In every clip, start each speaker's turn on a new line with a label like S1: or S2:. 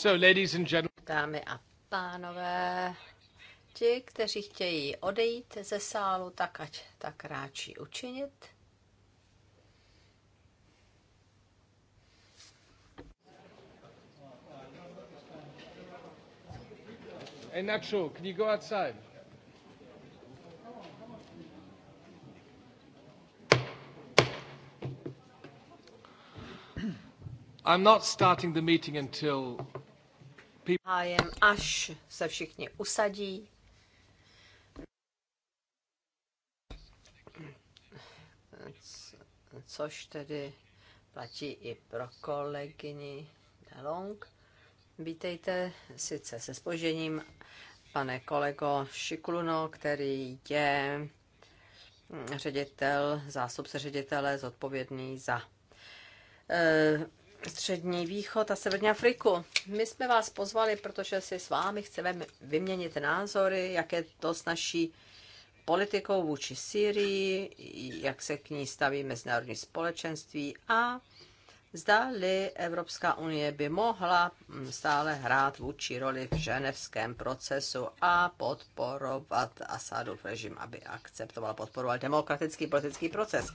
S1: So, ladies and gentlemen. Dámy a pánové, ti, kteří chtějí odejít ze sálu, tak ať tak ráčí učinit.
S2: Hey Nacho, can you go outside?
S1: I'm not starting the meeting until zájem, až se všichni usadí. Což tedy platí i pro kolegyni Delong. Vítejte sice se spožením, pane kolego Šikluno, který je ředitel, zástupce ředitele zodpovědný za eh, Střední východ a Severní Afriku. My jsme vás pozvali, protože si s vámi chceme vyměnit názory, jak je to s naší politikou vůči Syrii, jak se k ní staví mezinárodní společenství a zdali Evropská unie by mohla mm, stále hrát vůči roli v ženevském procesu a podporovat Asadův režim, aby akceptoval, podporoval demokratický politický proces.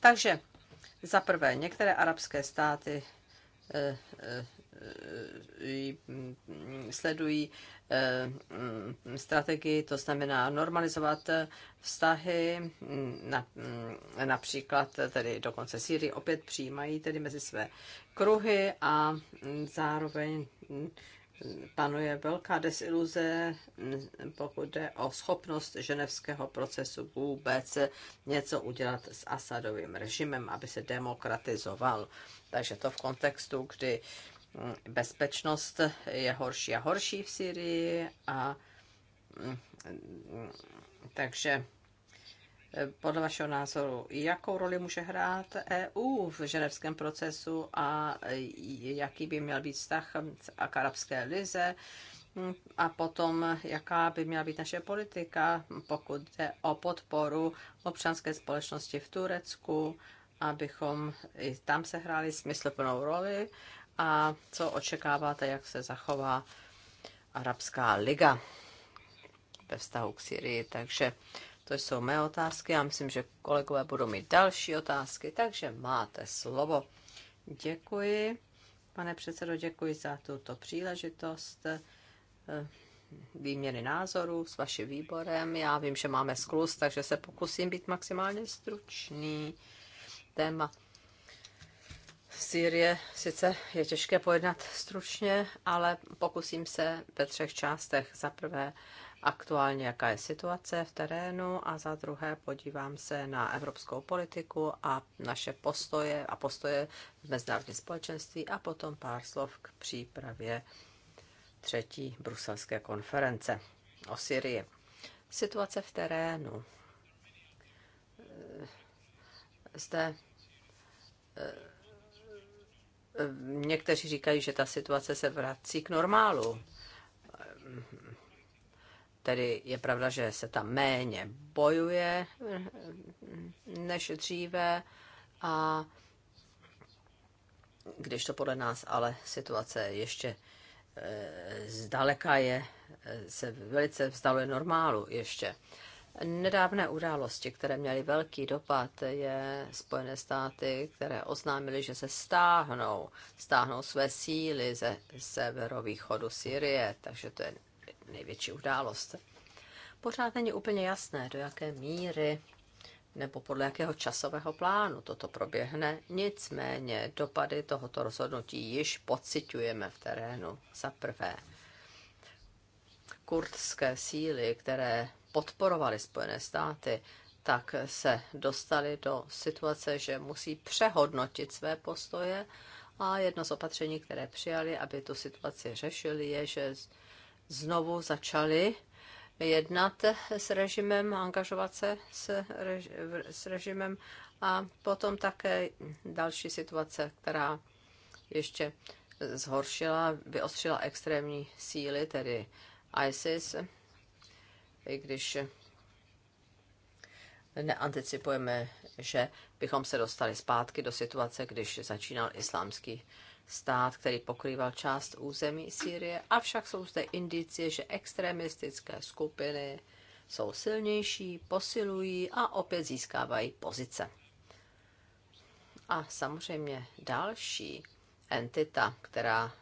S1: Takže za prvé, některé arabské státy eh, eh, eh, sledují mm, strategii, to znamená normalizovat vztahy, mm, mm, například tedy dokonce Sýrii opět přijímají tedy mezi své kruhy a zároveň panuje velká desiluze, pokud jde o schopnost ženevského procesu vůbec něco udělat s Asadovým režimem, aby se demokratizoval. Takže to v kontextu, kdy bezpečnost je horší a horší v Syrii a mm, mm, takže podle vašeho názoru, jakou roli může hrát EU v ženevském procesu a jaký by měl být vztah k arabské lize? A potom, jaká by měla být naše politika, pokud jde o podporu občanské společnosti v Turecku, abychom i tam sehráli smysluplnou roli a co očekáváte, jak se zachová Arabská liga ve vztahu k Syrii. Takže to jsou mé otázky. Já myslím, že kolegové budou mít další otázky, takže máte slovo. Děkuji, pane předsedo, děkuji za tuto příležitost eh, výměny názorů s vaším výborem. Já vím, že máme sklus, takže se pokusím být maximálně stručný. Téma Sýrie sice je těžké pojednat stručně, ale pokusím se ve třech částech. Za prvé aktuálně, jaká je situace v terénu a za druhé podívám se na evropskou politiku a naše postoje a postoje v mezinárodním společenství a potom pár slov k přípravě třetí bruselské konference o Syrii. Situace v terénu. Zde eh, někteří říkají, že ta situace se vrací k normálu tedy je pravda, že se tam méně bojuje než dříve a když to podle nás ale situace ještě eh, zdaleka je, eh, se velice vzdaluje normálu ještě. Nedávné události, které měly velký dopad, je Spojené státy, které oznámily, že se stáhnou, stáhnou své síly ze severovýchodu Syrie, takže to je největší událost. Pořád není úplně jasné, do jaké míry nebo podle jakého časového plánu toto proběhne. Nicméně dopady tohoto rozhodnutí již pociťujeme v terénu. Za prvé, kurdské síly, které podporovaly Spojené státy, tak se dostali do situace, že musí přehodnotit své postoje a jedno z opatření, které přijali, aby tu situaci řešili, je, že znovu začali jednat s režimem, angažovat se s, rež, s režimem a potom také další situace, která ještě zhoršila, vyostřila extrémní síly, tedy ISIS, i když neanticipujeme, že bychom se dostali zpátky do situace, když začínal islámský stát, který pokrýval část území Sýrie, avšak jsou zde indicie, že extremistické skupiny jsou silnější, posilují a opět získávají pozice. A samozřejmě další entita, která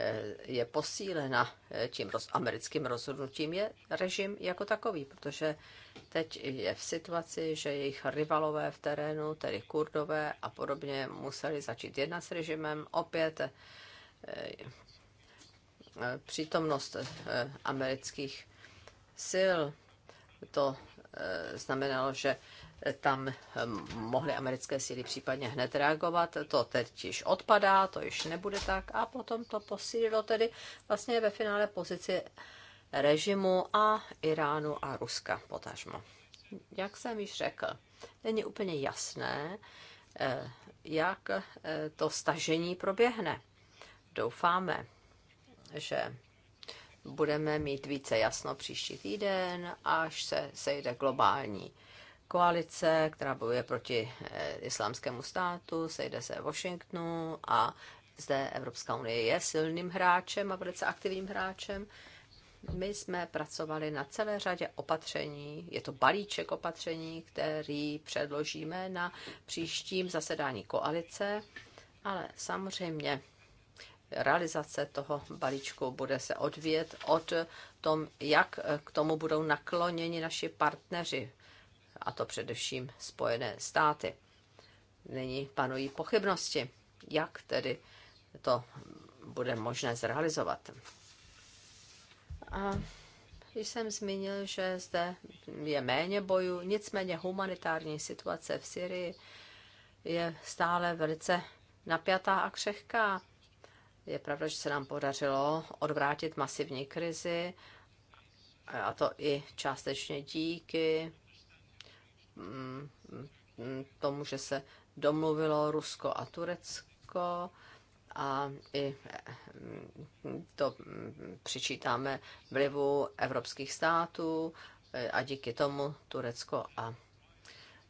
S1: Eh, je posílena eh, tím americkým rozhodnutím, je režim jako takový, protože teď je v situaci, že jejich rivalové v terénu, tedy kurdové a podobně, museli začít jednat s režimem. Opět eh, přítomnost amerických sil, to znamenalo, že tam eh, mohly americké síly případně hned reagovat. To teď již odpadá, to již nebude tak a potom to posílilo tedy vlastně ve finále pozici režimu a Iránu a Ruska potažmo. Jak jsem již řekl, není úplně jasné, eh, jak eh, to stažení proběhne. Doufáme, že budeme mít více jasno příští týden, až se sejde globální koalice, která bojuje proti eh, islámskému státu, sejde se v Washingtonu a zde Evropská unie je silným hráčem a velice aktivním hráčem. My jsme pracovali na celé řadě opatření, je to balíček opatření, který předložíme na příštím zasedání koalice, ale samozřejmě realizace toho balíčku bude se odvíjet od tom, jak k tomu budou nakloněni naši partneři a to především Spojené státy. Nyní panují pochybnosti, jak tedy to bude možné zrealizovat. A když jsem zmínil, že zde je méně bojů, nicméně humanitární situace v Syrii je stále velice napjatá a křehká. Je pravda, že se nám podařilo odvrátit masivní krizi, a to i částečně díky tomu, že se domluvilo Rusko a Turecko a i to přičítáme vlivu evropských států a díky tomu Turecko a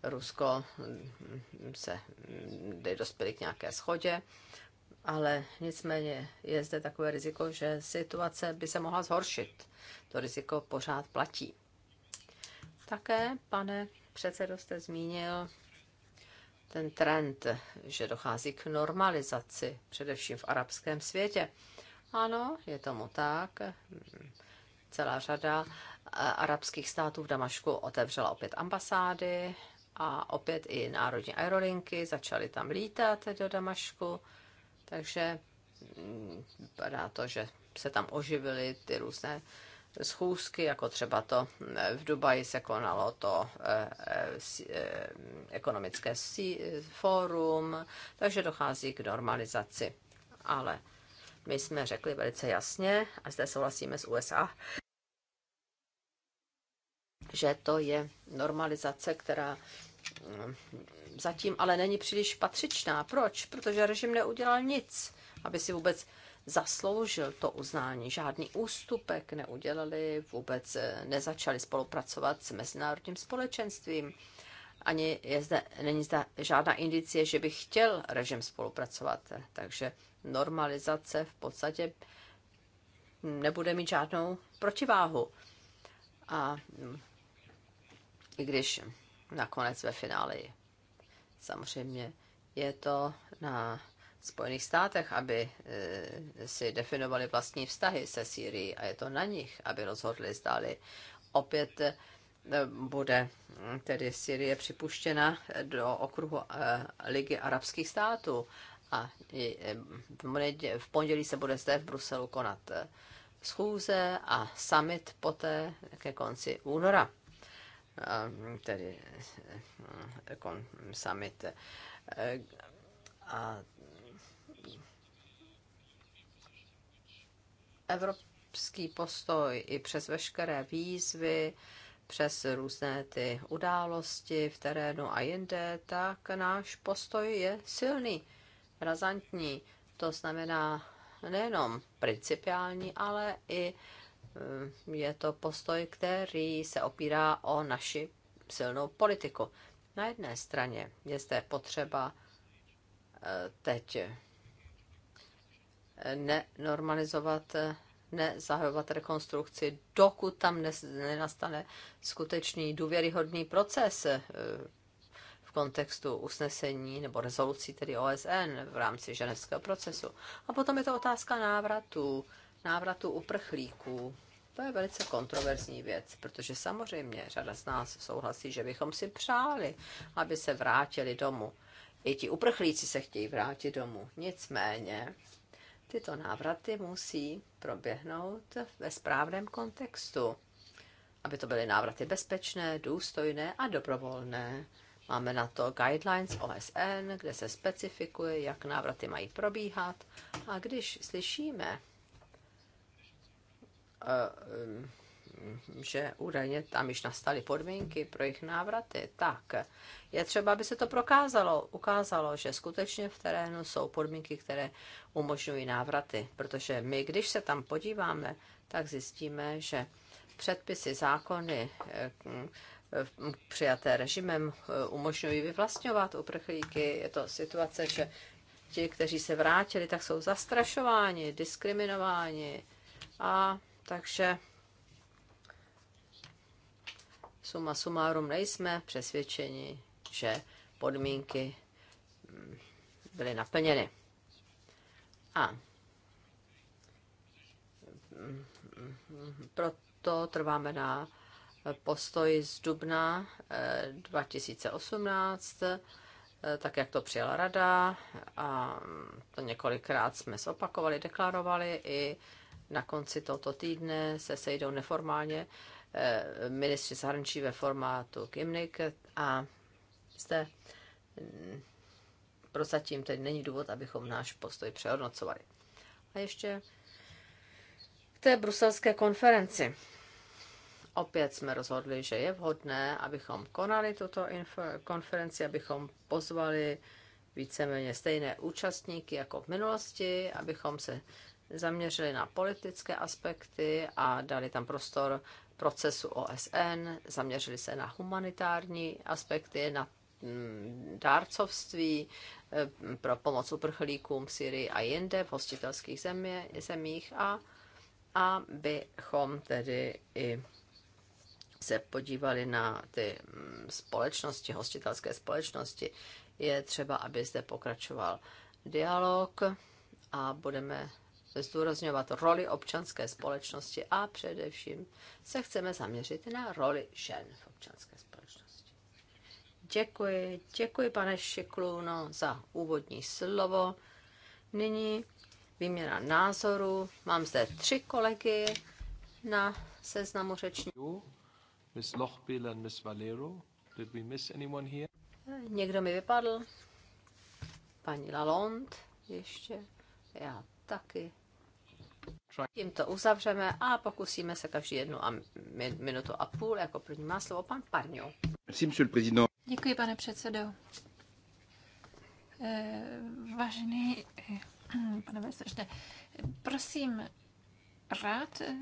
S1: Rusko se dospěli k nějaké schodě, ale nicméně je zde takové riziko, že situace by se mohla zhoršit. To riziko pořád platí. Také, pane předsedo jste zmínil ten trend, že dochází k normalizaci, především v arabském světě. Ano, je tomu tak. Celá řada eh, arabských států v Damašku otevřela opět ambasády a opět i národní aerolinky začaly tam lítat do Damašku. Takže vypadá mm, to, že se tam oživily ty různé schůzky, jako třeba to eh, v Dubaji se konalo to eh, eh, ekonomické fórum, takže dochází k normalizaci. Ale my jsme řekli velice jasně, a zde souhlasíme s USA, že to je normalizace, která mm, zatím ale není příliš patřičná. Proč? Protože režim neudělal nic, aby si vůbec zasloužil to uznání. Žádný ústupek neudělali, vůbec eh, nezačali spolupracovat s mezinárodním společenstvím. Ani je zde, není zde žádná indicie, že by chtěl režim spolupracovat. Takže normalizace v podstatě nebude mít žádnou protiváhu. A mm, i když nakonec ve finále samozřejmě je to na Spojených státech, aby eh, si definovali vlastní vztahy se Sýrií a je to na nich, aby rozhodli, zdali opět eh, bude hm, tedy Syrie připuštěna do okruhu eh, Ligy arabských států a v pondělí se bude zde v Bruselu konat schůze a summit poté ke konci února. Hm, tedy hm, summit. A Evropský postoj i přes veškeré výzvy, přes různé ty události v terénu a jinde, tak náš postoj je silný, razantní. To znamená nejenom principiální, ale i eh, je to postoj, který se opírá o naši silnou politiku. Na jedné straně je zde potřeba eh, teď nenormalizovat, nezahajovat rekonstrukci, dokud tam nenastane skutečný důvěryhodný proces eh, v kontextu usnesení nebo rezolucí tedy OSN v rámci ženevského procesu. A potom je to otázka návratu, návratu uprchlíků. To je velice kontroverzní věc, protože samozřejmě řada z nás souhlasí, že bychom si přáli, aby se vrátili domů. I ti uprchlíci se chtějí vrátit domů. Nicméně Tyto návraty musí proběhnout ve správném kontextu, aby to byly návraty bezpečné, důstojné a dobrovolné. Máme na to guidelines OSN, kde se specifikuje, jak návraty mají probíhat. A když slyšíme eh, že údajně tam již nastaly podmínky pro jejich návraty, tak je třeba, aby se to prokázalo, ukázalo, že skutečně v terénu jsou podmínky, které umožňují návraty. Protože my, když se tam podíváme, tak zjistíme, že předpisy, zákony eh, přijaté režimem eh, umožňují vyvlastňovat uprchlíky. Je to situace, že ti, kteří se vrátili, tak jsou zastrašováni, diskriminováni. A takže suma sumárum nejsme přesvědčeni, že podmínky mm, byly naplněny. A mm, proto trváme na postoji z dubna 2018, eh, eh, tak jak to přijala rada a to několikrát jsme zopakovali, deklarovali i na konci tohoto týdne se sejdou neformálně Eh, ministři zahraničí ve formátu Kimnik a zde mm, prozatím teď není důvod, abychom náš postoj přehodnocovali. A ještě k té bruselské konferenci. Opět jsme rozhodli, že je vhodné, abychom konali tuto konferenci, abychom pozvali víceméně stejné účastníky jako v minulosti, abychom se zaměřili na politické aspekty a dali tam prostor procesu OSN, zaměřili se na humanitární aspekty, na mm, dárcovství eh, pro pomoc uprchlíkům v Syrii a jinde v hostitelských země, zemích a abychom tedy i se podívali na ty mm, společnosti, hostitelské společnosti, je třeba, aby zde pokračoval dialog a budeme se zdůrazňovat roli občanské společnosti a především se chceme zaměřit na roli žen v občanské společnosti. Děkuji, děkuji pane Šikluno za úvodní slovo. Nyní výměna názoru. Mám zde tři kolegy na seznamu řečníků. Miss Lochbiel and Miss Valero. Did we miss anyone here? Někdo mi vypadl. Paní Lalonde ještě. Já taky. Tímto uzavřeme a pokusíme se každý jednu a minutu a půl. Jako první má slovo pan Parňo.
S2: Děkuji, pane předsedo. Eh, vážený eh, pane Vesešte, prosím, rád eh,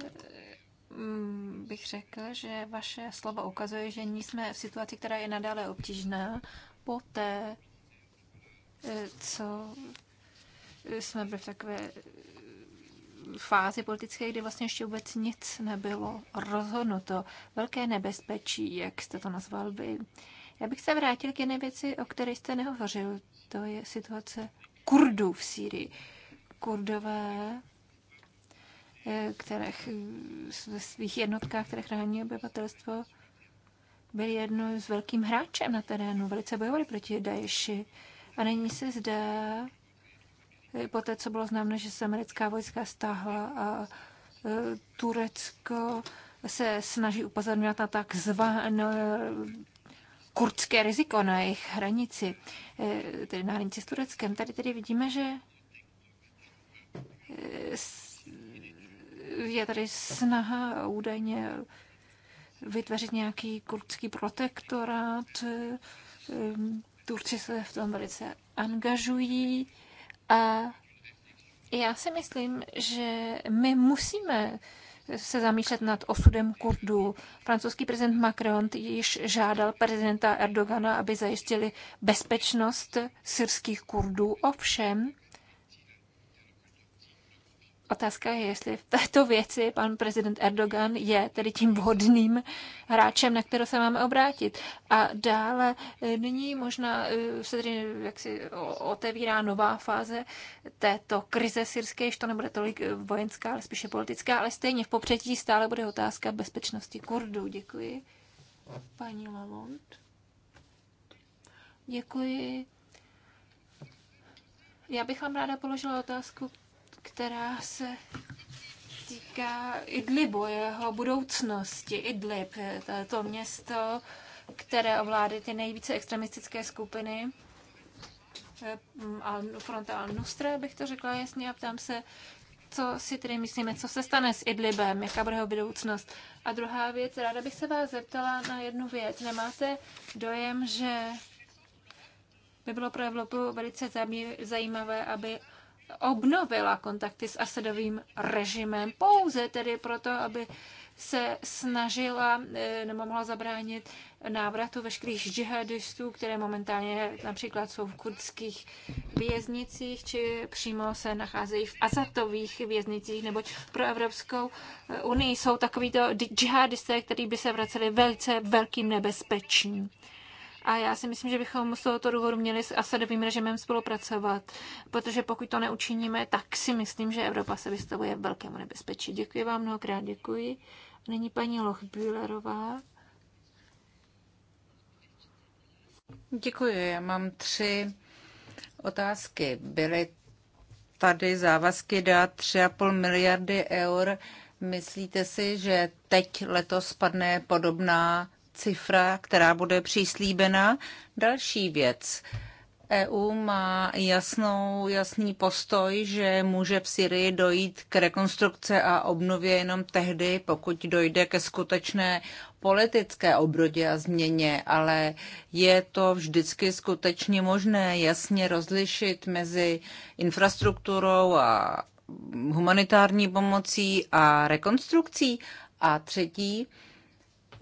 S2: mm, bych řekl, že vaše slova ukazuje, že jsme v situaci, která je nadále obtížná po té, co jsme byli v takové fázi politické, kdy vlastně ještě vůbec nic nebylo rozhodnuto. Velké nebezpečí, jak jste to nazval vy. Já bych se vrátil k jedné věci, o které jste nehovořil. To je situace Kurdů v Sýrii. Kurdové, eh, kterých, ve svých jednotkách, které chrání obyvatelstvo, byli jednou s velkým hráčem na terénu, velice bojovali proti Daeši. A nyní se zdá, Eh, po té, co bylo známé, že se americká vojska stáhla a eh, Turecko se snaží upozorňovat na takzvané kurdské riziko na jejich hranici, eh, tedy na hranici s Tureckem. Tady tedy vidíme, že je tady snaha údajně vytvořit nějaký kurdský protektorát. Turci se v tom velice angažují. A já si myslím, že my musíme se zamýšlet nad osudem Kurdů. Francouzský prezident Macron již žádal prezidenta Erdogana, aby zajistili bezpečnost syrských Kurdů. Ovšem, Otázka je, jestli v této věci pan prezident Erdogan je tedy tím vhodným hráčem, na kterého se máme obrátit. A dále e, nyní možná e, se tedy jaksi otevírá nová fáze této krize syrské, že to nebude tolik e, vojenská, ale spíše politická, ale stejně v popředí stále bude otázka bezpečnosti Kurdů. Děkuji. Paní Lalonde. Děkuji. Já bych vám ráda položila otázku, která se týká Idlibu, jeho budoucnosti. Idlib, to je to město, které ovládá ty nejvíce extremistické skupiny. Eh, Fronta Al-Nusra, bych to řekla jasně, a ptám se, co si tedy myslíme, co se stane s Idlibem, jaká bude jeho budoucnost. A druhá věc, ráda bych se vás zeptala na jednu věc. Nemáte dojem, že by bylo pro Evropu velice zajímavé, aby obnovila kontakty s Asadovým režimem pouze tedy proto, aby se snažila eh, nebo mohla zabránit návratu veškerých džihadistů, které momentálně například jsou v kurdských věznicích, či přímo se nacházejí v azatových věznicích, neboť pro Evropskou eh, unii jsou takovýto džihadisté, kteří by se vraceli velice velkým nebezpečím. A já si myslím, že bychom z tohoto důvodu měli s Asadovým režimem spolupracovat, protože pokud to neučiníme, tak si myslím, že Evropa se vystavuje velkému nebezpečí. Děkuji vám mnohokrát, děkuji. Nyní paní Lochbühlerová.
S3: Děkuji. Já mám tři otázky. Byly tady závazky dát 3,5 miliardy eur. Myslíte si, že teď letos spadne podobná cifra, která bude příslíbena. Další věc. EU má jasnou, jasný postoj, že může v Syrii dojít k rekonstrukce a obnově jenom tehdy, pokud dojde ke skutečné politické obrodě a změně, ale je to vždycky skutečně možné jasně rozlišit mezi infrastrukturou a humanitární pomocí a rekonstrukcí. A třetí,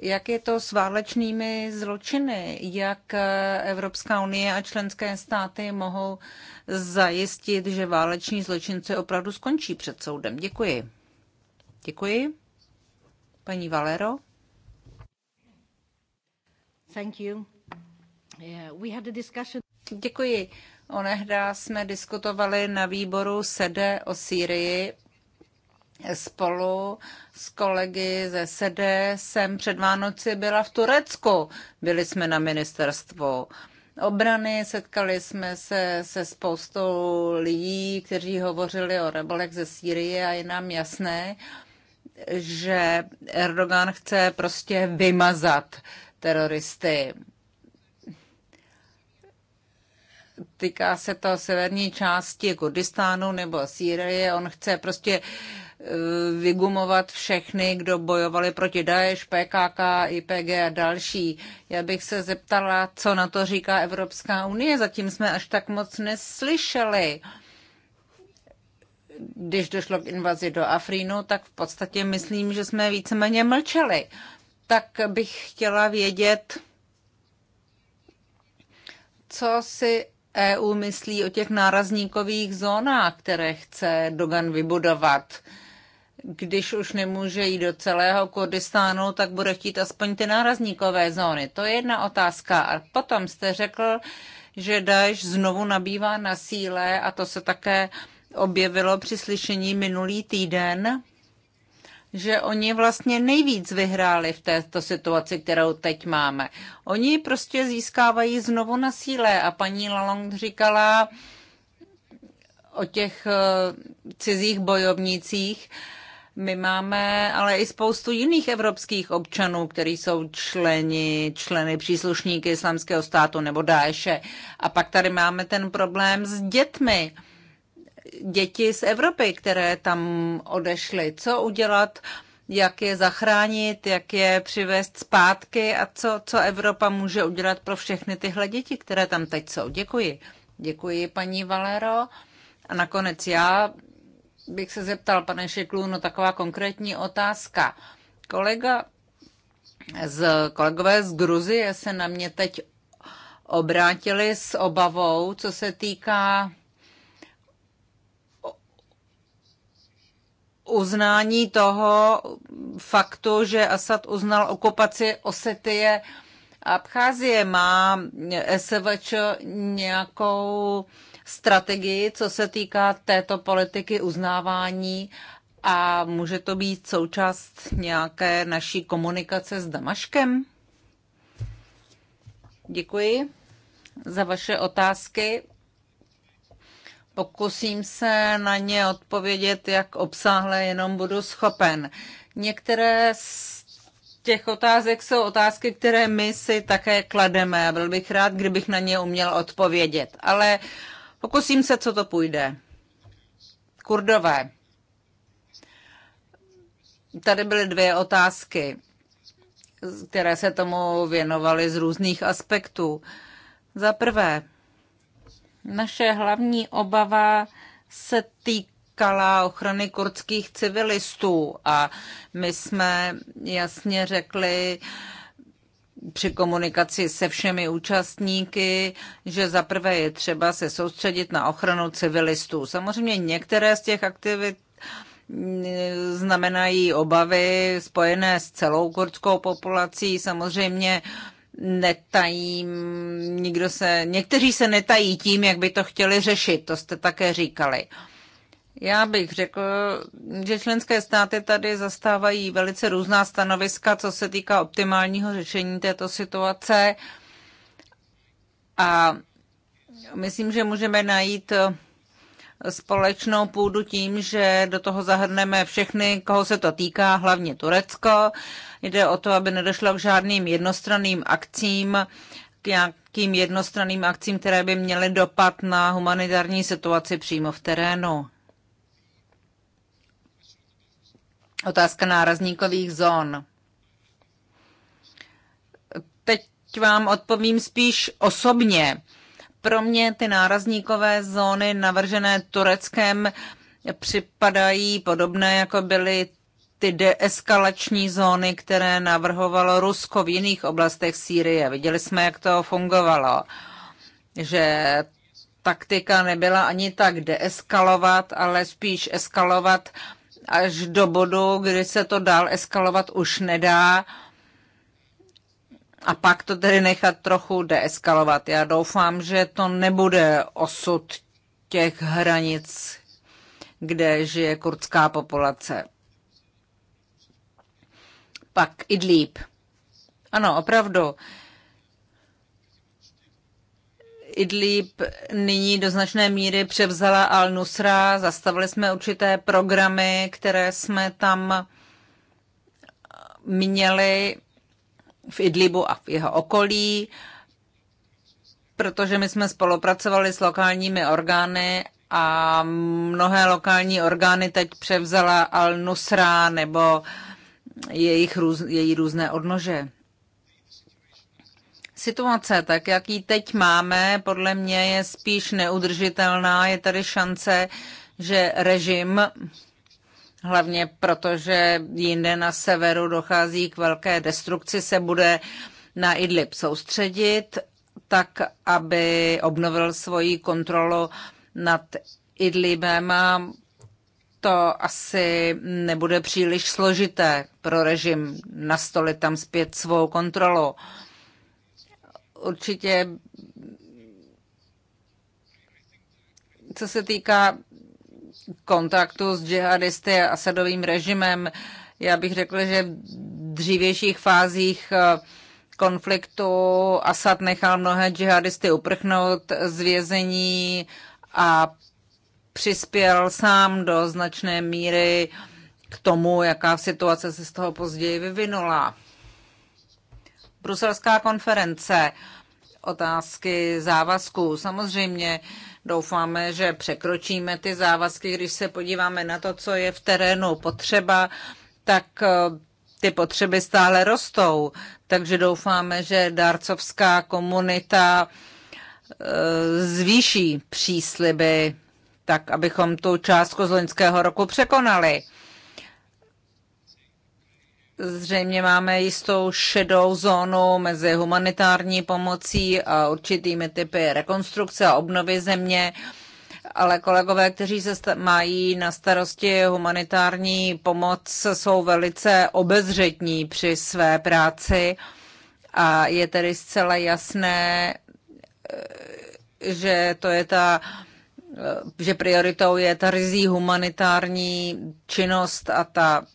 S3: jak je to s válečnými zločiny? Jak Evropská unie a členské státy mohou zajistit, že váleční zločinci opravdu skončí před soudem? Děkuji. Děkuji. Paní Valero. Thank you. Yeah, we had a discussion. Děkuji. Onehda jsme diskutovali na výboru SEDE o Sýrii spolu s kolegy ze SED jsem před Vánoci byla v Turecku. Byli jsme na ministerstvu obrany, setkali jsme se se spoustou lidí, kteří hovořili o rebelech ze Sýrie a je nám jasné, že Erdogan chce prostě vymazat teroristy. Týká se to severní části Kurdistánu nebo Sýrie, on chce prostě Eh, vygumovat všechny, kdo bojovali proti Daesh, PKK, IPG a další. Já bych se zeptala, co na to říká Evropská unie. Zatím jsme až tak moc neslyšeli. Když došlo k invazi do Afrínu, tak v podstatě myslím, že jsme víceméně mlčeli. Tak bych chtěla vědět, co si EU myslí o těch nárazníkových zónách, které chce Dogan vybudovat když už nemůže jít do celého Kurdistánu, tak bude chtít aspoň ty nárazníkové zóny. To je jedna otázka. A potom jste řekl, že Daesh znovu nabývá na síle a to se také objevilo při slyšení minulý týden, že oni vlastně nejvíc vyhráli v této situaci, kterou teď máme. Oni prostě získávají znovu na síle a paní Lalong říkala o těch eh, cizích bojovnicích, my máme ale i spoustu jiných evropských občanů, kteří jsou členi, členy příslušníky islamského státu nebo Daeše. A pak tady máme ten problém s dětmi. Děti z Evropy, které tam odešly. Co udělat? Jak je zachránit, jak je přivést zpátky a co, co Evropa může udělat pro všechny tyhle děti, které tam teď jsou. Děkuji. Děkuji, paní Valero. A nakonec já bych se zeptal, pane Šeklů, no taková konkrétní otázka. Kolega z, kolegové z Gruzie se na mě teď obrátili s obavou, co se týká uznání toho faktu, že Asad uznal okupaci Osetie a Abcházie. Má SVČ nějakou strategii, co se týká této politiky uznávání a může to být součást nějaké naší komunikace s Damaškem? Děkuji za vaše otázky. Pokusím se na ně odpovědět, jak obsáhle jenom budu schopen. Některé z těch otázek jsou otázky, které my si také klademe. Byl bych rád, kdybych na ně uměl odpovědět. Ale uh, Pokusím se, co to půjde. Kurdové. Tady byly dvě otázky, které se tomu věnovaly z různých aspektů. Za prvé, naše hlavní obava se týkala ochrany kurdských civilistů a my jsme jasně řekli, při komunikaci se všemi účastníky, že zaprvé je třeba se soustředit na ochranu civilistů. Samozřejmě některé z těch aktivit mm, znamenají obavy spojené s celou kurdskou populací. Samozřejmě netajím, nikdo se, někteří se netají tím, jak by to chtěli řešit, to jste také říkali. Uh, já bych řekl, že členské státy tady zastávají velice různá stanoviska, co se týká optimálního řešení této situace. A myslím, že můžeme najít společnou půdu tím, že do toho zahrneme všechny, koho se to týká, hlavně Turecko. Jde o to, aby nedošlo k žádným jednostranným akcím, k nějakým jednostranným akcím, které by měly dopad na humanitární situaci přímo v terénu. Otázka nárazníkových zón. Teď vám odpovím spíš osobně. Pro mě ty nárazníkové zóny navržené Tureckem připadají podobné, jako byly ty deeskalační zóny, které navrhovalo Rusko v jiných oblastech Sýrie. Viděli jsme, jak to fungovalo, že taktika nebyla ani tak deeskalovat, ale spíš eskalovat až do bodu, kdy se to dál eskalovat už nedá a pak to tedy nechat trochu deeskalovat. Já doufám, že to nebude osud těch hranic, kde žije kurdská populace. Pak Idlib. Ano, opravdu. Idlib nyní do značné míry převzala Al-Nusra, zastavili jsme určité programy, které jsme tam eh, měli v Idlibu a v jeho okolí, protože my jsme spolupracovali s lokálními orgány a mnohé lokální orgány teď převzala Al-Nusra nebo jejich, její různé odnože. Situace, tak jak ji teď máme, podle mě je spíš neudržitelná. Je tady šance, že režim, hlavně protože jinde na severu dochází k velké destrukci, se bude na Idlib soustředit, tak aby obnovil svoji kontrolu nad Idlibem. To asi nebude příliš složité pro režim nastolit tam zpět svou kontrolu určitě, co se týká kontaktu s džihadisty a Asadovým režimem, já bych řekl, že v dřívějších fázích eh, konfliktu Asad nechal mnohé džihadisty uprchnout z vězení a přispěl sám do značné míry k tomu, jaká situace se z toho později vyvinula. Bruselská konference otázky závazků. Samozřejmě doufáme, že překročíme ty závazky, když se podíváme na to, co je v terénu potřeba, tak eh, ty potřeby stále rostou. Takže doufáme, že dárcovská komunita eh, zvýší přísliby, tak abychom tu částku z loňského roku překonali. Zřejmě máme jistou šedou zónu mezi humanitární pomocí a určitými typy rekonstrukce a obnovy země, ale kolegové, kteří se mají na starosti humanitární pomoc, jsou velice obezřetní při své práci a je tedy zcela jasné, eh, že to je ta eh, že prioritou je ta rizí humanitární činnost a ta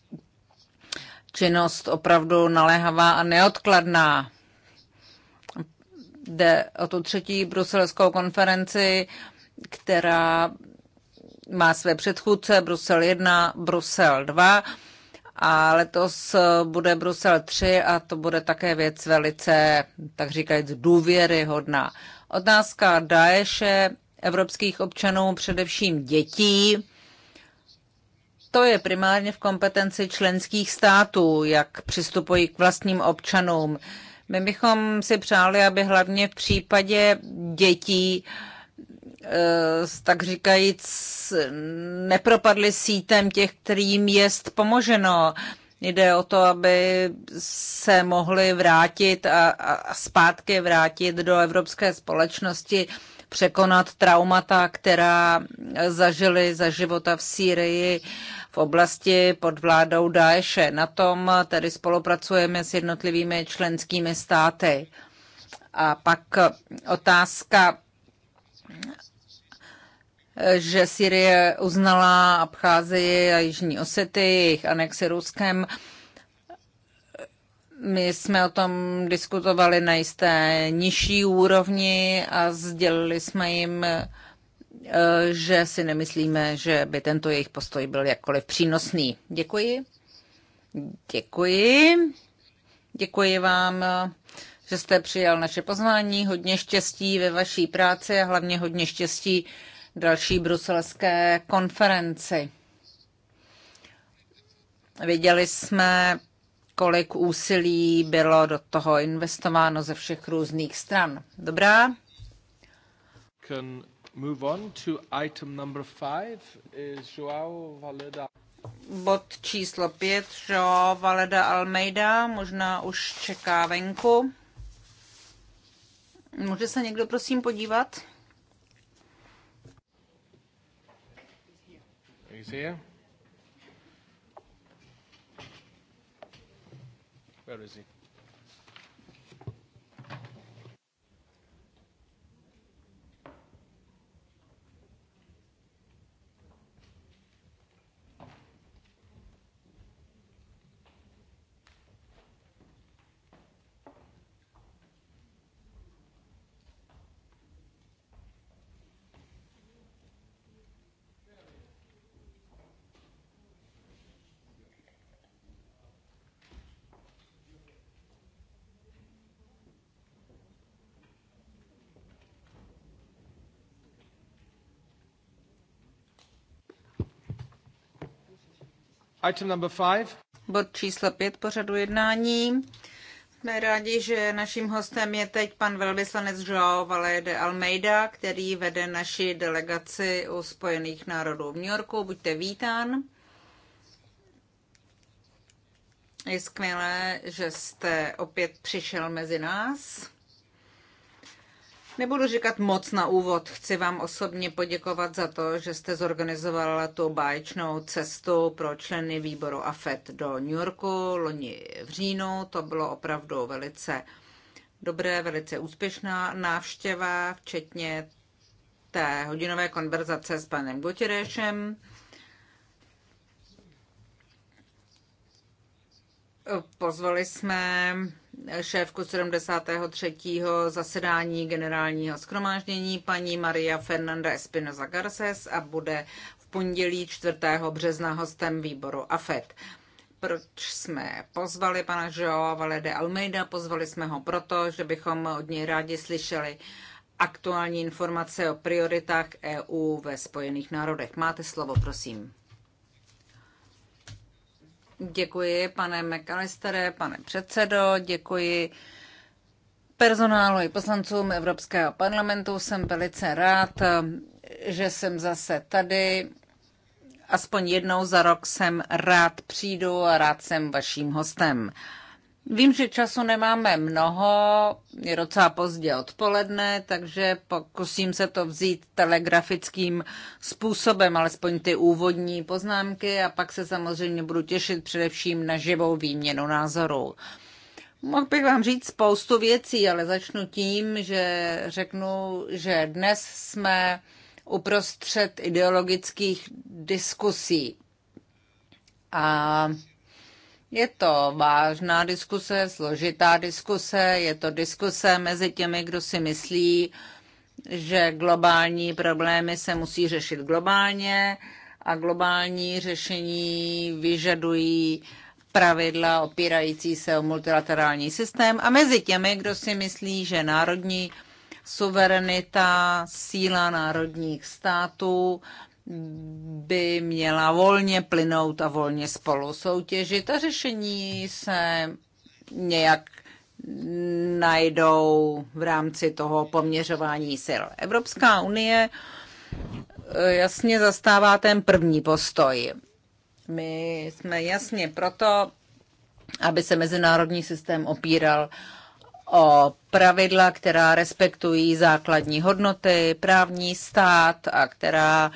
S3: činnost opravdu naléhavá a neodkladná. Jde o tu třetí bruselskou konferenci, která má své předchůdce Brusel 1, Brusel 2 a letos bude Brusel 3 a to bude také věc velice, tak říkajíc, důvěryhodná. Otázka Daeše, evropských občanů, především dětí, to je primárně v kompetenci členských států, jak přistupují k vlastním občanům. My bychom si přáli, aby hlavně v případě dětí eh, tak říkajíc nepropadli sítem těch, kterým jest pomoženo. Jde o to, aby se mohli vrátit a, a zpátky vrátit do evropské společnosti, překonat traumata, která zažili za života v Sýrii v oblasti pod vládou Daeše. Na tom tedy spolupracujeme s jednotlivými členskými státy. A pak otázka že Syrie uznala Abcházii a Jižní Osety, jejich anexi Ruskem. My jsme o tom diskutovali na jisté nižší úrovni a sdělili jsme jim, eh, že si nemyslíme, že by tento jejich postoj byl jakkoliv přínosný. Děkuji. Děkuji. Děkuji vám, eh, že jste přijal naše pozvání. Hodně štěstí ve vaší práci a hlavně hodně štěstí další bruselské konferenci. Viděli jsme, kolik úsilí bylo do toho investováno ze všech různých stran. Dobrá? Can move on to item number five is João Valeda. Bod číslo pět, João Valeda Almeida, možná už čeká venku. Může se někdo prosím podívat? Isaiah. Where is he? Item number five. Bod číslo pět pořadu jednání. Jsme rádi, že naším hostem je teď pan velvyslanec João Valle de Almeida, který vede naši delegaci u Spojených národů v New Yorku. Buďte vítán. Je skvělé, že jste opět přišel mezi nás. Nebudu říkat moc na úvod. Chci vám osobně poděkovat za to, že jste zorganizovala tu báječnou cestu pro členy výboru AFET do New Yorku loni v říjnu. To bylo opravdu velice dobré, velice úspěšná návštěva, včetně té hodinové konverzace s panem Gutierrešem. Pozvali jsme šéfku 73. zasedání generálního schromáždění paní Maria Fernanda Espinoza Garces a bude v pondělí 4. března hostem výboru AFET. Proč jsme pozvali pana Joa Valede Almeida? Pozvali jsme ho proto, že bychom od něj rádi slyšeli aktuální informace o prioritách EU ve Spojených národech. Máte slovo, prosím. Děkuji, pane McAllistere, pane předsedo, děkuji personálu i poslancům Evropského parlamentu. Jsem velice rád, že jsem zase tady. Aspoň jednou za rok jsem rád přijdu a rád jsem vaším hostem. Vím, že času nemáme mnoho, je docela pozdě odpoledne, takže pokusím se to vzít telegrafickým způsobem, alespoň ty úvodní poznámky a pak se samozřejmě budu těšit především na živou výměnu názorů. Mohl bych vám říct spoustu věcí, ale začnu tím, že řeknu, že dnes jsme uprostřed ideologických diskusí. A je to vážná diskuse, složitá diskuse, je to diskuse mezi těmi, kdo si myslí, že globální problémy se musí řešit globálně a globální řešení vyžadují pravidla opírající se o multilaterální systém a mezi těmi, kdo si myslí, že národní suverenita, síla národních států by měla volně plynout a volně spolu soutěžit a řešení se nějak najdou v rámci toho poměřování sil. Evropská unie eh, jasně zastává ten první postoj. My jsme jasně proto, aby se mezinárodní systém opíral o pravidla, která respektují základní hodnoty, právní stát a která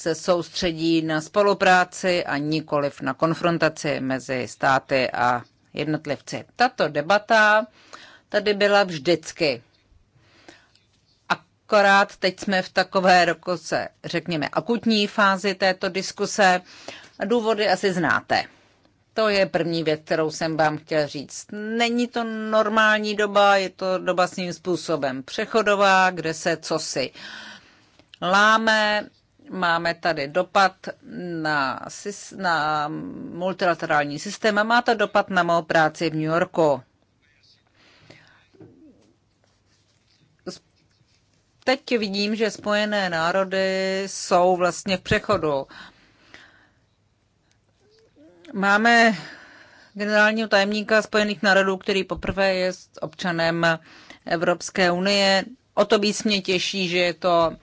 S3: se soustředí na spolupráci a nikoliv na konfrontaci mezi státy a jednotlivci. Tato debata tady byla vždycky. Akorát teď jsme v takové, rokoce, jako řekněme, akutní fázi této diskuse. Důvody asi znáte. To je první věc, kterou jsem vám chtěl říct. Není to normální doba, je to doba svým způsobem přechodová, kde se cosi láme, Máme tady dopad na, na multilaterální systém a má to dopad na mou práci v New Yorku. Teď vidím, že Spojené národy jsou vlastně v přechodu. Máme generálního tajemníka Spojených národů, který poprvé je občanem Evropské unie. O to víc mě těší, že je to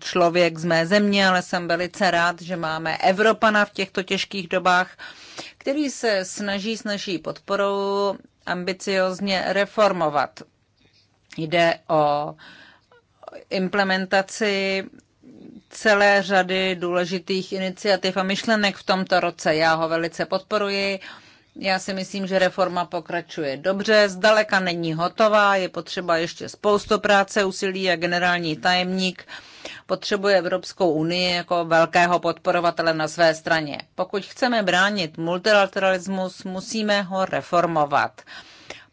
S3: člověk z mé země, ale jsem velice rád, že máme Evropana v těchto těžkých dobách, který se snaží s naší podporou ambiciozně reformovat. Jde o implementaci celé řady důležitých iniciativ a myšlenek v tomto roce. Já ho velice podporuji. Já si myslím, že reforma pokračuje dobře, zdaleka není hotová, je potřeba ještě spoustu práce, úsilí a generální tajemník potřebuje Evropskou unii jako velkého podporovatele na své straně. Pokud chceme bránit multilateralismus, musíme ho reformovat.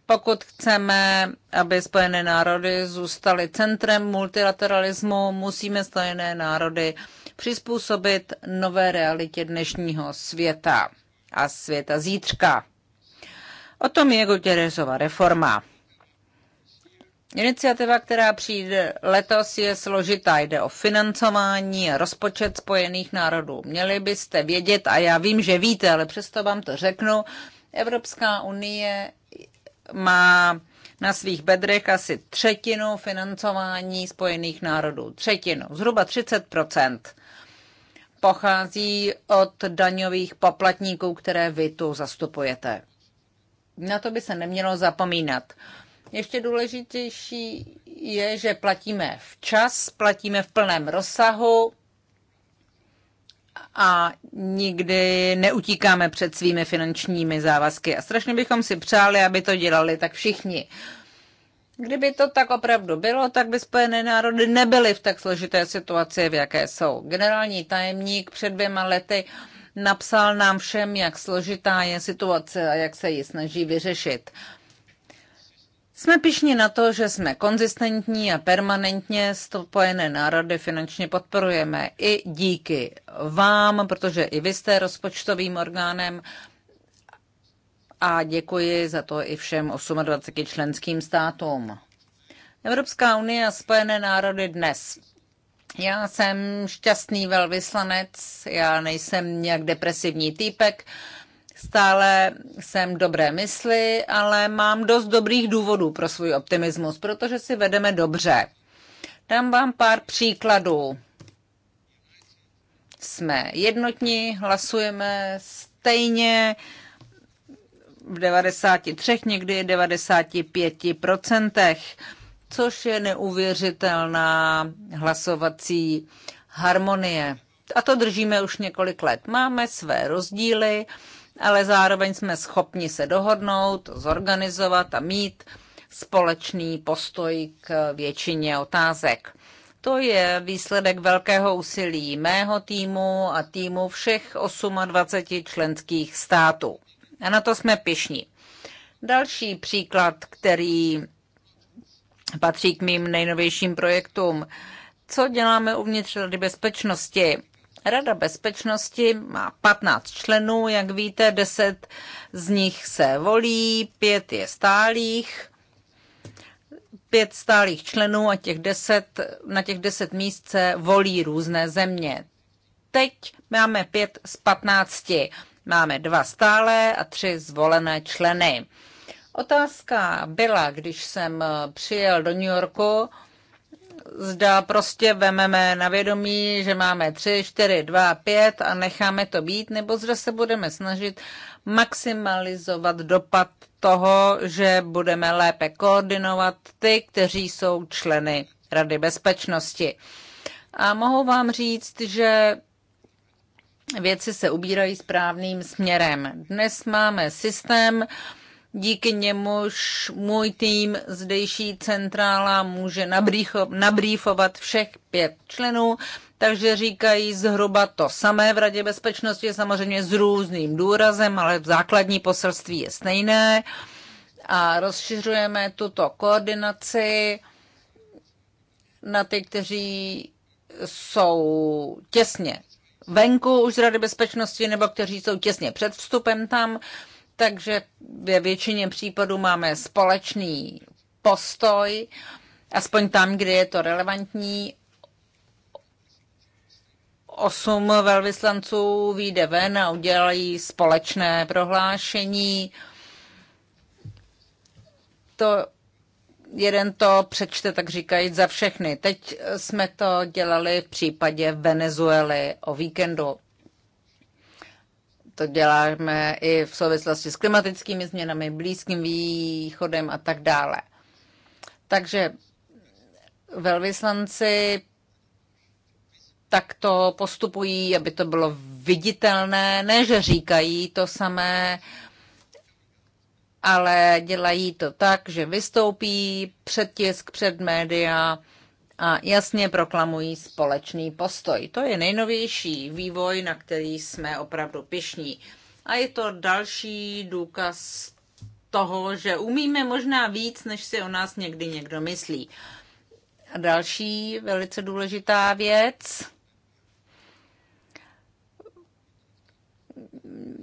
S3: Pokud chceme, aby Spojené národy zůstaly centrem multilateralismu, musíme Spojené národy přizpůsobit nové realitě dnešního světa a světa zítřka. O tom je Guterresova reforma. Iniciativa, která přijde letos, je složitá. Jde o financování a rozpočet Spojených národů. Měli byste vědět, a já vím, že víte, ale přesto vám to řeknu, Evropská unie má na svých bedrech asi třetinu financování Spojených národů. Třetinu, zhruba 30 pochází od daňových poplatníků, které vy tu zastupujete. Na to by se nemělo zapomínat. Ještě důležitější je, že platíme včas, platíme v plném rozsahu a nikdy neutíkáme před svými finančními závazky. A strašně bychom si přáli, aby to dělali tak všichni. Uh, Kdyby to tak opravdu bylo, tak by Spojené národy nebyly v tak složité situaci, v jaké jsou. Generální tajemník před dvěma lety napsal nám všem, jak složitá je situace a jak se ji snaží vyřešit. Jsme pišní na to, že jsme konzistentní a permanentně Spojené národy finančně podporujeme. I díky vám, protože i vy jste rozpočtovým orgánem a děkuji za to i všem 28 členským státům. Evropská unie a Spojené národy dnes. Já jsem šťastný velvyslanec, já nejsem nějak depresivní týpek, stále jsem dobré mysli, ale mám dost dobrých důvodů pro svůj optimismus, protože si vedeme dobře. Dám vám pár příkladů. Jsme jednotní, hlasujeme stejně, uh, v 93, někdy 95 procentech, což je neuvěřitelná hlasovací harmonie. A to držíme už několik let. Máme své rozdíly, ale zároveň jsme schopni se dohodnout, zorganizovat a mít společný postoj k většině otázek. To je výsledek velkého úsilí mého týmu a týmu všech 28 členských států. A na to jsme pišní. Další příklad, který patří k mým nejnovějším projektům. Co děláme uvnitř Rady bezpečnosti? Rada bezpečnosti má 15 členů, jak víte, 10 z nich se volí, 5 je stálých, 5 stálých členů a těch 10, na těch 10 míst se volí různé země. Teď máme 5 z 15. Máme dva stále a tři zvolené členy. Otázka byla, když jsem přijel do New Yorku, zda prostě vememe na vědomí, že máme tři, čtyři, dva, pět a necháme to být, nebo zda se budeme snažit maximalizovat dopad toho, že budeme lépe koordinovat ty, kteří jsou členy Rady bezpečnosti. A mohu vám říct, že věci se ubírají správným směrem. Dnes máme systém, díky němuž můj tým zdejší centrála může nabrýfovat všech pět členů, takže říkají zhruba to samé v Radě bezpečnosti, samozřejmě s různým důrazem, ale základní poselství je stejné. A rozšiřujeme tuto koordinaci na ty, kteří jsou těsně venku už z Rady bezpečnosti nebo kteří jsou těsně před vstupem tam, takže ve většině případů máme společný postoj, aspoň tam, kde je to relevantní. Osm velvyslanců vyjde ven a udělají společné prohlášení. To jeden to přečte, tak říkají, za všechny. Teď jsme to dělali v případě Venezuely o víkendu. To děláme i v souvislosti s klimatickými změnami, Blízkým východem a tak dále. Takže velvyslanci takto postupují, aby to bylo viditelné, ne že říkají to samé, ale dělají to tak, že vystoupí před tisk, před média a jasně proklamují společný postoj. To je nejnovější vývoj, na který jsme opravdu pišní. A je to další důkaz toho, že umíme možná víc, než si o nás někdy někdo myslí. A další velice důležitá věc,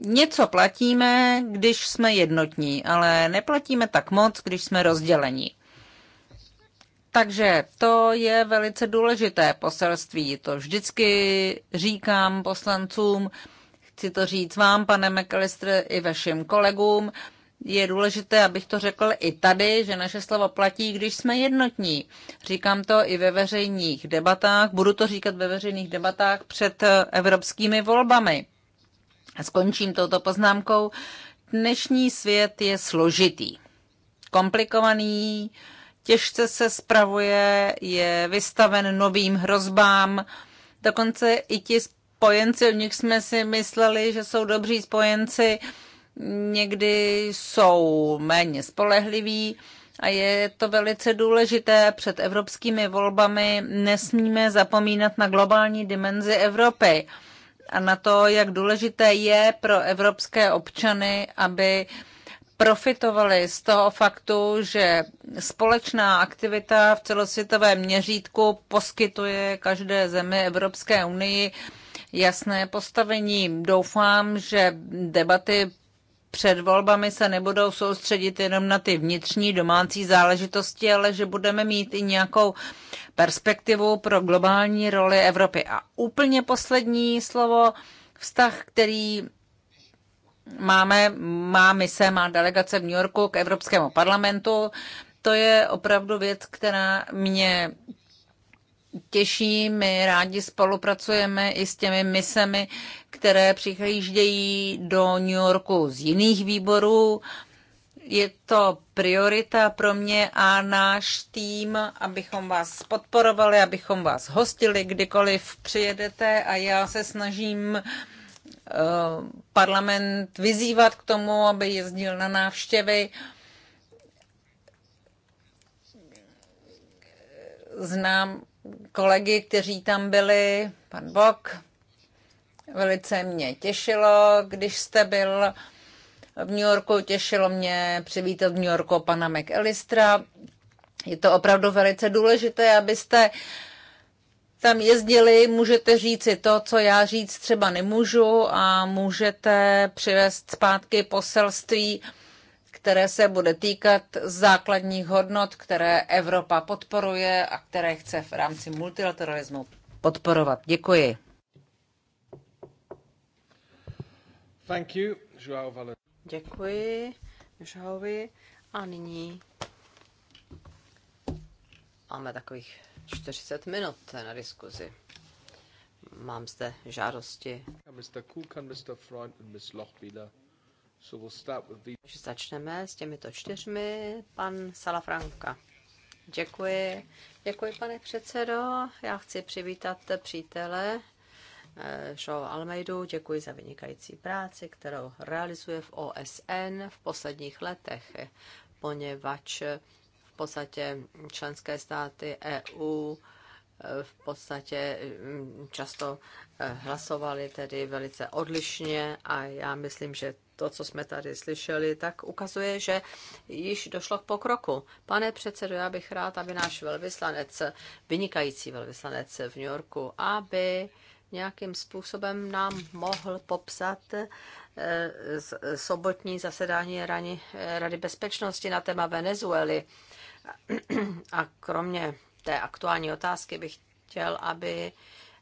S3: něco platíme, když jsme jednotní, ale neplatíme tak moc, když jsme rozdělení. Takže to je velice důležité poselství. To vždycky říkám poslancům, chci to říct vám, pane McAllister, i vašim kolegům. Je důležité, abych to řekl i tady, že naše slovo platí, když jsme jednotní. Říkám to i ve veřejných debatách, budu to říkat ve veřejných debatách před eh, evropskými volbami. A Skončím touto poznámkou. Dnešní svět je složitý, komplikovaný, těžce se spravuje, je vystaven novým hrozbám. Dokonce i ti spojenci, o nich jsme si mysleli, že jsou dobří spojenci, někdy jsou méně spolehliví a je to velice důležité. Před evropskými volbami nesmíme zapomínat na globální dimenzi Evropy a na to, jak důležité je pro evropské občany, aby profitovali z toho faktu, že společná aktivita v celosvětovém měřítku poskytuje každé zemi Evropské unii jasné postavení. Doufám, že debaty před volbami se nebudou soustředit jenom na ty vnitřní domácí záležitosti, ale že budeme mít i nějakou perspektivu pro globální roli Evropy. A úplně poslední slovo, vztah, který máme, má mise, má delegace v New Yorku k Evropskému parlamentu, to je opravdu věc, která mě těší. My rádi spolupracujeme i s těmi misemi, které přihlíždějí do New Yorku z jiných výborů. Je to priorita pro mě a náš tým, abychom vás podporovali, abychom vás hostili, kdykoliv přijedete a já se snažím eh, parlament vyzývat k tomu, aby jezdil na návštěvy. Znám kolegy, kteří tam byli, pan Bok. Velice mě těšilo, když jste byl v New Yorku, těšilo mě přivítat v New Yorku pana McAllistera. Je to opravdu velice důležité, abyste tam jezdili, můžete říci to, co já říct třeba nemůžu a můžete přivést zpátky poselství, které se bude týkat základních hodnot, které Evropa podporuje a které chce v rámci multilateralismu podporovat. Děkuji. Thank you, João Děkuji,
S1: Joaovi. A nyní máme takových 40 minut na diskuzi. Mám zde žádosti. Mr. Kukan, Mr. Freund and Ms. Lochbieler. Takže začneme s těmito čtyřmi. Pan Salafranka. Děkuji. Děkuji, pane předsedo. Já chci přivítat přítele eh, Joe Almeidu. Děkuji za vynikající práci, kterou realizuje v OSN v posledních letech, poněvadž v podstatě členské státy EU Eh, v podstatě mm, často eh, hlasovali tedy velice odlišně a já myslím, že to, co jsme tady slyšeli, tak ukazuje, že již došlo k pokroku. Pane předsedo, já bych rád, aby náš velvyslanec, vynikající velvyslanec v New Yorku, aby nějakým způsobem nám mohl popsat eh, sobotní zasedání Rady bezpečnosti na téma Venezuely. A kromě té aktuální otázky bych chtěl, aby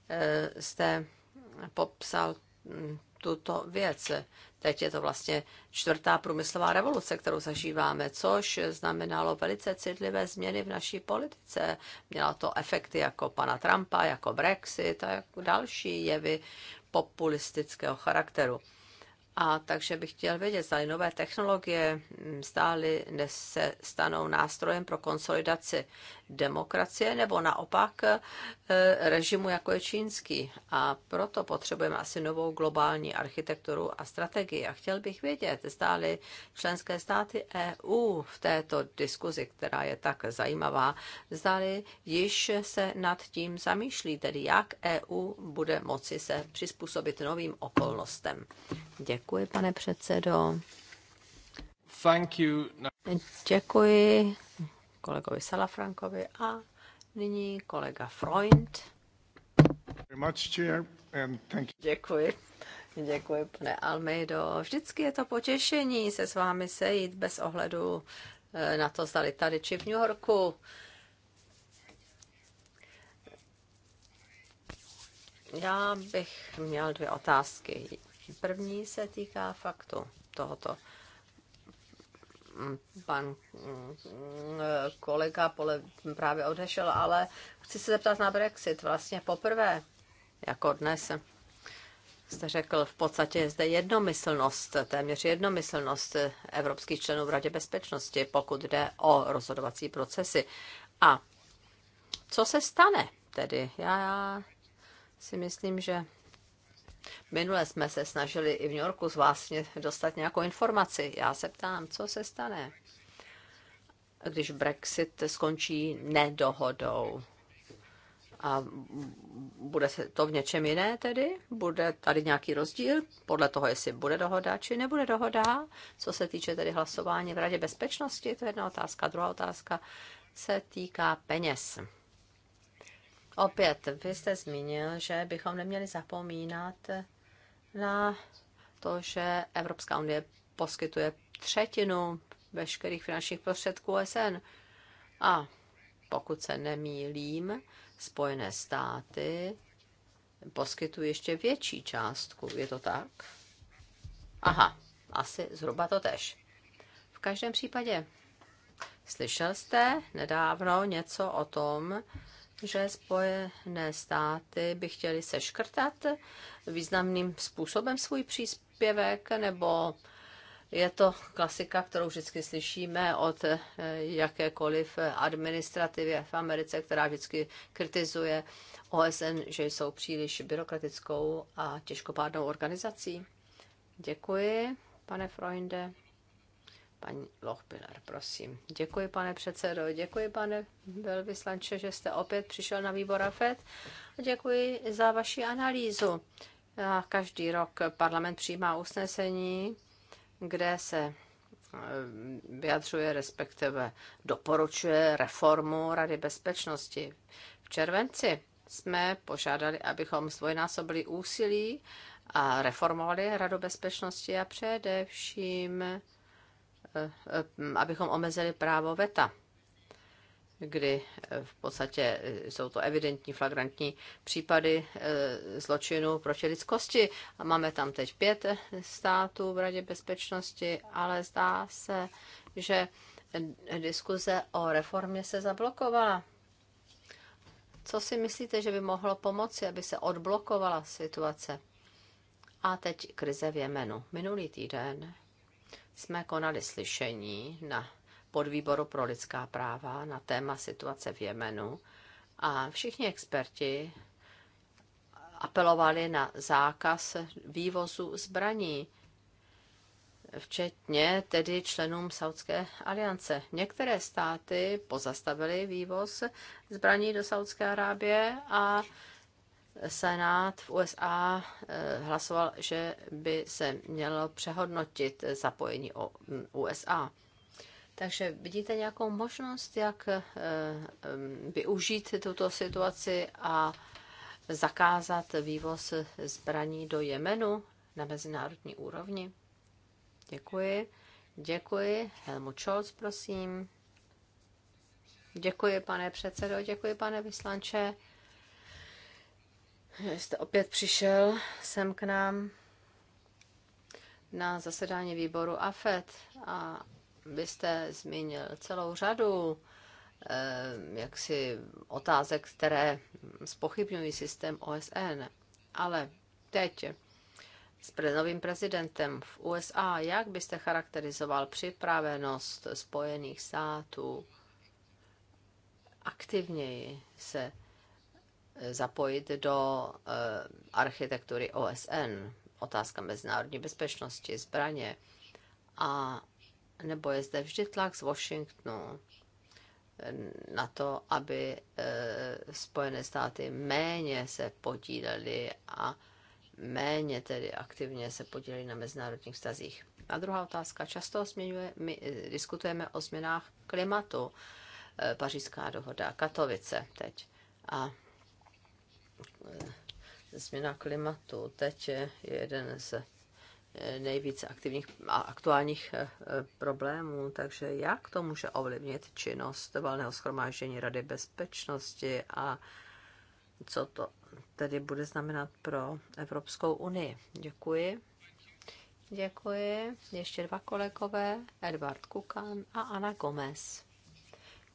S1: e, jste popsal mm, tuto věc. Teď je to vlastně čtvrtá průmyslová revoluce, kterou zažíváme, což znamenalo velice citlivé změny v naší politice. Měla to efekty jako pana Trumpa, jako Brexit a jako další jevy populistického charakteru. A takže bych chtěl vědět, zda nové technologie mm, stály se stanou nástrojem pro konsolidaci demokracie nebo naopak e, režimu, jako je čínský. A proto potřebujeme asi novou globální architekturu a strategii. A chtěl bych vědět, stály členské státy EU v této diskuzi, která je tak zajímavá, zdali již se nad tím zamýšlí, tedy jak EU bude moci se přizpůsobit novým okolnostem. Děkuji. Děkuji, pane předsedo. Thank you. Děkuji kolegovi Salafrankovi a nyní kolega Freund. Děkuji. Děkuji, pane Almeido. Vždycky je to potěšení se s vámi sejít bez ohledu eh, na to, zdali tady či v New Yorku. Já bych měl dvě otázky. První se týká faktu tohoto. Pan mm, kolega pole právě odešel, ale chci se zeptat na Brexit. Vlastně poprvé, jako dnes, jste řekl, v podstatě je zde jednomyslnost, téměř jednomyslnost evropských členů v Radě bezpečnosti, pokud jde o rozhodovací procesy. A co se stane tedy? Já, já si myslím, že Minule jsme se snažili i v New Yorku z vás dostat nějakou informaci. Já se ptám, co se stane, když Brexit skončí nedohodou. A bude se to v něčem jiné tedy? Bude tady nějaký rozdíl podle toho, jestli bude dohoda, či nebude dohoda? Co se týče tedy hlasování v Radě bezpečnosti, to je jedna otázka. Druhá otázka se týká peněz. Opět, vy jste zmínil, že bychom neměli zapomínat na to, že Evropská unie poskytuje třetinu veškerých finančních prostředků OSN. A pokud se nemýlím, Spojené státy poskytují ještě větší částku. Je to tak? Aha, asi zhruba to tež. V každém případě, slyšel jste nedávno něco o tom, že Spojené státy by chtěly seškrtat významným způsobem svůj příspěvek, nebo je to klasika, kterou vždycky slyšíme od eh, jakékoliv administrativy v Americe, která vždycky kritizuje OSN, že jsou příliš byrokratickou a těžkopádnou organizací. Děkuji, pane Freunde. Paní Lochbiller, prosím. Děkuji, pane předsedo, děkuji, pane velvyslanče, že jste opět přišel na výbor AFED. Děkuji za vaši analýzu. Každý rok parlament přijímá usnesení, kde se eh, vyjadřuje, respektive doporučuje reformu Rady bezpečnosti. V červenci jsme požádali, abychom zdvojnásobili úsilí a reformovali Radu bezpečnosti a především abychom omezili právo VETA, kdy v podstatě jsou to evidentní flagrantní případy eh, zločinu proti lidskosti. A máme tam teď pět států v Radě bezpečnosti, ale zdá se, že diskuze o reformě se zablokovala. Co si myslíte, že by mohlo pomoci, aby se odblokovala situace? A teď krize v Jemenu. Minulý týden jsme konali slyšení na podvýboru pro lidská práva na téma situace v Jemenu a všichni experti apelovali na zákaz vývozu zbraní, včetně tedy členům Saudské aliance. Některé státy pozastavily vývoz zbraní do Saudské Arábie a Senát v USA eh, hlasoval, že by se mělo přehodnotit zapojení USA. Takže vidíte nějakou možnost, jak eh, využít tuto situaci a zakázat vývoz zbraní do Jemenu na mezinárodní úrovni? Děkuji. Děkuji. Helmut Scholz, prosím. Děkuji, pane předsedo, děkuji, pane vyslanče že jste opět přišel sem k nám na zasedání výboru AFET a byste e zmínil celou řadu eh, jaksi otázek, které spochybňují systém OSN. Ale teď s novým prezidentem v USA, jak byste charakterizoval připravenost Spojených států aktivněji se zapojit do eh, architektury OSN, otázka mezinárodní bezpečnosti, zbraně, a nebo je zde vždy tlak z Washingtonu eh, na to, aby eh, Spojené státy méně se podílely a méně tedy aktivně se podílely na mezinárodních vztazích. A druhá otázka. Často zmiňuje, my diskutujeme o změnách klimatu. Pařížská dohoda, Katovice teď. A změna klimatu teď je jeden z eh, nejvíce aktivních a aktuálních eh, problémů, takže jak to může ovlivnit činnost valného schromáždění Rady bezpečnosti a co to tedy bude znamenat pro Evropskou unii. Děkuji. Děkuji. Ještě dva kolegové, Edward Kukan a Ana Gomez.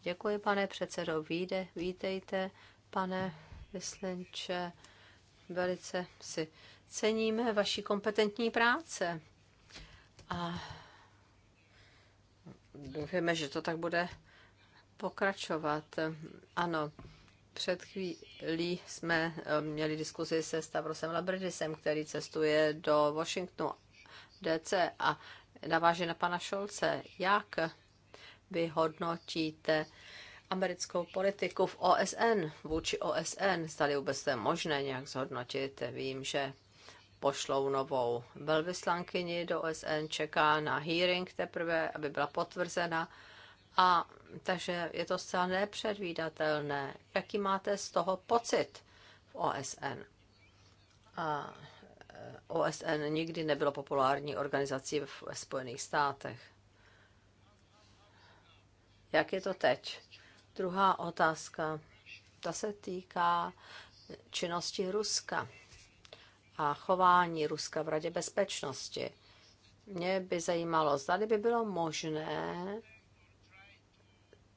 S1: Děkuji, pane předsedo. Víde, vítejte, pane Vyslenče, velice si ceníme vaší kompetentní práce. A doufáme, že to tak bude pokračovat. Ano, před chvílí jsme eh, měli diskuzi se Stavrosem Labridisem, který cestuje do Washingtonu DC a naváže na pana Šolce. Jak vy hodnotíte americkou politiku v OSN, vůči OSN, stali vůbec to možné nějak zhodnotit. Vím, že pošlou novou velvyslankyni do OSN, čeká na hearing teprve, aby byla potvrzena. A takže je to zcela nepředvídatelné. Jaký máte z toho pocit v OSN? A eh, OSN nikdy nebylo populární organizací v Spojených státech. Jak je to teď? Druhá otázka, ta se týká činnosti Ruska a chování Ruska v Radě bezpečnosti. Mě by zajímalo, zda by bylo možné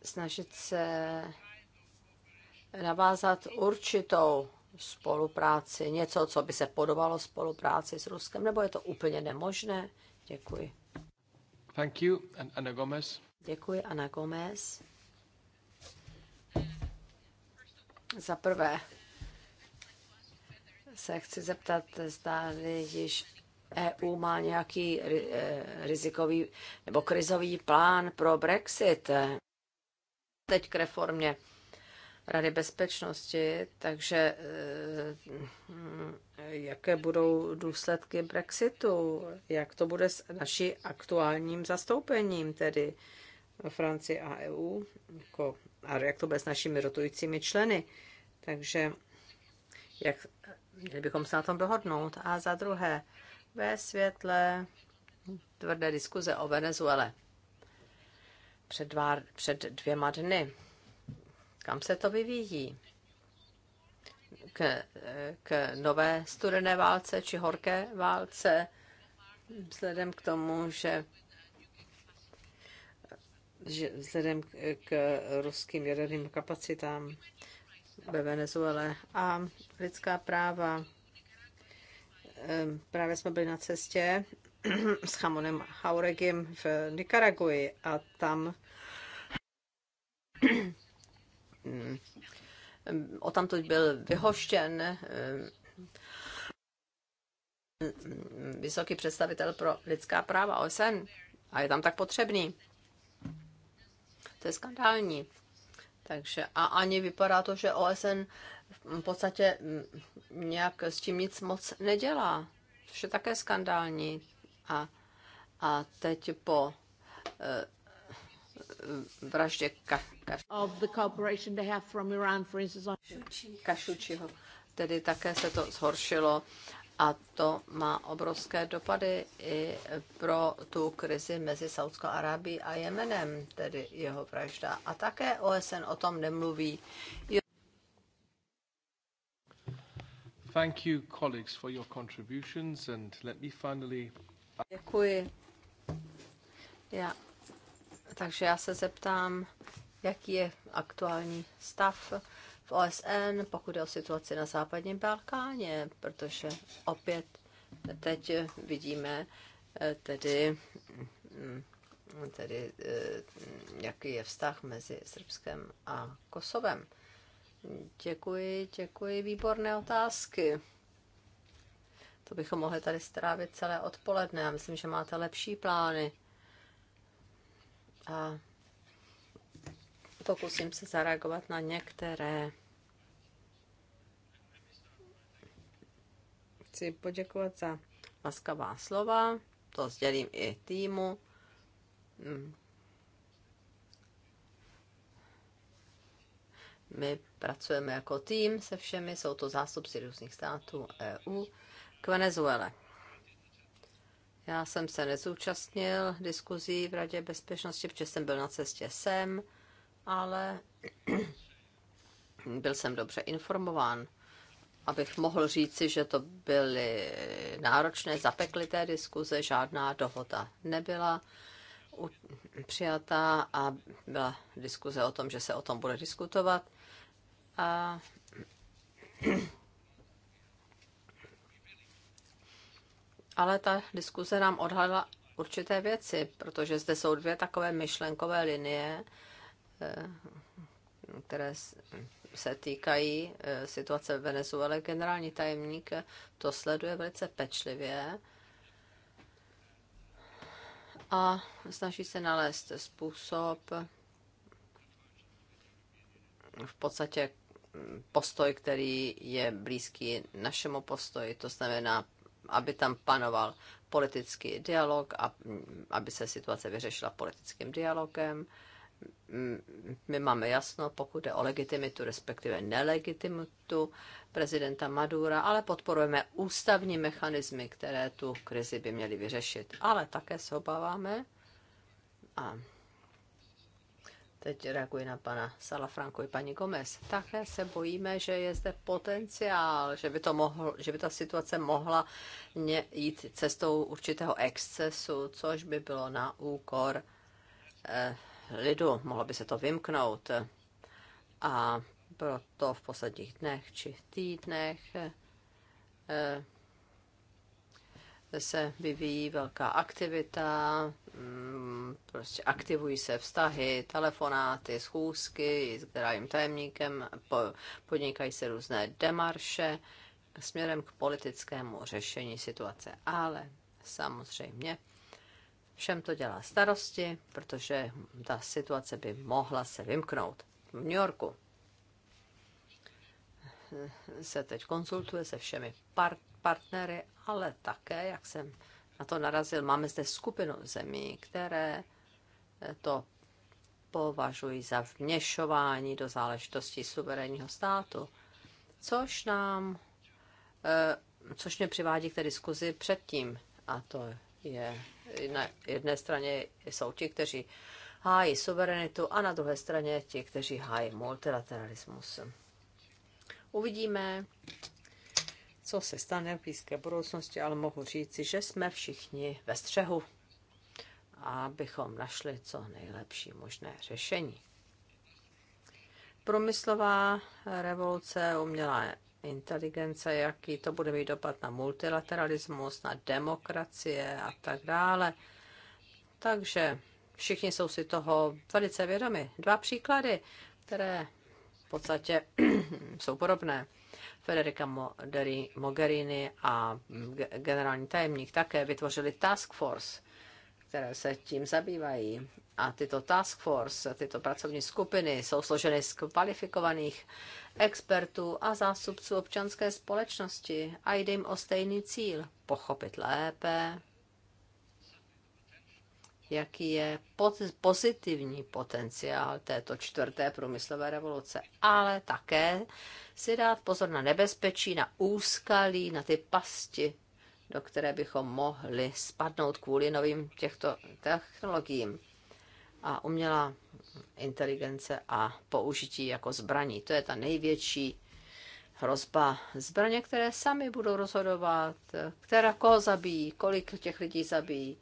S1: snažit se navázat určitou spolupráci, něco, co by se podobalo spolupráci s Ruskem, nebo je to úplně nemožné? Děkuji.
S2: Thank you, Anna Gomez.
S1: Děkuji, Ana Gomez. Za prvé se chci zeptat, zda již EU má nějaký e, rizikový nebo krizový plán pro Brexit. Teď k reformě Rady bezpečnosti, takže e, jaké budou důsledky Brexitu, jak to bude s naší aktuálním zastoupením, tedy Francii a EU, jako, a jak to bude s našimi rotujícími členy. Takže jak, měli bychom se na tom dohodnout. A za druhé, ve světle tvrdé diskuze o Venezuele před, dva, před dvěma dny, kam se to vyvíjí? K, k nové studené válce či horké válce, vzhledem k tomu, že že vzhledem k ruským jaderným kapacitám ve Venezuele. A lidská práva. Eh, právě jsme byli na cestě s Hamonem Hauregim v Nikaraguji a tam eh, o tamto byl vyhoštěn eh, vysoký představitel pro lidská práva OSN a je tam tak potřebný. To je skandální. Takže a ani vypadá to, že OSN v podstatě nějak s tím nic moc nedělá, což je také skandální. A, a teď po eh, vraždě ka, ka, Kašučiho, tedy také se to zhoršilo a to má obrovské dopady i pro tu krizi mezi Saudskou Arábií a Jemenem, tedy jeho vražda. A také OSN o tom nemluví. Thank you, colleagues, for your contributions, and let me finally...
S2: Děkuji. Já.
S1: Takže já se zeptám, jaký je aktuální stav v OSN, pokud je o situaci na západním Balkáně, protože opět teď vidíme eh, tedy, mm, tedy eh, jaký je vztah mezi Srbskem a Kosovem. Děkuji, děkuji, výborné otázky. To bychom mohli tady strávit celé odpoledne. Já myslím, že máte lepší plány. A Pokusím se zareagovat na některé. Chci poděkovat za laskavá slova, to sdělím i týmu. My pracujeme jako tým se všemi, jsou to zástupci různých států EU k Venezuele. Já jsem se nezúčastnil diskuzí v Radě bezpečnosti, protože jsem byl na cestě sem ale byl jsem dobře informován, abych mohl říci, že to byly náročné, zapeklité diskuze, žádná dohoda nebyla přijatá a byla diskuze o tom, že se o tom bude diskutovat. A ale ta diskuze nám odhalila určité věci, protože zde jsou dvě takové myšlenkové linie, Eh, které se týkají eh, situace v Venezuele. Generální tajemník to sleduje velice pečlivě a snaží se nalézt způsob, v podstatě hm, postoj, který je blízký našemu postoji, to znamená, aby tam panoval politický dialog a hm, aby se situace vyřešila politickým dialogem Mm, my máme jasno, pokud jde o legitimitu, respektive nelegitimitu prezidenta Madura, ale podporujeme ústavní mechanismy, které tu krizi by měly vyřešit. Ale také se obáváme, a teď reaguji na pana Salafranku i paní Gomez, také se bojíme, že je zde potenciál, že by, to mohl, že by ta situace mohla jít cestou určitého excesu, což by bylo na úkor eh, lidu, mohlo by se to vymknout. A to v posledních dnech či týdnech eh, eh, se vyvíjí velká aktivita, mm, prostě aktivují se vztahy, telefonáty, schůzky s generálním tajemníkem, podnikají se různé demarše směrem k politickému řešení situace. Ale samozřejmě Všem to dělá starosti, protože ta situace by mohla se vymknout. V New Yorku se teď konsultuje se všemi par- partnery, ale také, jak jsem na to narazil, máme zde skupinu zemí, které to považují za vněšování do záležitostí suverénního státu, což nám, eh, což mě přivádí k té diskuzi předtím, a to je na jedné straně jsou ti, kteří hájí suverenitu a na druhé straně ti, kteří hájí multilateralismus. Uvidíme, co se stane v blízké budoucnosti, ale mohu říci, že jsme všichni ve střehu, abychom našli co nejlepší možné řešení. Promyslová revoluce, umělá inteligence, jaký to bude mít dopad na multilateralismus, na demokracie a tak dále. Takže všichni jsou si toho velice vědomi. Dva příklady, které v podstatě jsou podobné. Federica Mogherini a generální tajemník také vytvořili task force, které se tím zabývají a tyto task force, tyto pracovní skupiny jsou složeny z kvalifikovaných expertů a zástupců občanské společnosti a jde jim o stejný cíl pochopit lépe, jaký je pozitivní potenciál této čtvrté průmyslové revoluce, ale také si dát pozor na nebezpečí, na úskalí, na ty pasti, do které bychom mohli spadnout kvůli novým těchto technologiím a umělá inteligence a použití jako zbraní. To je ta největší hrozba. Zbraně, které sami budou rozhodovat, která koho zabijí, kolik těch lidí zabijí.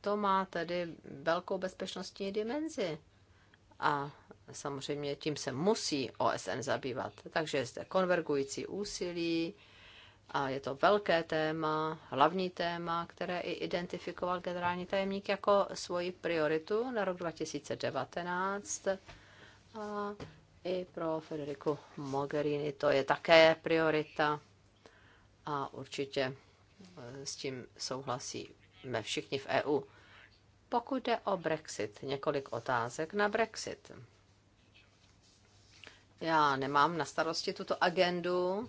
S1: To má tedy velkou bezpečnostní dimenzi. A samozřejmě tím se musí OSN zabývat. Takže je zde konvergující úsilí, a je to velké téma, hlavní téma, které i identifikoval generální tajemník jako svoji prioritu na rok 2019. A i pro Federiku Mogherini to je také priorita a určitě eh, s tím souhlasíme všichni v EU. Pokud jde o Brexit, několik otázek na Brexit. Já nemám na starosti tuto agendu,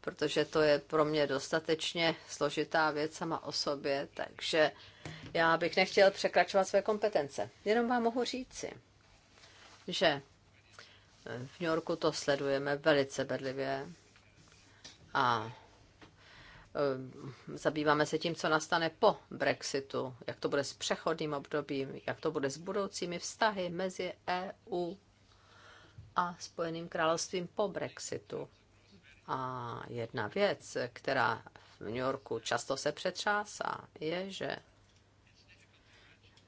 S1: protože to je pro mě dostatečně složitá věc sama o sobě, takže já bych nechtěl překračovat své kompetence. Jenom vám mohu říci, že v New Yorku to sledujeme velice bedlivě a eh, zabýváme se tím, co nastane po Brexitu, jak to bude s přechodným obdobím, jak to bude s budoucími vztahy mezi EU a Spojeným královstvím po Brexitu. A jedna věc, která v New Yorku často se přetřásá, je, že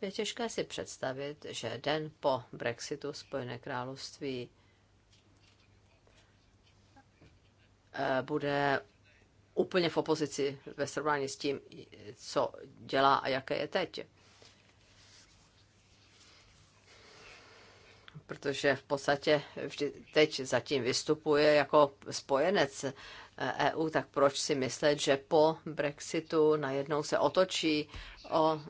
S1: je těžké si představit, že den po Brexitu Spojené království eh, bude úplně v opozici ve srovnání s tím, co dělá a jaké je teď. protože v podstatě vždy, teď zatím vystupuje jako spojenec EU, eh, e tak proč si myslet, že po Brexitu najednou se otočí o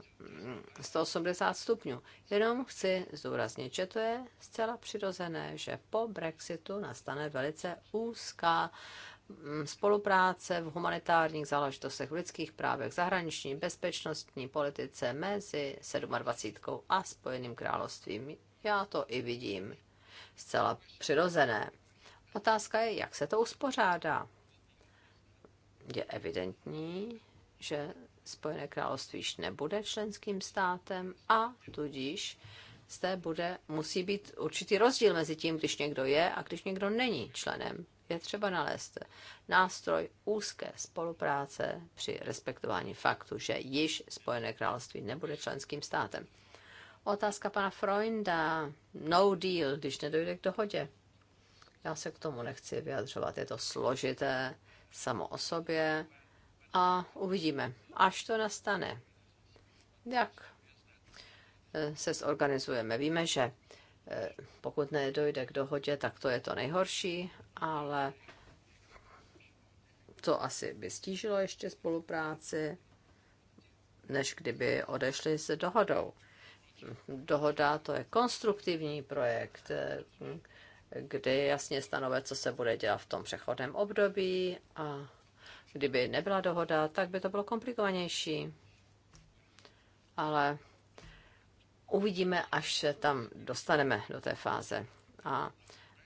S1: 180 mm, stupňů. Jenom chci zdůraznit, že to je zcela přirozené, že po Brexitu nastane velice úzká mm, spolupráce v humanitárních záležitostech, v lidských právech, zahraniční, bezpečnostní politice mezi 27. a Spojeným královstvím. Já to i vidím. Zcela přirozené. Otázka je, jak se to uspořádá. Je evidentní, že Spojené království již nebude členským státem a tudíž zde bude, musí být určitý rozdíl mezi tím, když někdo je a když někdo není členem. Je třeba nalézt nástroj úzké spolupráce při respektování faktu, že již Spojené království nebude členským státem. Otázka pana Freunda. No deal, když nedojde k dohodě. Já se k tomu nechci vyjadřovat, je to složité samo o sobě a uvidíme, až to nastane. Jak eh, se zorganizujeme? Víme, že eh, pokud nedojde k dohodě, tak to je to nejhorší, ale to asi by stížilo ještě spolupráci, než kdyby odešli s dohodou dohoda, to je konstruktivní projekt, kdy jasně stanové, co se bude dělat v tom přechodném období a kdyby nebyla dohoda, tak by to bylo komplikovanější. Ale uvidíme, až se tam dostaneme do té fáze. A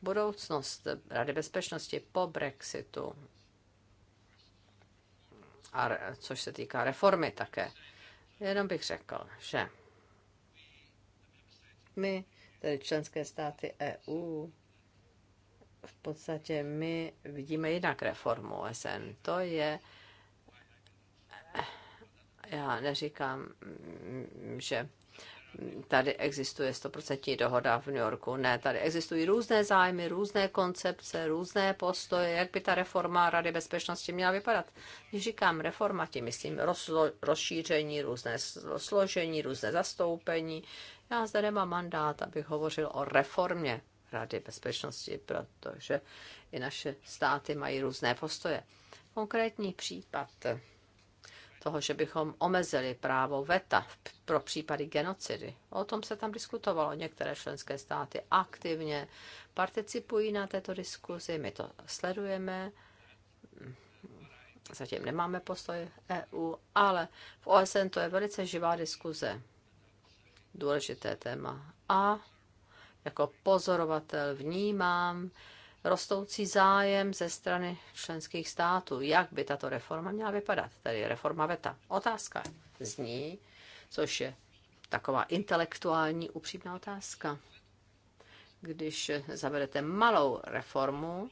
S1: budoucnost Rady bezpečnosti po Brexitu, a což se týká reformy také, jenom bych řekl, že my, tedy členské státy EU, v podstatě my vidíme jinak reformu OSN. To je, já neříkám, mm, že tady existuje 100% dohoda v New Yorku. Ne, tady existují různé zájmy, různé koncepce, různé postoje, jak by ta reforma Rady bezpečnosti měla vypadat. Když říkám reforma, tím myslím rozlo, rozšíření, různé složení, různé zastoupení, já zde nemám mandát, abych hovořil o reformě Rady bezpečnosti, protože i naše státy mají různé postoje. Konkrétní případ toho, že bychom omezili právo VETA pro případy genocidy. O tom se tam diskutovalo. Některé členské státy aktivně participují na této diskuzi, my to sledujeme. Zatím nemáme postoj EU, ale v OSN to je velice živá diskuze důležité téma. A jako pozorovatel vnímám rostoucí zájem ze strany členských států, jak by tato reforma měla vypadat, tedy reforma VETA. Otázka zní, což je taková intelektuální upřímná otázka. Když zavedete malou reformu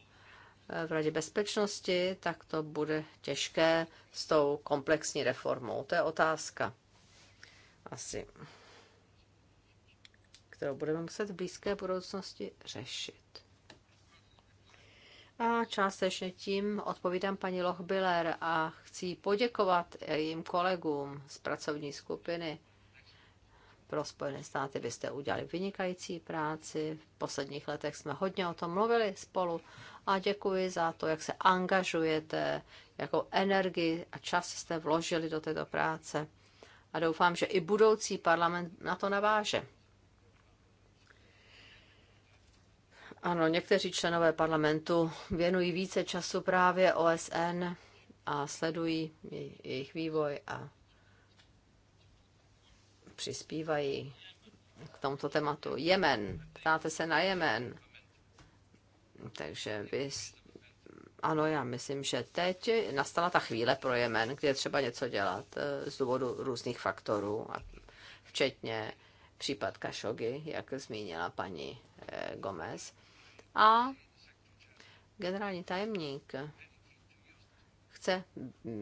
S1: eh, v Radě bezpečnosti, tak to bude těžké s tou komplexní reformou. To je otázka. Asi kterou budeme muset v blízké budoucnosti řešit. A částečně tím odpovídám paní Lochbiller a chci poděkovat jejím kolegům z pracovní skupiny pro Spojené státy. Vy jste udělali vynikající práci. V posledních letech jsme hodně o tom mluvili spolu a děkuji za to, jak se angažujete, jakou energii a čas jste vložili do této práce. A doufám, že i budoucí parlament na to naváže. Ano, někteří členové parlamentu věnují více času právě OSN a sledují jejich vývoj a přispívají k tomuto tématu. Jemen, ptáte se na Jemen. Takže vy, ano, já myslím, že teď nastala ta chvíle pro Jemen, kde je třeba něco dělat eh, z důvodu různých faktorů, včetně případ Kašogy, jak zmínila paní eh, Gomez a generální tajemník chce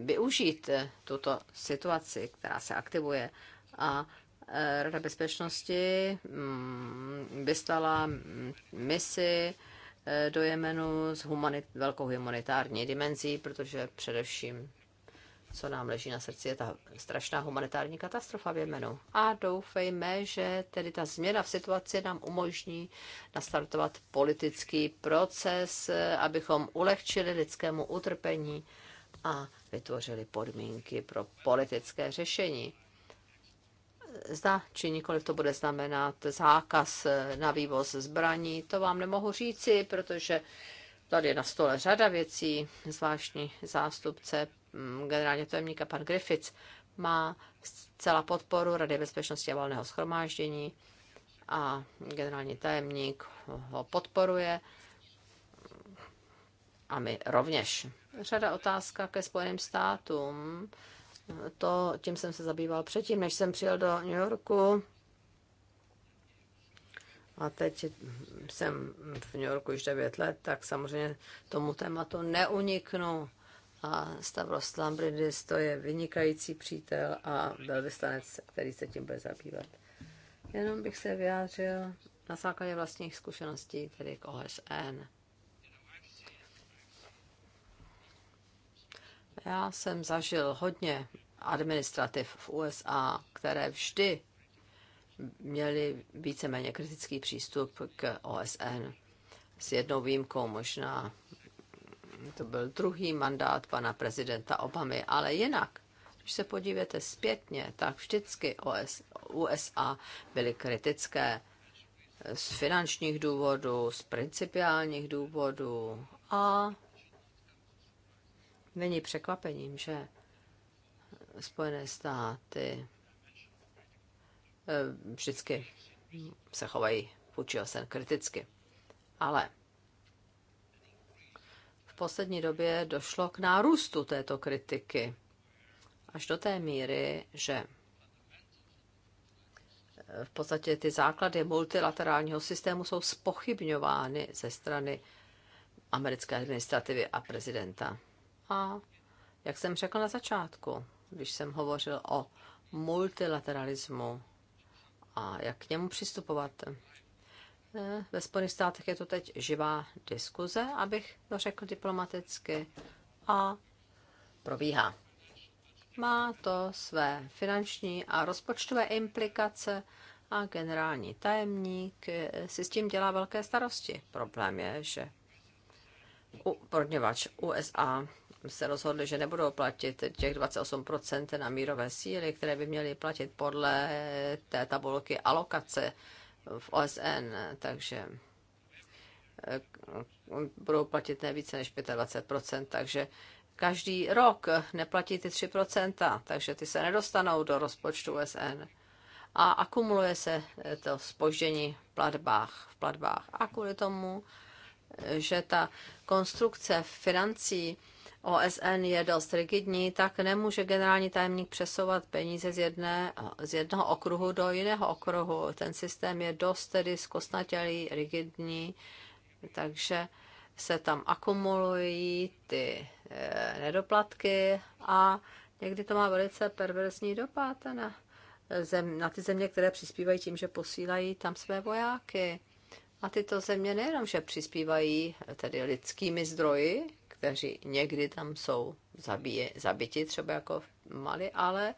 S1: využít tuto situaci, která se aktivuje a e, Rada bezpečnosti mm, vystala mm, misi e, do Jemenu s humanit- velkou humanitární dimenzí, protože především co nám leží na srdci, je ta strašná humanitární katastrofa v Jemenu. A doufejme, že tedy ta změna v situaci nám umožní nastartovat politický proces, abychom ulehčili lidskému utrpení a vytvořili podmínky pro politické řešení. Zda či nikoliv to bude znamenat zákaz na vývoz zbraní, to vám nemohu říci, protože Tady je na stole řada věcí, zvláštní zástupce Mm, generálně tajemníka pan Griffiths má zcela podporu Rady bezpečnosti a valného schromáždění a generální tajemník ho podporuje a my rovněž. Řada otázka ke Spojeným státům. To, tím jsem se zabýval předtím, než jsem přijel do New Yorku. A teď jsem v New Yorku již 9 let, tak samozřejmě tomu tématu neuniknu. A Stavros Lambridis to je vynikající přítel a velvyslanec, který se tím bude zabývat. Jenom bych se vyjádřil na základě vlastních zkušeností, tedy k OSN. Já jsem zažil hodně administrativ v USA, které vždy měli víceméně kritický přístup k OSN. S jednou výjimkou možná to byl druhý mandát pana prezidenta Obamy, ale jinak, když se podíváte zpětně, tak vždycky OS, USA byly kritické z finančních důvodů, z principiálních důvodů a není překvapením, že Spojené státy eh, vždycky se chovají vůči OSN kriticky. Ale v poslední době došlo k nárůstu této kritiky. Až do té míry, že v podstatě ty základy multilaterálního systému jsou spochybňovány ze strany americké administrativy a prezidenta. A jak jsem řekl na začátku, když jsem hovořil o multilateralismu a jak k němu přistupovat, ve Spojených státech je to teď živá diskuze, abych to řekl diplomaticky, a probíhá. Má to své finanční a rozpočtové implikace a generální tajemník si s tím dělá velké starosti. Problém je, že uprodňovač USA se rozhodli, že nebudou platit těch 28% na mírové síly, které by měly platit podle té tabulky alokace v OSN, takže eh, budou platit ne více než 25%, takže každý rok neplatí ty 3%, takže ty se nedostanou do rozpočtu OSN a akumuluje se eh, to spoždění v platbách, v platbách. A kvůli tomu, eh, že ta konstrukce financí OSN je dost rigidní, tak nemůže generální tajemník přesouvat peníze z, jedné, z jednoho okruhu do jiného okruhu. Ten systém je dost tedy zkostnatělý, rigidní, takže se tam akumulují ty e, nedoplatky a někdy to má velice perverzní dopad na, zem, na ty země, které přispívají tím, že posílají tam své vojáky. A tyto země nejenom, že přispívají tedy lidskými zdroji kteří někdy tam jsou zabije, zabiti, třeba jako v Mali, ale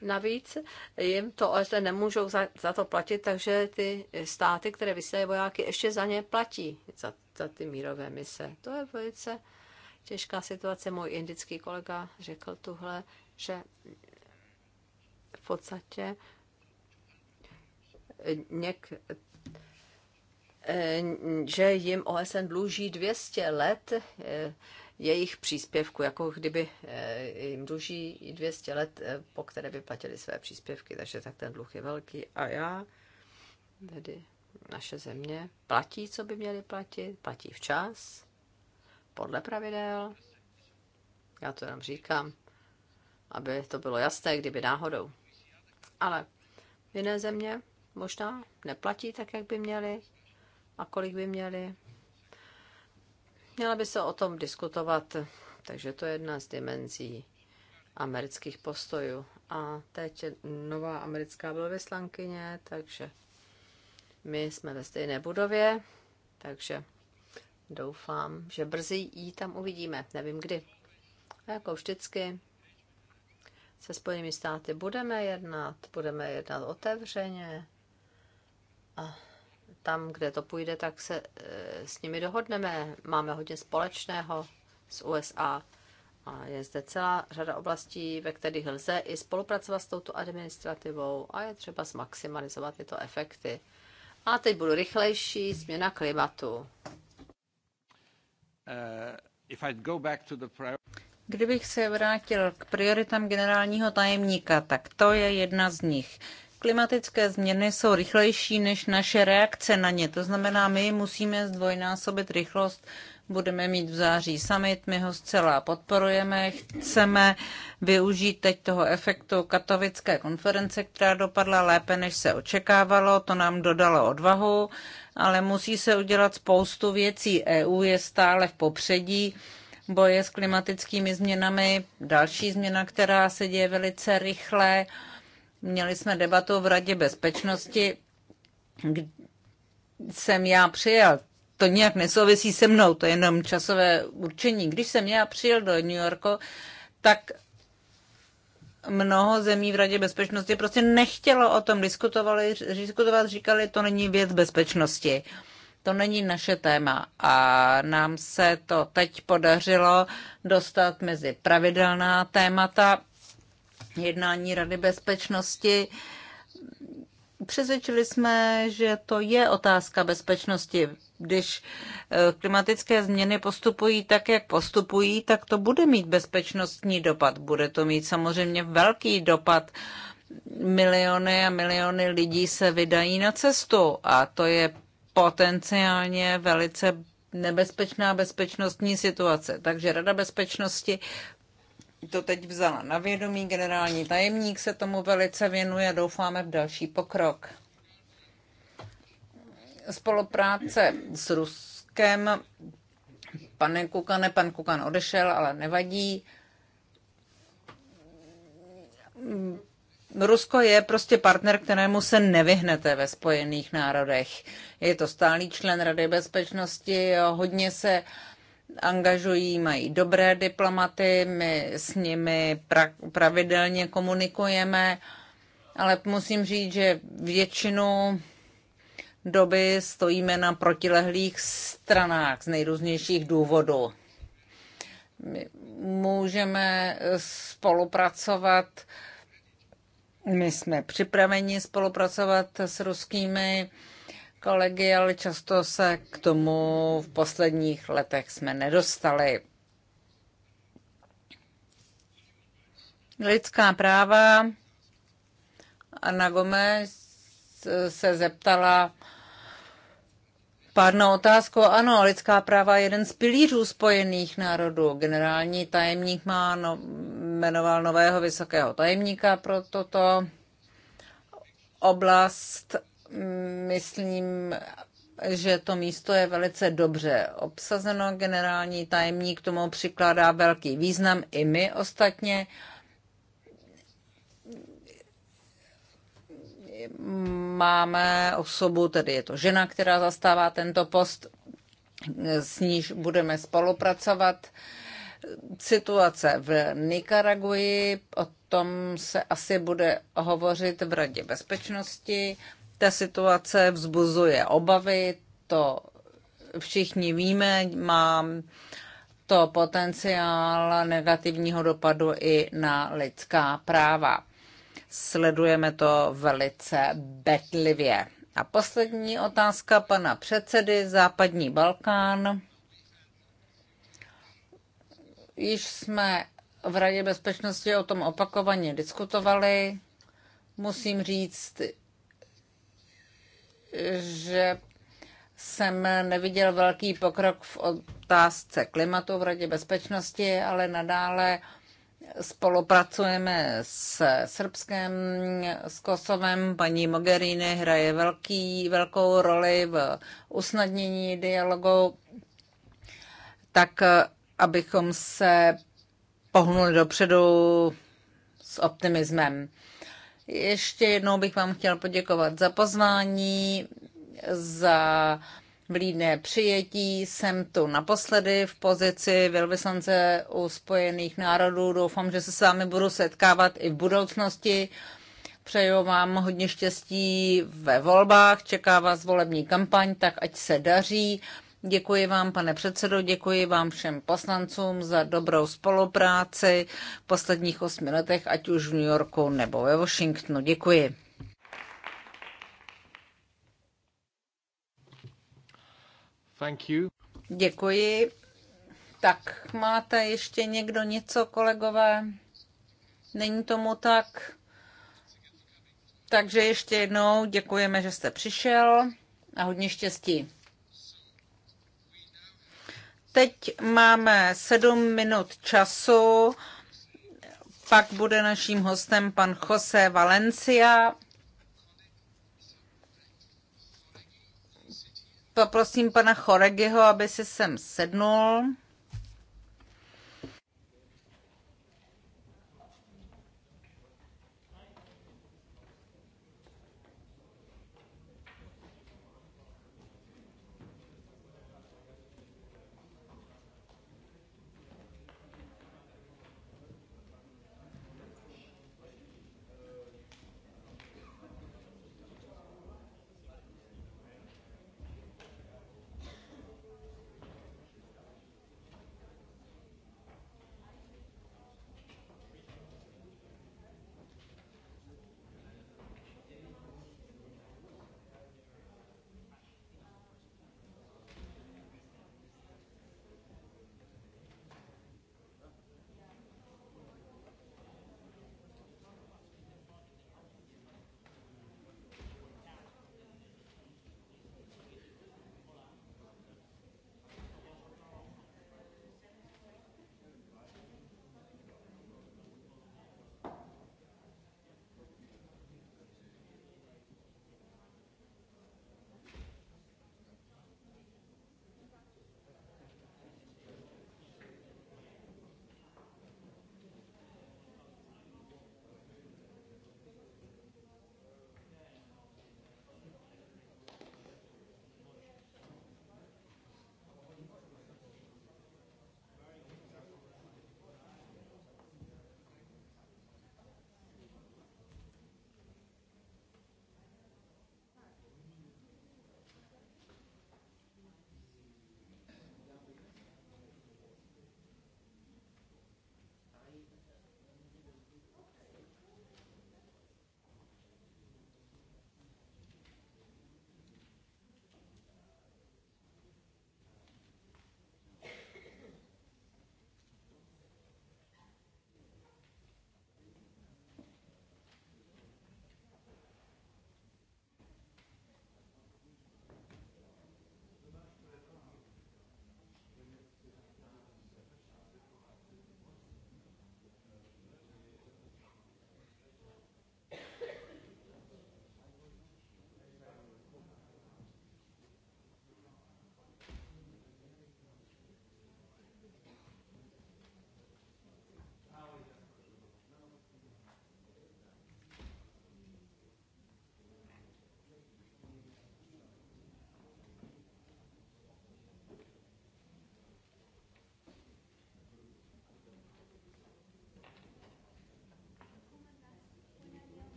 S1: navíc jim to OSN nemůžou za, za to platit, takže ty státy, které vysílají vojáky, ještě za ně platí, za, za ty mírové mise. To je velice těžká situace. Můj indický kolega řekl tuhle, že v podstatě něk, že jim OSN dluží 200 let eh, jejich příspěvku, jako kdyby eh, jim dluží 200 let, eh, po které by platili své příspěvky, takže tak ten dluh je velký. A já, tedy naše země, platí, co by měli platit, platí včas, podle pravidel. Já to jenom říkám, aby to bylo jasné, kdyby náhodou. Ale jiné země možná neplatí tak, jak by měli a kolik by měli. Měla by se o tom diskutovat, takže to je jedna z dimenzí amerických postojů. A teď je nová americká velvyslankyně, takže my jsme ve stejné budově, takže doufám, že brzy ji tam uvidíme, nevím kdy. A jako vždycky se Spojenými státy budeme jednat, budeme jednat otevřeně a tam, kde to půjde, tak se eh, s nimi dohodneme. Máme hodně společného s USA. A je zde celá řada oblastí, ve kterých lze i spolupracovat s touto administrativou a je třeba zmaximalizovat tyto efekty. A teď budu rychlejší, změna klimatu. Eh,
S3: Kdybych se vrátil k prioritám generálního tajemníka, tak to je jedna z nich. Klimatické změny jsou rychlejší než naše reakce na ně. To znamená, my musíme zdvojnásobit rychlost. Budeme mít v září summit, my ho zcela podporujeme. Chceme využít teď toho efektu katovické konference, která dopadla lépe, než se očekávalo. To nám dodalo odvahu, ale musí se udělat spoustu věcí. EU je stále v popředí boje s klimatickými změnami. Další změna, která se děje velice rychle Měli jsme debatu v Radě bezpečnosti, jsem já přijel. To nějak nesouvisí se mnou, to je jenom časové určení. Když jsem já přijel do New Yorku, tak mnoho zemí v Radě bezpečnosti prostě nechtělo o tom diskutovali, diskutovat, říkali, to není věc bezpečnosti. To není naše téma a nám se to teď podařilo dostat mezi pravidelná témata jednání Rady bezpečnosti. Přesvědčili jsme, že to je otázka bezpečnosti. Když eh, klimatické změny postupují tak, jak postupují, tak to bude mít bezpečnostní dopad. Bude to mít samozřejmě velký dopad. Miliony a miliony lidí se vydají na cestu a to je potenciálně velice nebezpečná bezpečnostní situace. Takže Rada bezpečnosti to teď vzala na vědomí. Generální tajemník se tomu velice věnuje doufáme v další pokrok. Spolupráce s Ruskem. Pane Kukane, pan Kukan odešel, ale nevadí. Rusko je prostě partner, kterému se nevyhnete ve Spojených národech. Je to stálý člen Rady bezpečnosti, hodně se uh, angažují, mají dobré diplomaty, my s nimi pra- pravidelně komunikujeme, ale musím říct, že většinu doby stojíme na protilehlých stranách z nejrůznějších důvodů. My můžeme spolupracovat, my jsme připraveni spolupracovat s ruskými kolegy, ale často se k tomu v posledních letech jsme nedostali. Lidská práva. Anna Gomez se zeptala pádnou otázku. Ano, lidská práva je jeden z pilířů spojených národů. Generální tajemník má no, jmenoval nového vysokého tajemníka pro toto oblast myslím, že to místo je velice dobře obsazeno. Generální tajemník tomu přikládá velký význam, i my ostatně. Máme osobu, tedy je to žena, která zastává tento post, s níž budeme spolupracovat. Situace v Nikaraguji, o tom se asi bude hovořit v Radě bezpečnosti. Ta situace vzbuzuje obavy, to všichni víme, mám to potenciál negativního dopadu i na lidská práva. Sledujeme to velice betlivě. A poslední otázka pana předsedy Západní Balkán. Již jsme v Radě bezpečnosti o tom opakovaně diskutovali. Musím říct, že jsem neviděl velký pokrok v otázce klimatu v Radě bezpečnosti, ale nadále spolupracujeme s Srbskem, s Kosovem. Paní Mogherini hraje velký, velkou roli v usnadnění dialogu, tak abychom se pohnuli dopředu s optimismem. Ještě jednou bych vám chtěl poděkovat za poznání, za vlídné přijetí. Jsem tu naposledy v pozici velvyslance u Spojených národů. Doufám, že se s vámi budu setkávat i v budoucnosti. Přeju vám hodně štěstí ve volbách, čeká vás volební kampaň, tak ať se daří. Děkuji vám, pane předsedo, děkuji vám všem poslancům za dobrou spolupráci v posledních osmi letech, ať už v New Yorku nebo ve Washingtonu. Děkuji. Thank you. Děkuji. Tak, máte ještě někdo něco, kolegové? Není tomu tak? Takže ještě jednou děkujeme, že jste přišel a hodně štěstí. Teď máme sedm minut času, pak bude naším hostem pan Jose Valencia. Poprosím pana Choregiho, aby si sem sednul.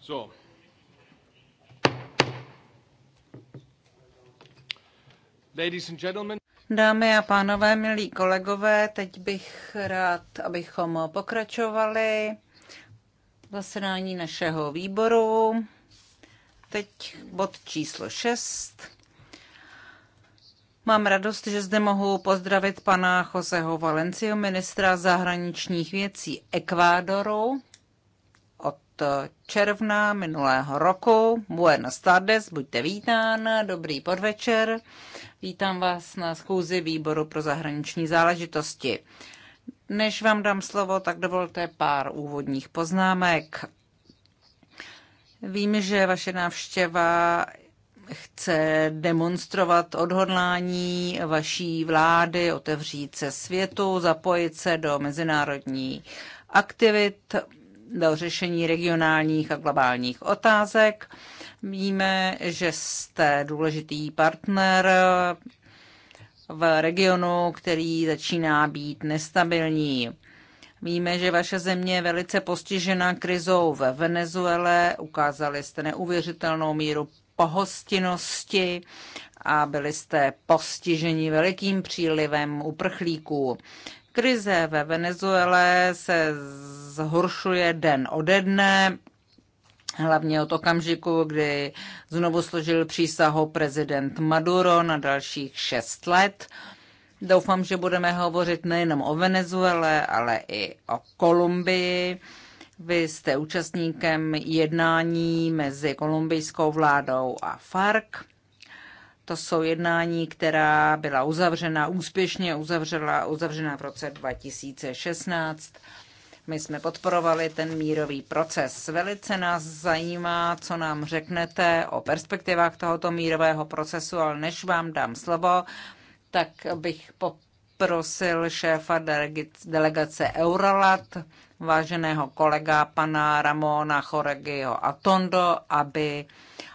S3: So. Ladies and gentlemen. Dámy a pánové, milí kolegové, teď bych rád, abychom pokračovali zasedání našeho výboru. Teď bod číslo 6. Mám radost, že zde mohu pozdravit pana Joseho Valencio, ministra zahraničních věcí Ekvádoru června minulého roku. Buenos tardes, buďte vítán, dobrý podvečer. Vítám vás na schůzi výboru pro zahraniční záležitosti. Než vám dám slovo, tak dovolte pár úvodních poznámek. Vím, že vaše návštěva chce demonstrovat odhodlání vaší vlády, otevřít se světu, zapojit se do mezinárodní aktivit do řešení regionálních a globálních otázek. Víme, že jste důležitý partner v regionu, který začíná být nestabilní. Víme, že vaše země je velice postižena krizou ve Venezuele. Ukázali jste neuvěřitelnou míru pohostinnosti a byli jste postiženi velikým přílivem uprchlíků. Krize ve Venezuele se zhoršuje den ode dne, hlavně od okamžiku, kdy znovu složil přísahu prezident Maduro na dalších šest let. Doufám, že budeme hovořit nejenom o Venezuele, ale i o Kolumbii. Vy jste účastníkem jednání mezi kolumbijskou vládou a FARC. To jsou jednání, která byla uzavřena, úspěšně uzavřela, uzavřena v roce 2016. My jsme podporovali ten mírový proces. Velice nás zajímá, co nám řeknete o perspektivách tohoto mírového procesu, ale než vám dám slovo, tak bych poprosil šéfa delegace Eurolat, váženého kolega pana Ramona Choregiho Atondo, aby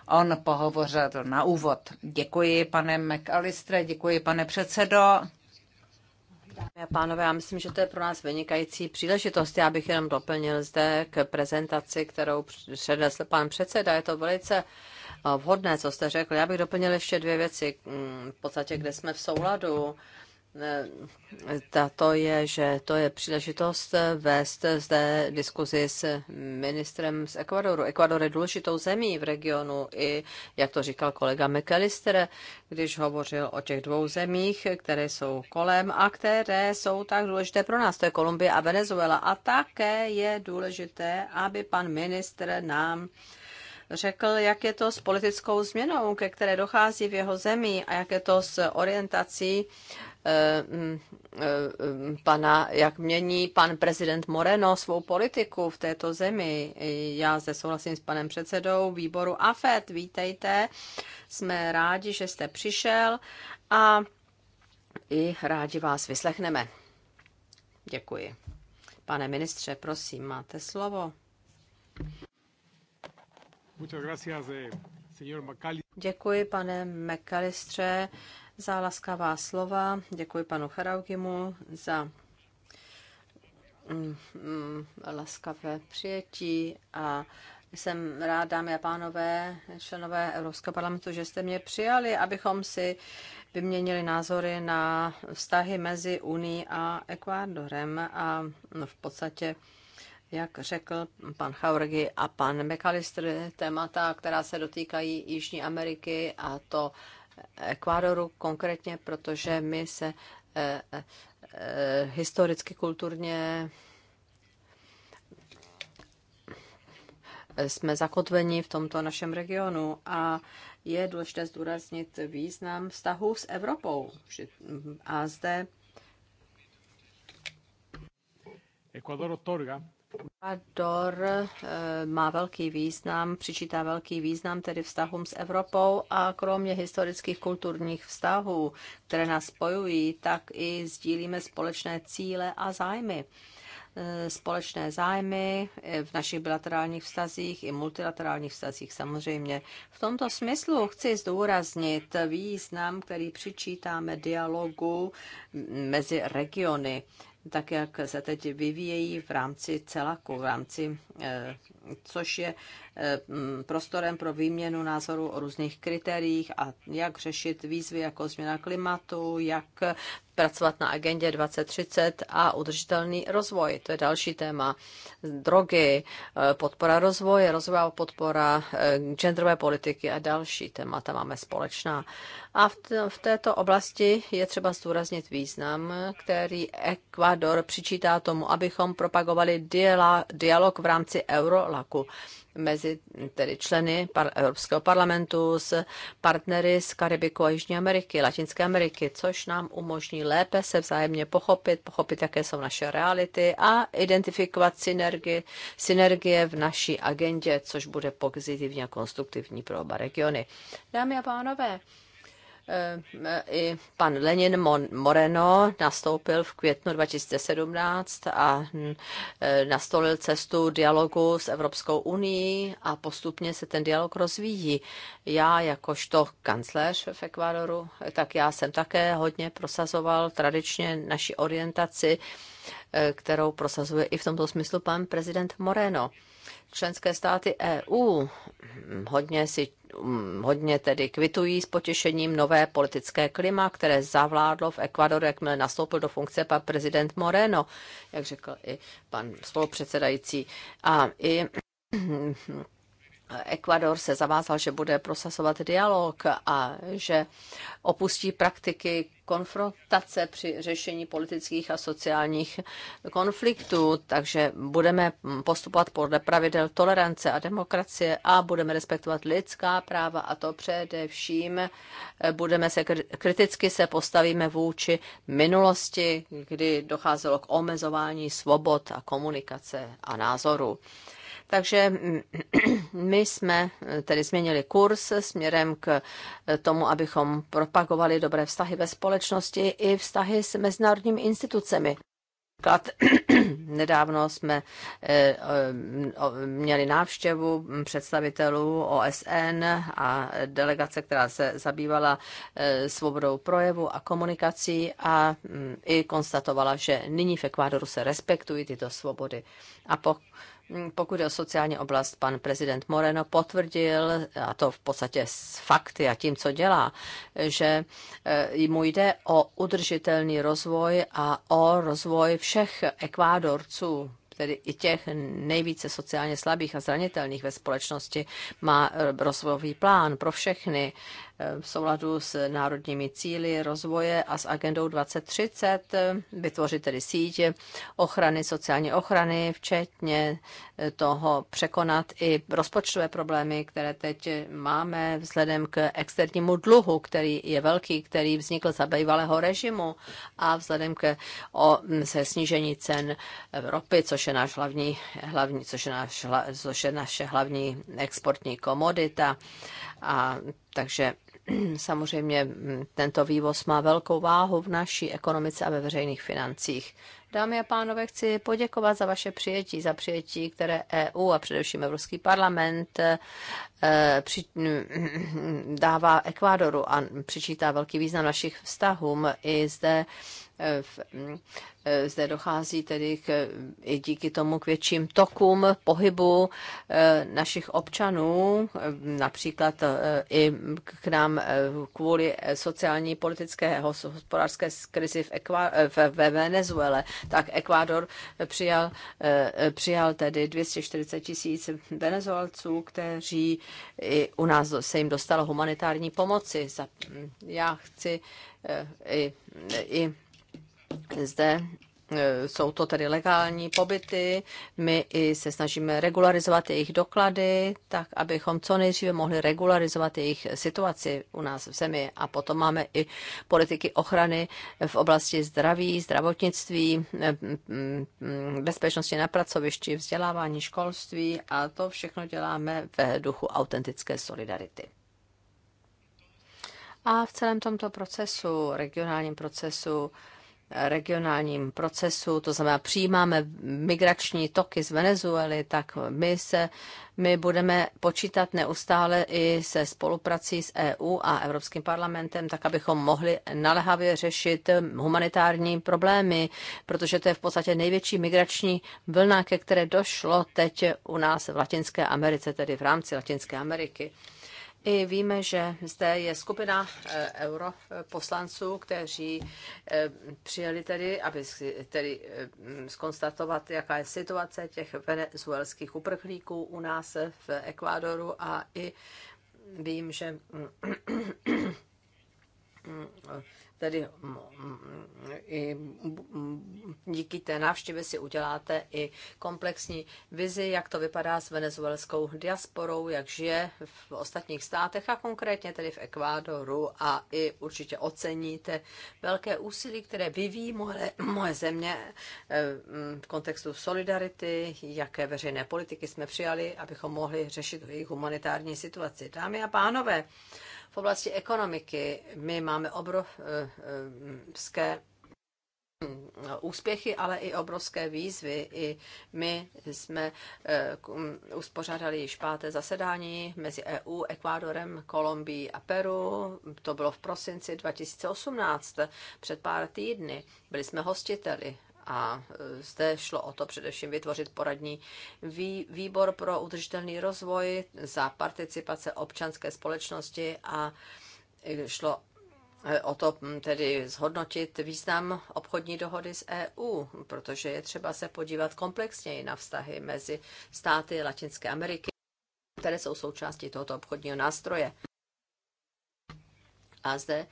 S3: on pohovořil na úvod. Děkuji, pane McAllistre, děkuji, pane předsedo. Dámy a pánové, já myslím, že to je pro nás vynikající příležitost. Já bych jenom doplnil
S1: zde k prezentaci, kterou přednesl pan předseda. Je to velice eh, vhodné, co jste řekl. Já bych doplnil ještě dvě věci, mm, v podstatě, kde jsme v souladu. Eh, tato je, že to je příležitost eh, vést eh, zde diskuzi s ministrem z Ekvadoru. Ekvador je důležitou zemí v regionu i, jak to říkal kolega McAllister, když hovořil o těch dvou zemích, které jsou kolem a které jsou tak důležité pro nás, to je Kolumbie a Venezuela. A také je důležité, aby pan ministr nám řekl, jak je to s politickou změnou, ke které dochází v jeho zemi a jak je to s orientací eh, mm, eh, pana, jak mění pan prezident Moreno svou politiku v této zemi. Já se souhlasím s panem předsedou výboru AFET. Vítejte, jsme rádi, že jste přišel a i rádi vás vyslechneme. Děkuji. Pane ministře, prosím, máte slovo. Eh, Děkuji, pane McAllistře, za laskavá slova. Děkuji panu Charaugimu za mm, mm, laskavé přijetí a jsem rád, dámy a pánové, členové Evropského parlamentu, že jste mě přijali, abychom si vyměnili názory na vztahy mezi Unii a Ekvádorem a v podstatě jak řekl pan Chaurgi a pan McAllister, témata, která se dotýkají Jižní Ameriky a to Ekvádoru konkrétně, protože my se eh, eh, historicky, kulturně jsme zakotveni v tomto našem regionu a je důležité zdůraznit význam vztahu s Evropou. A zde Ekvador otorga Ekvador eh, má velký význam, přičítá velký význam tedy vztahům s Evropou a kromě historických kulturních vztahů, které nás spojují, tak i sdílíme společné cíle a zájmy eh, společné zájmy eh, v našich bilaterálních vztazích i multilaterálních vztazích samozřejmě. V tomto smyslu chci zdůraznit význam, který přičítáme dialogu mezi regiony tak jak se teď vyvíjejí v rámci celaku, v rámci eh, což je eh, prostorem pro výměnu názorů o různých kritériích a jak řešit výzvy jako změna klimatu, jak pracovat na agendě 2030 a udržitelný rozvoj. To je další téma. Drogy, eh, podpora rozvoje, rozvojová podpora, eh, genderové politiky a další témata máme společná. A v, v této oblasti je třeba zdůraznit význam, který Ekvador přičítá tomu, abychom propagovali dialog v rámci Eurolab tlaku mezi tedy členy par- Evropského parlamentu s partnery z Karibiku a Jižní Ameriky, Latinské Ameriky, což nám umožní lépe se vzájemně pochopit, pochopit, jaké jsou naše reality a identifikovat synergie, synergie v naší agendě, což bude pozitivní a konstruktivní pro oba regiony. Dámy a pánové, Eh, i pan Lenin Moreno nastoupil v květnu 2017 a hm, eh, nastolil cestu dialogu s Evropskou unii a postupně se ten dialog rozvíjí. Já jakožto kancléř v Ekvádoru, eh, tak já jsem také hodně prosazoval tradičně naši orientaci, kterou prosazuje i v tomto smyslu pan prezident Moreno členské státy EU hm, hodně si hm, hodně tedy kvitují s potěšením nové politické klima, které zavládlo v Ekvadoru, jakmile nastoupil do funkce pan prezident Moreno, jak řekl i pan spolupředsedající. A i hm, Ekvador se zavázal, že bude prosazovat dialog a že opustí praktiky konfrontace při řešení politických a sociálních konfliktů, takže budeme postupovat podle pravidel tolerance a demokracie a budeme respektovat lidská práva a to především budeme se kriticky se postavíme vůči minulosti, kdy docházelo k omezování svobod a komunikace a názoru. Takže mm, my jsme eh, tedy změnili kurz směrem k eh, tomu, abychom propagovali dobré vztahy ve společnosti i vztahy s mezinárodními institucemi. Klad. Nedávno jsme eh, měli návštěvu představitelů OSN a delegace, která se zabývala svobodou projevu a komunikací a mm, i konstatovala, že nyní v Ekvádoru se respektují tyto svobody. A po Mm, pokud je o sociální oblast, pan prezident Moreno potvrdil, a to v podstatě s fakty a tím, co dělá, že eh, mu jde o udržitelný rozvoj a o rozvoj všech ekvádorců, tedy i těch nejvíce sociálně slabých a zranitelných ve společnosti, má eh, rozvojový plán pro všechny v souladu s národními cíly rozvoje a s agendou 2030 vytvořit tedy síť ochrany, sociální ochrany, včetně toho překonat i rozpočtové problémy, které teď máme vzhledem k externímu dluhu, který je velký, který vznikl za bývalého režimu a vzhledem k o, se snížení cen ropy, což je náš hlavní, hlavní což, je náš, což je naše hlavní exportní komodita. A takže samozřejmě mm, tento vývoz má velkou váhu v naší ekonomice a ve veřejných financích. Dámy a pánové, chci poděkovat za vaše přijetí, za přijetí, které EU a především Evropský parlament eh, mm, dává Ekvádoru a přičítá velký význam našich vztahům. I zde v, mm, e, zde dochází tedy k, i díky tomu k větším tokům pohybu e, našich občanů, e, například i k nám kvůli sociální, politické, hospodářské krizi v, v, ve Venezuele, tak Ekvádor přijal, přijal tedy 240 tisíc venezuelců, kteří i u nás se jim dostalo humanitární pomoci. Já chci i, i zde e, jsou to tedy legální pobyty. My i se snažíme regularizovat jejich doklady, tak abychom co nejdříve mohli regularizovat jejich situaci u nás v zemi. A potom máme i politiky ochrany v oblasti zdraví, zdravotnictví, e, bezpečnosti na pracovišti, vzdělávání, školství a to všechno děláme ve duchu autentické solidarity. A v celém tomto procesu, regionálním procesu, regionálním procesu, to znamená přijímáme migrační toky z Venezuely, tak my, se, my budeme počítat neustále i se spoluprací s EU a Evropským parlamentem, tak abychom mohli naléhavě řešit humanitární problémy, protože to je v podstatě největší migrační vlna, ke které došlo teď u nás v Latinské Americe, tedy v rámci Latinské Ameriky. I víme, že zde je skupina eh, europoslanců, kteří eh, přijeli tedy, aby tedy eh, skonstatovat, jaká je situace těch venezuelských uprchlíků u nás v Ekvádoru a i vím, že mm, tedy mm, mm, i mm, díky té návštěvě si uděláte i komplexní vizi, jak to vypadá s venezuelskou diasporou, jak žije v ostatních státech a konkrétně tedy v Ekvádoru a i určitě oceníte velké úsilí, které vyvíjí moje, moje země eh, v kontextu solidarity, jaké veřejné politiky jsme přijali, abychom mohli řešit jejich humanitární situaci. Dámy a pánové, v oblasti ekonomiky my máme obrovské eh, úspěchy, ale i obrovské výzvy. I my jsme eh, uspořádali již páté zasedání mezi EU, Ekvádorem, Kolumbií a Peru. To bylo v prosinci 2018, před pár týdny. Byli jsme hostiteli a e, zde šlo o to především vytvořit poradní výbor pro udržitelný rozvoj za participace občanské společnosti a e, šlo e, o to tedy zhodnotit význam obchodní dohody s EU, protože je třeba se podívat komplexněji na vztahy mezi státy Latinské Ameriky, které jsou součástí tohoto obchodního nástroje. A zde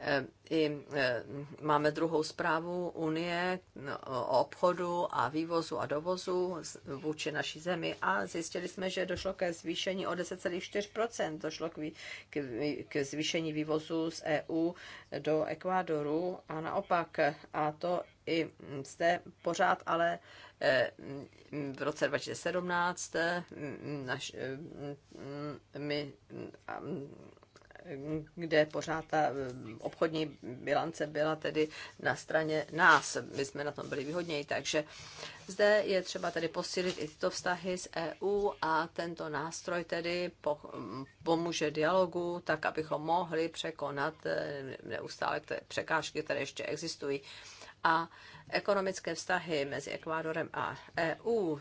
S1: Eh, i eh, máme druhou zprávu Unie no, o obchodu a vývozu a dovozu vůči naší zemi a zjistili jsme, že došlo ke zvýšení o 10,4%. Došlo k, k, k zvýšení vývozu z EU do Ekvádoru a naopak. A to i zde pořád, ale eh, v roce 2017 naš, my kde pořád ta eh, obchodní bilance byla tedy na straně nás. My jsme na tom byli výhodněji, takže zde je třeba tedy posílit i tyto vztahy s EU a tento nástroj tedy pomůže dialogu, tak abychom mohli překonat eh, neustále překážky, které ještě existují. A Ekonomické vztahy mezi Ekvádorem a EU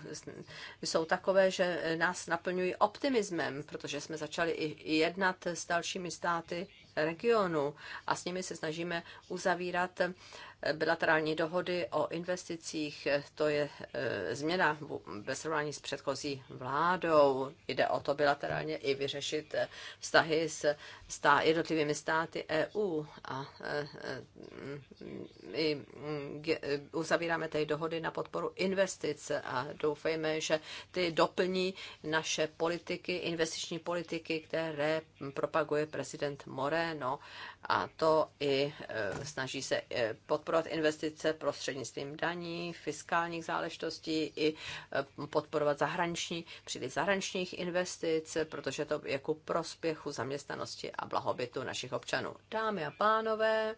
S1: jsou takové, že nás naplňují optimismem, protože jsme začali i jednat s dalšími státy regionu a s nimi se snažíme uzavírat bilaterální dohody o investicích, to je eh, změna ve srovnání s předchozí vládou. Jde o to bilaterálně i vyřešit eh, vztahy s stá, jednotlivými státy EU. A eh, my mm, mm, uzavíráme tady dohody na podporu investic a doufejme, že ty doplní naše politiky, investiční politiky, které propaguje prezident Moreno a to i snaží se podporovat investice prostřednictvím daní, fiskálních záležitostí i podporovat zahraniční, příliš zahraničních investic, protože to je ku prospěchu zaměstnanosti a blahobytu našich občanů. Dámy a pánové,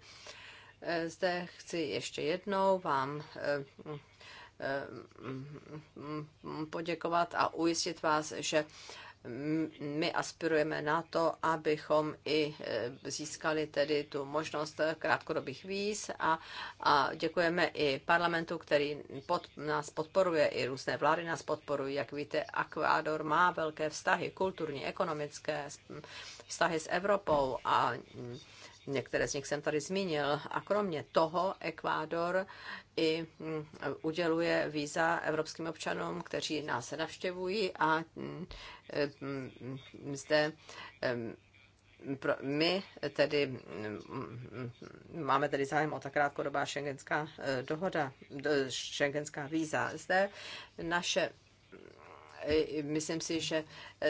S1: zde chci ještě jednou vám poděkovat a ujistit vás, že my aspirujeme na to, abychom i e, získali tedy tu možnost krátkodobých víz a, a děkujeme i parlamentu, který pod, nás podporuje, i různé vlády nás podporují. Jak víte, Ekvádor má velké vztahy, kulturní, ekonomické vztahy s Evropou a Některé z nich jsem tady zmínil. A kromě toho Ekvádor i mm, uděluje víza evropským občanům, kteří nás navštěvují a mm, mm, zde my tedy máme tedy zájem o ta krátkodobá šengenská eh, dohoda, šengenská víza. Zde naše myslím si, že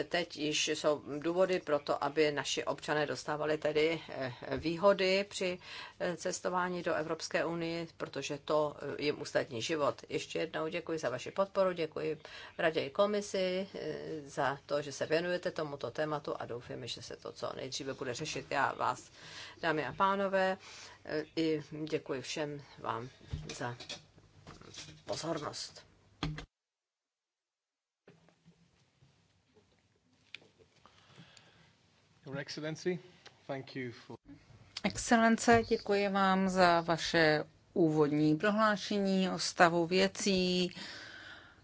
S1: teď již jsou důvody pro to, aby naši občané dostávali tedy eh, výhody při eh, cestování do Evropské unie, protože to eh, jim usnadní život. Ještě jednou děkuji za vaši podporu, děkuji raději komisi za to, že se věnujete tomuto tématu a doufám, že se to co nejdříve bude řešit. Já vás, dámy a pánové, i děkuji všem vám za pozornost.
S3: Excelence, děkuji vám za vaše úvodní prohlášení o stavu věcí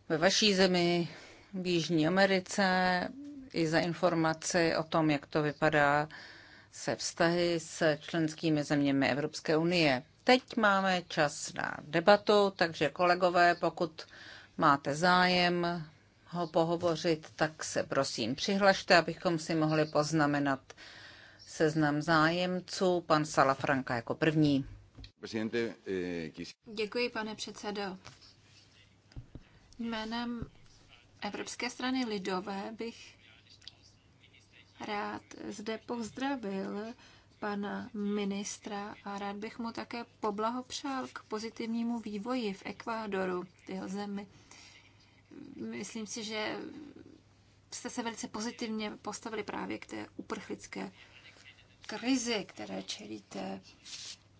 S3: ve vaší zemi, v Jižní Americe, i za informaci o tom, jak to vypadá se vztahy s členskými zeměmi Evropské unie. Teď máme čas na debatu, takže kolegové, pokud máte zájem, ho pohovořit, tak se prosím přihlašte, abychom si mohli poznamenat seznam zájemců. Pan Salafranka jako první. Eh,
S2: Děkuji, pane předsedo. Jménem Evropské strany lidové bych rád zde pozdravil pana ministra a rád bych mu také poblahopřál k pozitivnímu vývoji v Ekvádoru, v jeho zemi myslím si, že jste se velice pozitivně postavili právě k té uprchlické krizi, které čelíte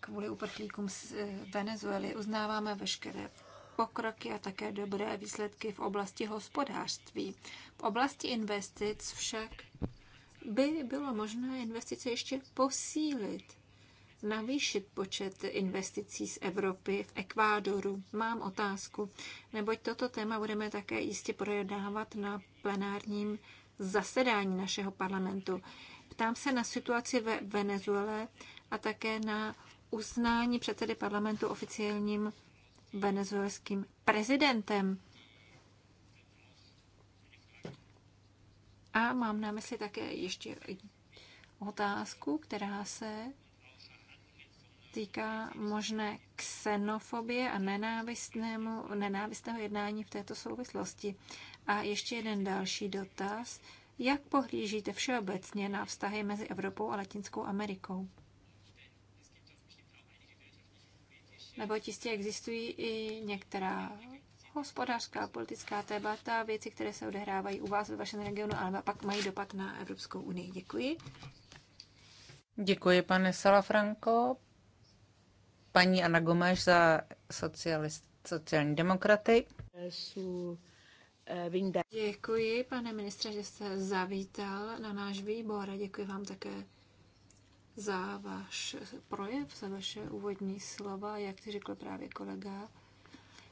S2: kvůli uprchlíkům z eh, Venezuely. Uznáváme veškeré pokroky a také dobré výsledky v oblasti hospodářství. V oblasti investic však by bylo možné investice ještě posílit navýšit počet investicí z Evropy v Ekvádoru? Mám otázku, neboť toto téma budeme také jistě projednávat na plenárním zasedání našeho parlamentu. Ptám se na situaci ve Venezuele a také na uznání předsedy parlamentu oficiálním venezuelským prezidentem. A mám na mysli také ještě otázku, která se týká možné ksenofobie a nenávistnému, nenávistného jednání v této souvislosti. A ještě jeden další dotaz. Jak pohlížíte všeobecně na vztahy mezi Evropou a Latinskou Amerikou? Nebo jistě existují i některá hospodářská, politická témata, věci, které se odehrávají u vás ve vašem regionu, ale pak mají dopad na Evropskou unii. Děkuji.
S3: Děkuji, pane Salafranco paní Ana Gomeš za socialist, sociální demokraty.
S2: Děkuji, pane ministře, že jste zavítal na náš výbor a děkuji vám také za váš projev, za vaše úvodní slova. Jak si řekl právě kolega,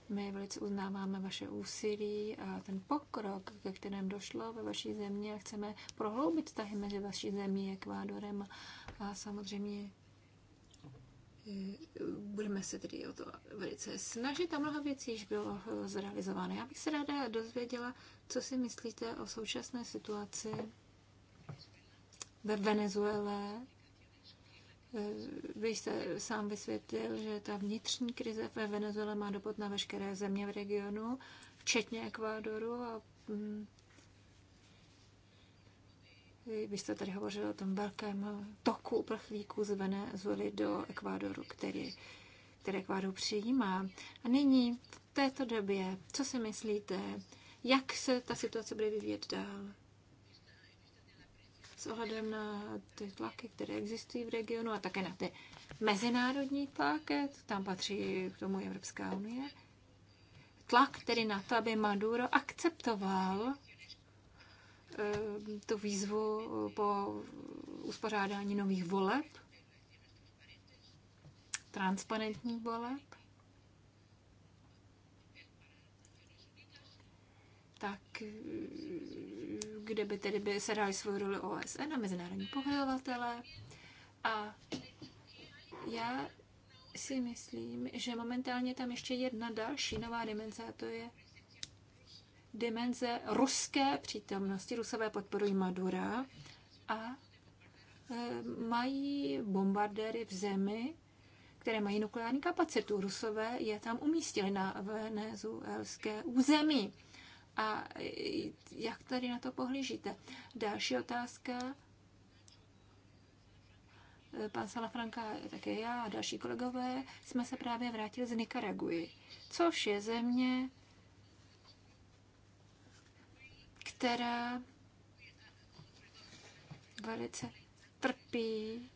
S2: my velice uznáváme vaše úsilí a ten pokrok, ke kterém došlo ve vaší zemi a chceme prohloubit vztahy mezi vaší zemí Ekvádorem a samozřejmě budeme se tedy o to velice snažit a mnoho věcí již bylo eh, zrealizováno. Já bych se ráda dozvěděla, co si myslíte o současné situaci ve Venezuele. Eh, vy jste sám vysvětlil, že ta vnitřní krize ve Venezuele má dopad na veškeré země v regionu, včetně Ekvádoru a mm, vy jste tady hovořil o tom velkém toku uprchlíků z Venezuely do Ekvádoru, který, který Ekvádor přijímá. A nyní, v této době, co si myslíte, jak se ta situace bude vyvíjet dál? S ohledem na ty tlaky, které existují v regionu a také na ty mezinárodní tlaky, tam patří k tomu Evropská unie, tlak tedy na to, aby Maduro akceptoval Eh, tu výzvu po uspořádání nových voleb, transparentních voleb. tak kde by tedy by se dali svou roli OSN a mezinárodní pohledovatele. A já si myslím, že momentálně tam ještě jedna další nová dimenze, a to je dimenze ruské přítomnosti. Rusové podporují Madura a e, mají bombardéry v zemi, které mají nukleární kapacitu. Rusové je tam umístili na venezuelské území. A e, jak tady na to pohlížíte? Další otázka. E, pan Salafranka, také já a další kolegové jsme se právě vrátili z Nikaraguji, což je země, která velice trpí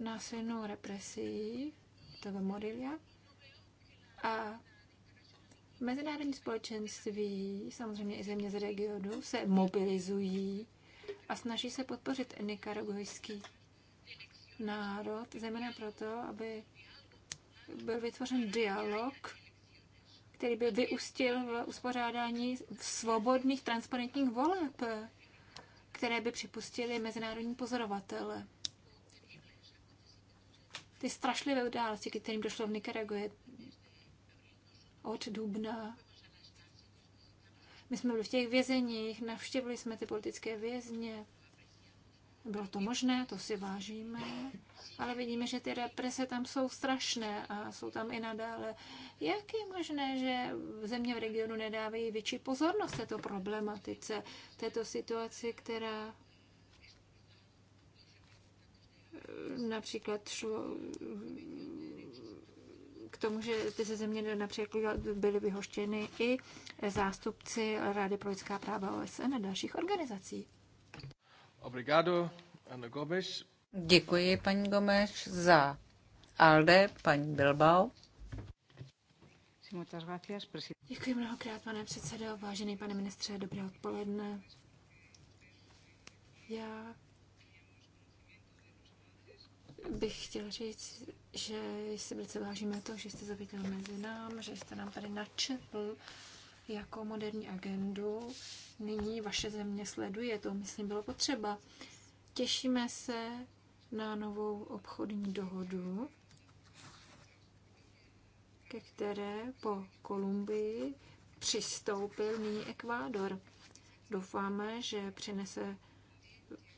S2: násilnou represí, to je Morilia. A mezinárodní společenství, samozřejmě i země z regionu, se mobilizují a snaží se podpořit nikaragujský národ, zejména proto, aby byl vytvořen dialog který by vyústil v uspořádání svobodných, transparentních voleb, které by připustili mezinárodní pozorovatele. Ty strašlivé události, kterým došlo v Nikaraguji od dubna. My jsme byli v těch vězeních, navštěvili jsme ty politické vězně. Bylo to možné, to si vážíme ale vidíme, že ty represe tam jsou strašné a jsou tam i nadále. Jak je možné, že země v regionu nedávají větší pozornost této problematice, této situaci, která eh, například šlo eh, k tomu, že ty se země například byly vyhoštěny i zástupci
S3: Rady pro lidská práva OSN a dalších organizací.
S2: Obrigado,
S3: Ana Gomes. Děkuji, paní Gomeš, za ALDE, paní Bilbao.
S2: Děkuji mnohokrát, pane předsedo, vážený pane ministře, dobré odpoledne. Já bych chtěla říct, že si velice vážíme to, že jste zavítal mezi nám, že jste nám tady načetl jakou moderní agendu nyní vaše země sleduje. To, myslím, bylo potřeba. Těšíme se na novou obchodní dohodu, ke které po Kolumbii přistoupil nyní Ekvádor. Doufáme, že přinese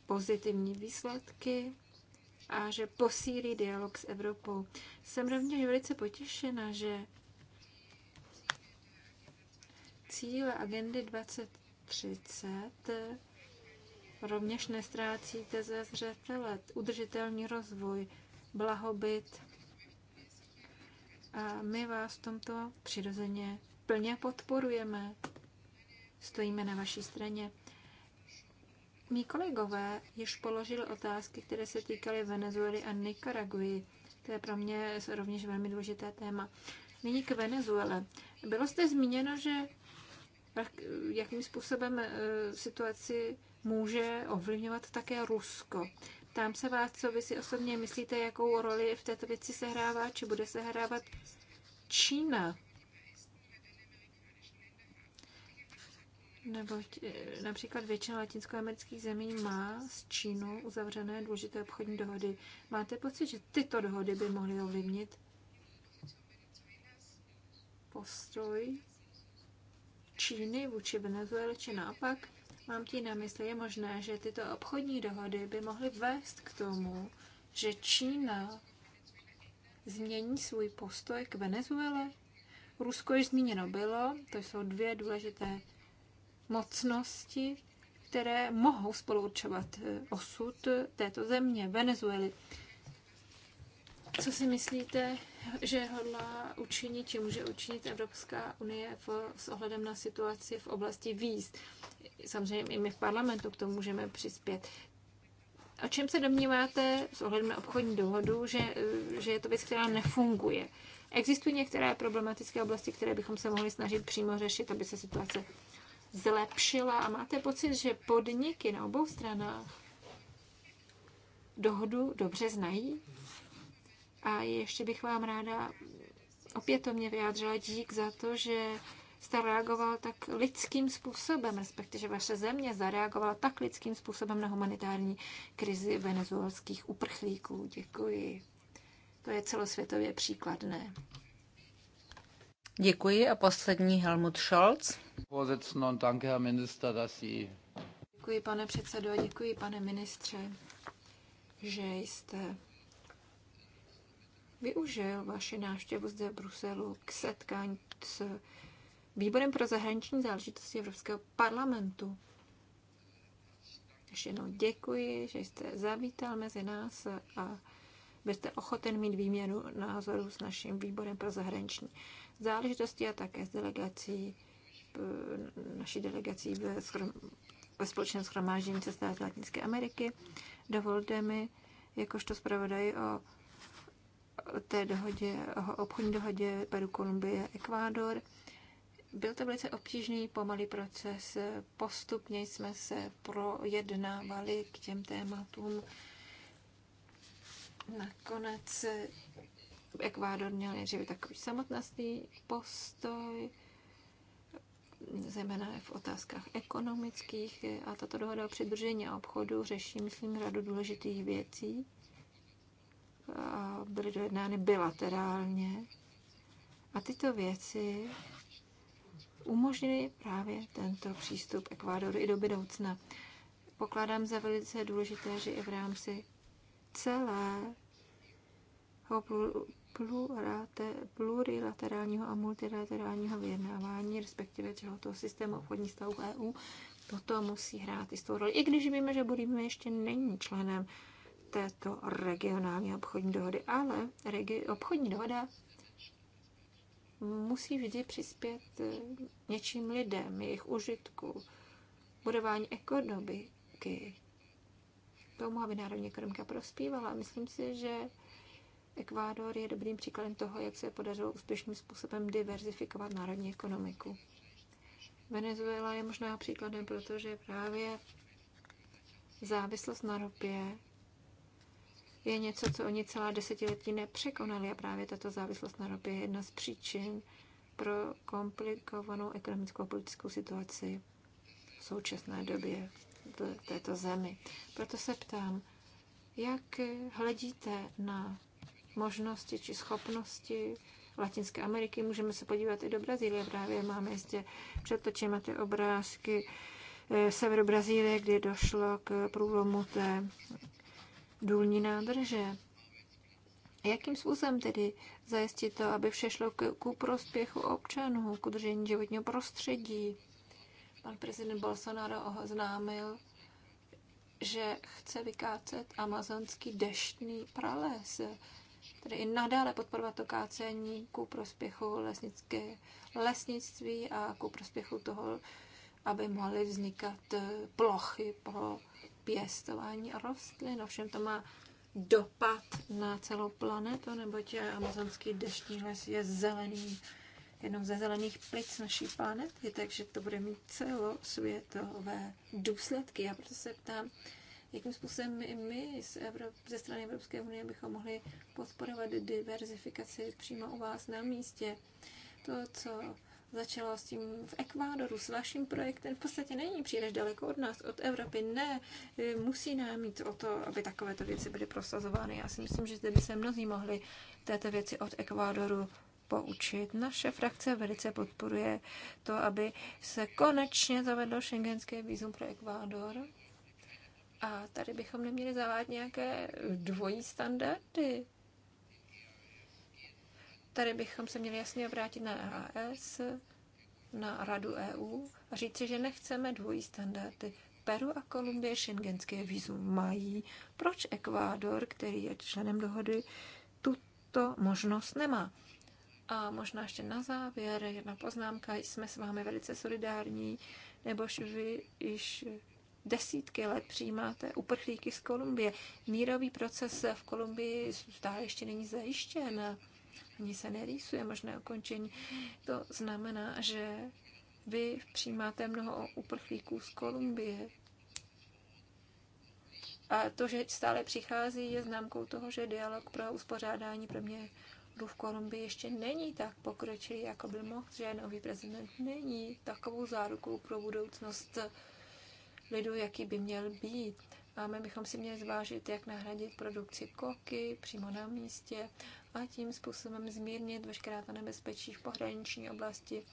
S2: pozitivní výsledky a že posílí dialog s Evropou. Jsem rovněž velice potěšena, že cíle agendy 2030 Rovněž nestrácíte ze zřetele udržitelný rozvoj, blahobyt. A my vás v tomto přirozeně plně podporujeme. Stojíme na vaší straně. Mí kolegové již položili otázky, které se týkaly Venezuely a Nicaraguji. To je pro mě rovněž velmi důležité téma. Nyní k Venezuele. Bylo jste zmíněno, že jakým způsobem eh, situaci může ovlivňovat také Rusko. Tam se vás, co vy si osobně myslíte, jakou roli v této věci hrává, či bude se hrávat Čína. Neboť eh, například většina latinskoamerických zemí má s Čínou uzavřené důležité obchodní dohody. Máte pocit, že tyto dohody by mohly ovlivnit postoj Číny vůči Venezuele, či naopak? Mám tím na mysli, je možné, že tyto obchodní dohody by mohly vést k tomu, že Čína změní svůj postoj k Venezuele? Rusko již zmíněno bylo, to jsou dvě důležité mocnosti, které mohou spoluurčovat eh, osud této země, Venezuely. Co si myslíte, že hodlá učinit, či může učinit Evropská unie v, s ohledem na situaci v oblasti víz. Samozřejmě i my v parlamentu k tomu můžeme přispět. O čem se domníváte s ohledem na obchodní dohodu, že, že je to věc, která nefunguje? Existují některé problematické oblasti, které bychom se mohli snažit přímo řešit, aby se situace zlepšila? A máte pocit, že podniky na obou stranách dohodu dobře znají? A ještě bych vám ráda opětovně vyjádřila dík za to, že jste reagoval tak lidským způsobem, respektive vaše země zareagovala tak lidským způsobem na humanitární krizi venezuelských uprchlíků. Děkuji. To je celosvětově příkladné.
S3: Děkuji a poslední Helmut Scholz.
S2: Děkuji, pane předsedo, a děkuji, pane ministře, že jste využil vaši návštěvu zde v Bruselu k setkání s Výborem pro zahraniční záležitosti Evropského parlamentu. Ještě jednou děkuji, že jste zavítal mezi nás a byste ochoten mít výměnu názoru s naším výborem pro zahraniční záležitosti a také s delegací, naší delegací ve, schrom, ve společném schromáždění cestář Latinské Ameriky. Dovolte mi, jakožto zpravodaj o té dohodě, o obchodní dohodě Peru, Kolumbie, Ekvádor. Byl to velice obtížný, pomalý proces. Postupně jsme se projednávali k těm tématům. Nakonec Ekvádor měl nejdříve takový samotnostný postoj, zejména v otázkách ekonomických a tato dohoda o přidružení a obchodu řeší, myslím, řadu důležitých věcí a byly dojednány bilaterálně. A tyto věci umožnili právě tento přístup Ekvádoru i do budoucna. Pokládám za velice důležité, že i v rámci celého plurilaterálního a multilaterálního vyjednávání, respektive celého toho systému obchodních stavů EU, toto musí hrát jistou roli. I když víme, že budeme ještě není členem této regionální obchodní dohody. Ale regi- obchodní dohoda musí vždy přispět eh, něčím lidem, jejich užitku, budování ekonomiky, tomu, aby národní ekonomika prospívala. Myslím si, že Ekvádor je dobrým příkladem toho, jak se podařilo úspěšným způsobem diverzifikovat národní ekonomiku. Venezuela je možná příkladem, protože právě závislost na ropě je něco, co oni celá desetiletí nepřekonali a právě tato závislost na ropě je jedna z příčin pro komplikovanou ekonomickou a politickou situaci v současné době v této zemi. Proto se ptám, jak hledíte na možnosti či schopnosti Latinské Ameriky. Můžeme se podívat i do Brazílie. Právě máme jistě předtočíme ty obrázky eh, severu Brazílie, kdy došlo k průlomu té důlní nádrže. Jakým způsobem tedy zajistit to, aby vše šlo k, ku prospěchu občanů, k udržení životního prostředí? Pan prezident Bolsonaro oznámil, že chce vykácet amazonský deštný prales, tedy i nadále podporovat to kácení ku prospěchu lesnické, lesnictví a ku prospěchu toho, aby mohly vznikat plochy pro pěstování rostlin. Ovšem to má dopad na celou planetu, neboť amazonský deštní les je zelený, jenom ze zelených plic naší planety, takže to bude mít celosvětové důsledky. Já proto se ptám, jakým způsobem my, my z Evrop, ze strany Evropské unie bychom mohli podporovat diverzifikaci přímo u vás na místě. To, co začalo s tím v Ekvádoru, s vaším projektem, v podstatě není příliš daleko od nás, od Evropy. Ne, e, musí nám mít o to, aby takovéto věci byly prosazovány. Já si myslím, že zde by se mnozí mohli této věci od Ekvádoru poučit. Naše frakce velice podporuje to, aby se konečně zavedlo šengenské výzum pro Ekvádor. A tady bychom neměli zavádět nějaké dvojí standardy. Tady bychom se měli jasně obrátit na EAS, na Radu EU a říci, že nechceme dvojí standardy. Peru a Kolumbie šengenské vízum mají. Proč Ekvádor, který je členem dohody, tuto možnost nemá? A možná ještě na závěr jedna poznámka, jsme s vámi velice solidární, nebož vy již desítky let přijímáte uprchlíky z Kolumbie. Mírový proces v Kolumbii stále ještě není zajištěn ani se nerýsuje možné ukončení. To znamená, že vy přijímáte mnoho uprchlíků z Kolumbie. A to, že stále přichází, je známkou toho, že dialog pro uspořádání pro mě v Kolumbii ještě není tak pokročilý, jako by mohl, že nový prezident není takovou zárukou pro budoucnost lidu, jaký by měl být. A my bychom si měli zvážit, jak nahradit produkci koky přímo na místě a tím způsobem zmírnit veškerá ta nebezpečí v pohraniční oblasti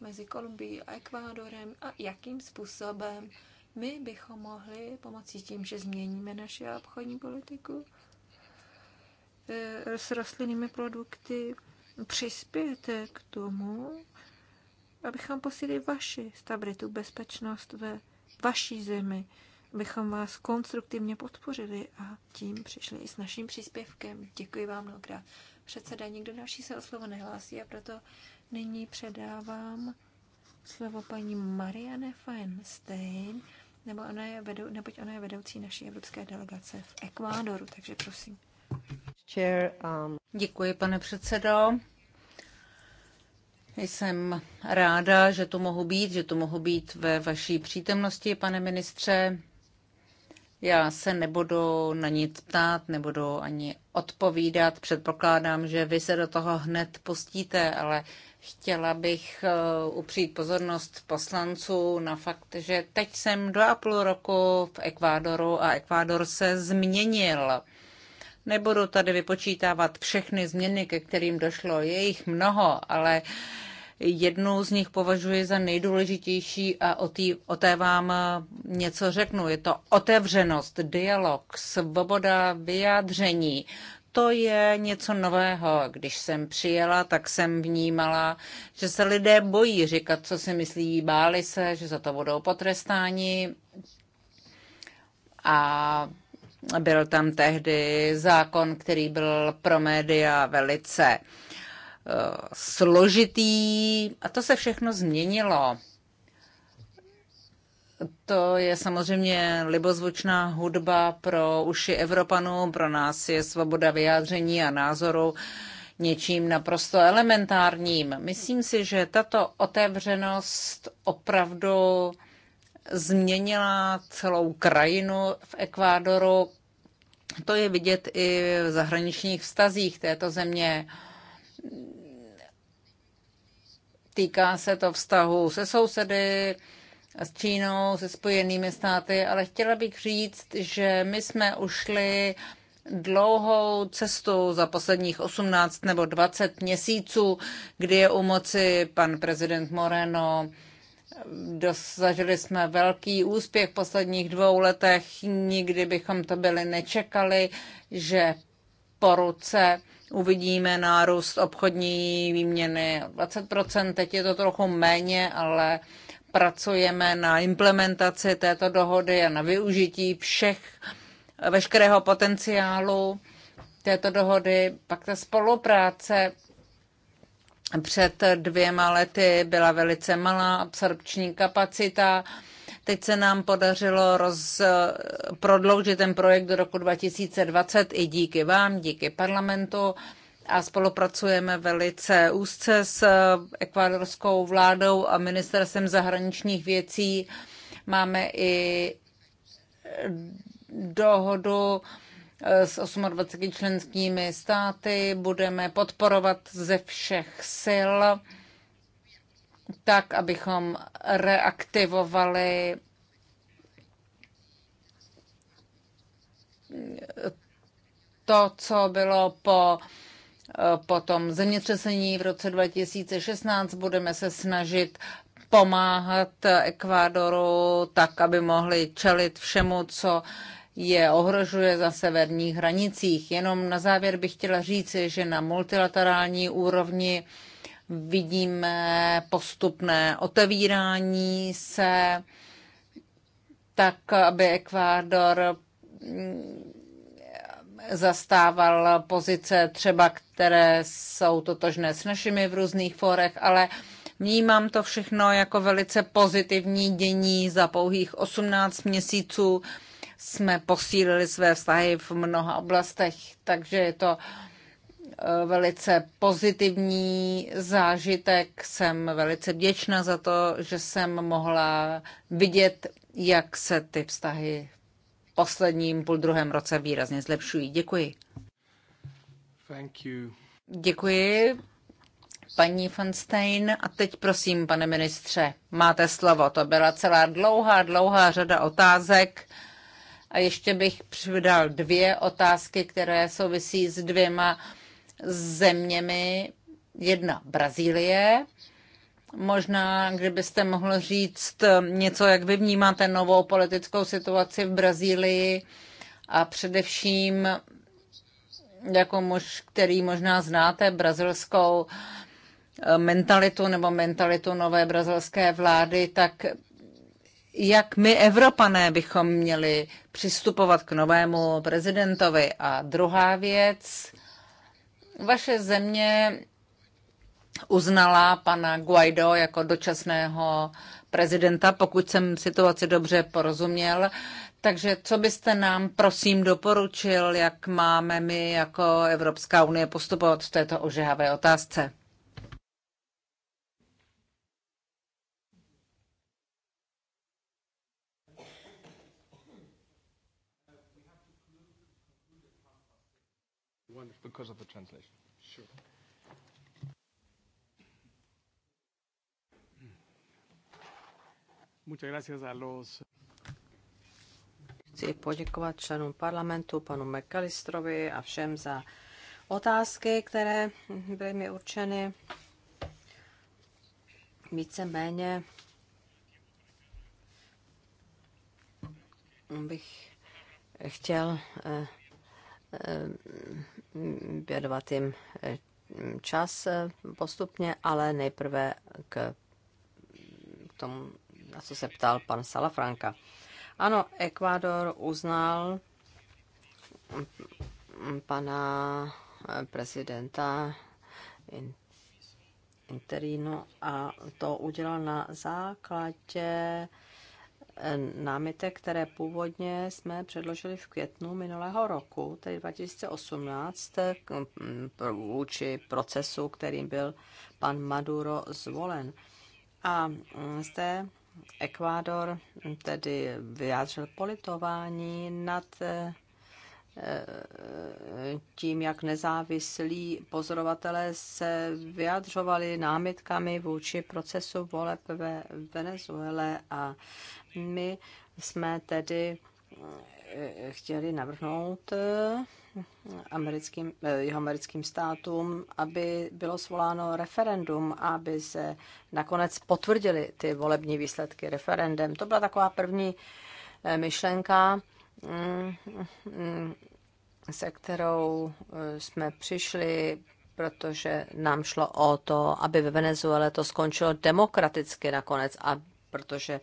S2: mezi Kolumbií a Ekvádorem a jakým způsobem my bychom mohli pomocí tím, že změníme naši obchodní politiku e, s rostlinnými produkty, přispět k tomu, abychom posílili vaši stabilitu, bezpečnost ve vaší zemi abychom vás konstruktivně podpořili a tím přišli i s naším příspěvkem. Děkuji vám mnohokrát. Předseda, nikdo další se o slovo nehlásí a proto nyní předávám slovo paní Marianne Feinstein, nebo ona je vedou, neboť ona je vedoucí naší evropské delegace v
S3: Ekvádoru, takže prosím. Um, Děkuji, pane předsedo. Jsem ráda, že tu mohu být, že tu mohu být ve vaší přítomnosti, pane ministře. Já se nebudu na nic ptát, nebudu ani odpovídat. Předpokládám, že vy se do toho hned pustíte, ale chtěla bych eh, upřít pozornost poslanců na fakt, že teď jsem dva a půl roku v Ekvádoru a Ekvádor se změnil. Nebudu tady vypočítávat všechny změny, ke kterým došlo, je jich mnoho, ale Jednu z nich považuji za nejdůležitější a o, tý, o té vám něco řeknu. Je to otevřenost, dialog, svoboda vyjádření. To je něco nového. Když jsem přijela, tak jsem vnímala, že se lidé bojí říkat, co si myslí, báli se, že za to budou potrestáni. A byl tam tehdy zákon, který byl pro média velice uh, složitý a to se všechno změnilo. To je samozřejmě libozvučná hudba pro uši Evropanů, pro nás je svoboda vyjádření a názoru něčím naprosto elementárním. Myslím si, že tato otevřenost opravdu změnila celou krajinu v Ekvádoru. To je vidět i v zahraničních vztazích této země Týká se to vztahu se sousedy, s Čínou, se Spojenými státy, ale chtěla bych říct, že my jsme ušli dlouhou cestu za posledních 18 nebo 20 měsíců, kdy je u moci pan prezident Moreno. Dosažili jsme velký úspěch v posledních dvou letech. Nikdy bychom to byli nečekali, že po ruce uvidíme nárůst obchodní výměny 20%, teď je to trochu méně, ale pracujeme na implementaci této dohody a na využití všech, veškerého potenciálu této dohody. Pak ta spolupráce před dvěma lety byla velice malá absorpční kapacita. Teď se nám podařilo roz, prodloužit ten projekt do roku 2020 i díky vám, díky parlamentu a spolupracujeme velice úzce s eh, ekvádorskou vládou a ministerstvem zahraničních věcí. Máme i eh, dohodu eh, s 28 členskými státy. Budeme podporovat ze všech sil tak, abychom reaktivovali eh, to, co bylo po eh, po tom zemětřesení v roce 2016. Budeme se snažit pomáhat Ekvádoru tak, aby mohli čelit všemu, co je ohrožuje za severních hranicích. Jenom na závěr bych chtěla říci, že na multilaterální úrovni vidíme postupné otevírání se, tak aby Ekvádor mm, zastával pozice třeba, které jsou totožné s našimi v různých forech, ale vnímám to všechno jako velice pozitivní dění. Za pouhých 18 měsíců jsme posílili své vztahy v mnoha oblastech, takže je to uh, velice pozitivní zážitek. Jsem velice vděčná za to, že jsem mohla vidět, jak se ty vztahy v posledním půl druhém roce výrazně zlepšují. Děkuji.
S1: Thank you.
S3: Děkuji, paní van Stein. A teď prosím, pane ministře, máte slovo. To byla celá dlouhá, dlouhá řada otázek. A ještě bych přidal dvě otázky, které souvisí s dvěma zeměmi, jedna Brazílie, Možná, kdybyste mohl říct eh, něco, jak vy vnímáte novou politickou situaci v Brazílii a především jako muž, který možná znáte brazilskou eh, mentalitu nebo mentalitu nové brazilské vlády, tak jak my, Evropané, bychom měli přistupovat k novému prezidentovi. A druhá věc, vaše země uznala pana Guaido jako dočasného prezidenta, pokud jsem situaci dobře porozuměl. Takže co byste nám prosím doporučil, jak máme my jako Evropská unie postupovat v této ožehavé otázce?
S1: Because of the translation. Muchas gracias a los... Chci poděkovat členům parlamentu, panu McAllisterovi a všem za otázky, které byly mi určeny. Víceméně bych chtěl eh, eh, věnovat jim eh, čas postupně, ale nejprve k tomu na co se ptal pan Salafranka. Ano, Ekvádor uznal pana prezidenta Interino a to udělal na základě eh, námitek, které původně jsme předložili v květnu minulého roku, tedy 2018, eh, vůči procesu, kterým byl pan Maduro zvolen. A mm, zde Ekvádor tedy vyjádřil politování nad eh, eh, tím, jak nezávislí pozorovatelé se vyjadřovali námitkami vůči procesu voleb ve Venezuele a my jsme tedy chtěli navrhnout eh, americkým, jeho americkým státům, aby bylo svoláno referendum, aby se nakonec potvrdili ty volební výsledky referendem. To byla taková první eh, myšlenka, mm, mm, se kterou eh, jsme přišli, protože nám šlo o to, aby ve Venezuele to skončilo demokraticky nakonec, aby protože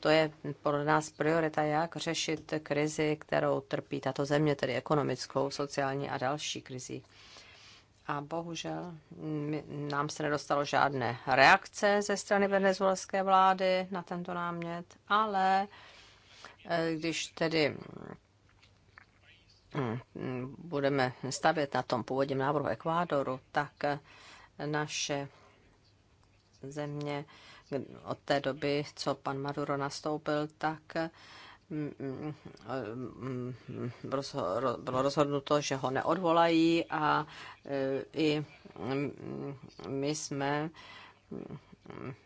S1: to je pro nás priorita, jak řešit krizi, kterou trpí tato země, tedy ekonomickou, sociální a další krizi. A bohužel nám se nedostalo žádné reakce ze strany venezuelské vlády na tento námět, ale eh, když tedy mm, budeme stavět na tom původním návrhu Ekvádoru, tak eh, naše země od té doby, co pan Maduro nastoupil, tak mm, mm, mm, bylo rozhodnuto, že ho neodvolají a e, i my jsme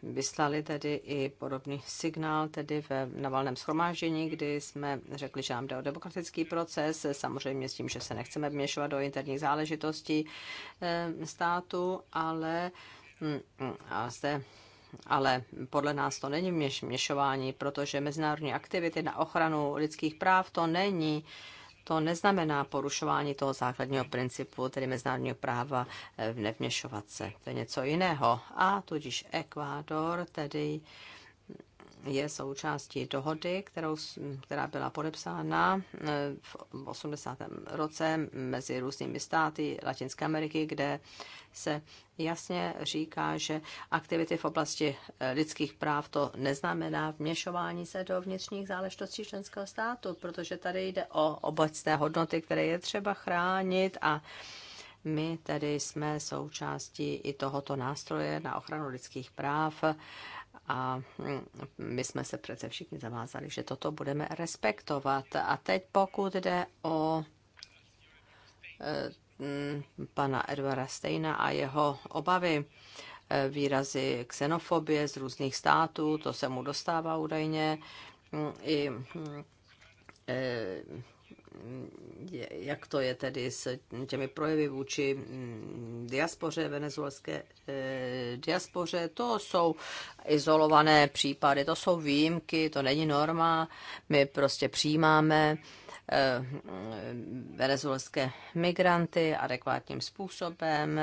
S1: vyslali tedy i podobný signál tedy ve, na schromáždění, kdy jsme řekli, že nám jde o demokratický proces, samozřejmě s tím, že se nechceme vměšovat do interních záležitostí e, státu, ale a zde ale podle nás to není měš, měšování, protože mezinárodní aktivity na ochranu lidských práv to není to neznamená porušování toho základního principu, tedy mezinárodního práva eh, nevměšovat se. To je něco jiného. A tudíž Ekvádor tedy je součástí dohody, kterou, která byla podepsána e, v 80. roce mezi různými státy Latinské Ameriky, kde se jasně říká, že aktivity v oblasti e, lidských práv to neznamená vměšování se do vnitřních záležitostí členského státu, protože tady jde o obecné hodnoty, které je třeba chránit a my tedy jsme součástí i tohoto nástroje na ochranu lidských práv a hm, my jsme se přece všichni zavázali, že toto budeme respektovat. A teď pokud jde o eh, hm, pana Edvara Stejna a jeho obavy, eh, výrazy xenofobie z různých států, to se mu dostává údajně, hm, i eh, jak to je tedy s těmi projevy vůči mm, diaspoře, venezuelské eh, diaspoře. To jsou izolované případy, to jsou výjimky, to není norma. My prostě přijímáme eh, venezuelské migranty adekvátním způsobem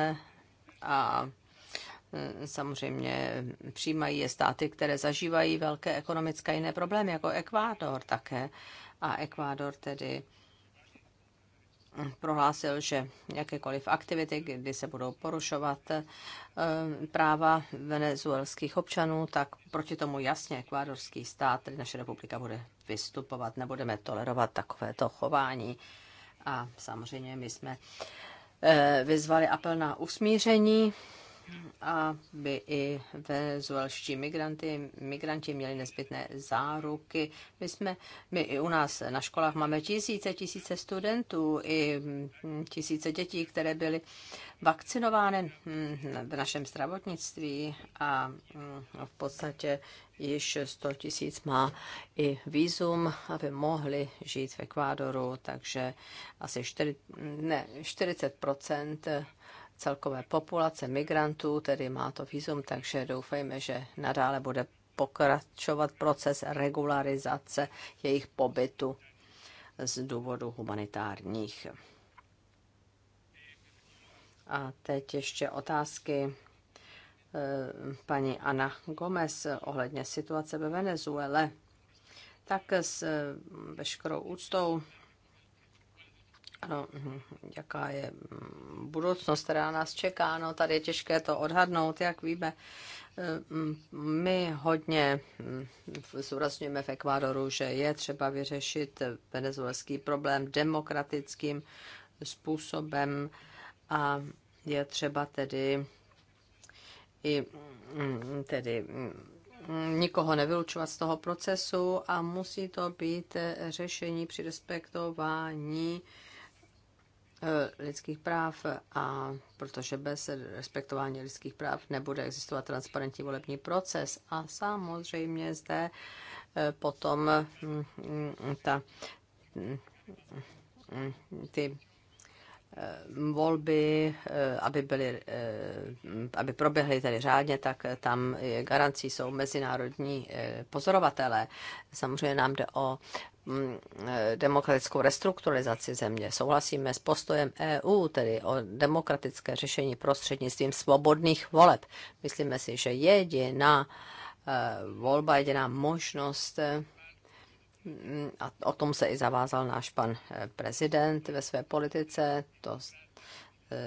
S1: a eh, samozřejmě přijímají je státy, které zažívají velké ekonomické jiné problémy, jako Ekvádor také. A Ekvádor tedy prohlásil, že jakékoliv aktivity, kdy se budou porušovat eh, práva venezuelských občanů, tak proti tomu jasně ekvádorský stát, tedy naše republika, bude vystupovat. Nebudeme tolerovat takovéto chování. A samozřejmě my jsme eh, vyzvali apel na usmíření aby i venezuelští migranti, migranti měli nezbytné záruky. My, jsme, my i u nás na školách máme tisíce, tisíce studentů i mm, tisíce dětí, které byly vakcinovány mm, v našem zdravotnictví a mm, v podstatě již 100 tisíc má i výzum, aby mohli žít v Ekvádoru, takže asi 4, ne, 40 celkové populace migrantů, tedy má to výzum, takže doufejme, že nadále bude pokračovat proces regularizace jejich pobytu z důvodu humanitárních. A teď ještě otázky eh, paní Ana Gomez ohledně situace ve Venezuele. Tak s eh, veškerou úctou ano, mhm, jaká je mm, budoucnost, která nás čeká, no tady je těžké to odhadnout, jak víme. E, mm, my hodně mm, zúrazňujeme v Ekvádoru, že je třeba vyřešit venezuelský problém demokratickým způsobem a je třeba tedy i tedy nikoho nevylučovat z toho procesu a musí to být řešení při respektování Eh, lidských práv a protože bez respektování lidských práv nebude existovat transparentní volební proces a samozřejmě zde eh, potom mm, ta, mm, ty eh, volby, aby, byly, aby proběhly tedy řádně, tak tam garancí jsou mezinárodní pozorovatelé. Samozřejmě nám jde o Mm, eh, demokratickou restrukturalizaci země. Souhlasíme s postojem EU, tedy o demokratické řešení prostřednictvím svobodných voleb. Myslíme si, že jediná eh, volba, jediná možnost, eh, mm, a o tom se i zavázal náš pan prezident ve své politice, to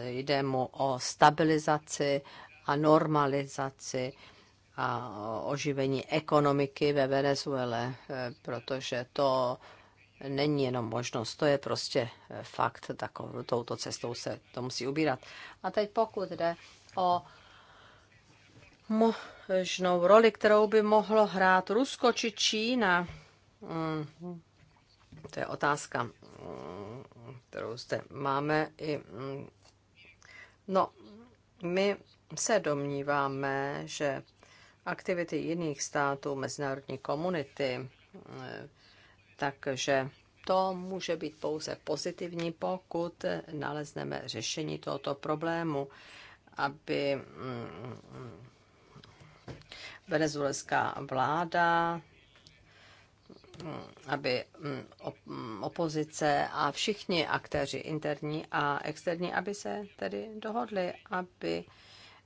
S1: jde mu o stabilizaci a normalizaci a oživení ekonomiky ve Venezuele, eh, protože to není jenom možnost, to je prostě eh, fakt, takovou, touto cestou se to musí ubírat. A teď pokud jde o možnou roli, kterou by mohlo hrát Rusko či Čína, mm, to je otázka, mm, kterou zde máme. I, mm, no, my se domníváme, že aktivity jiných států, mezinárodní komunity, eh, takže to může být pouze pozitivní, pokud nalezneme řešení tohoto problému, aby mm, mm, venezuelská vláda, mm, aby opozice a všichni aktéři interní a externí, aby se tedy dohodli, aby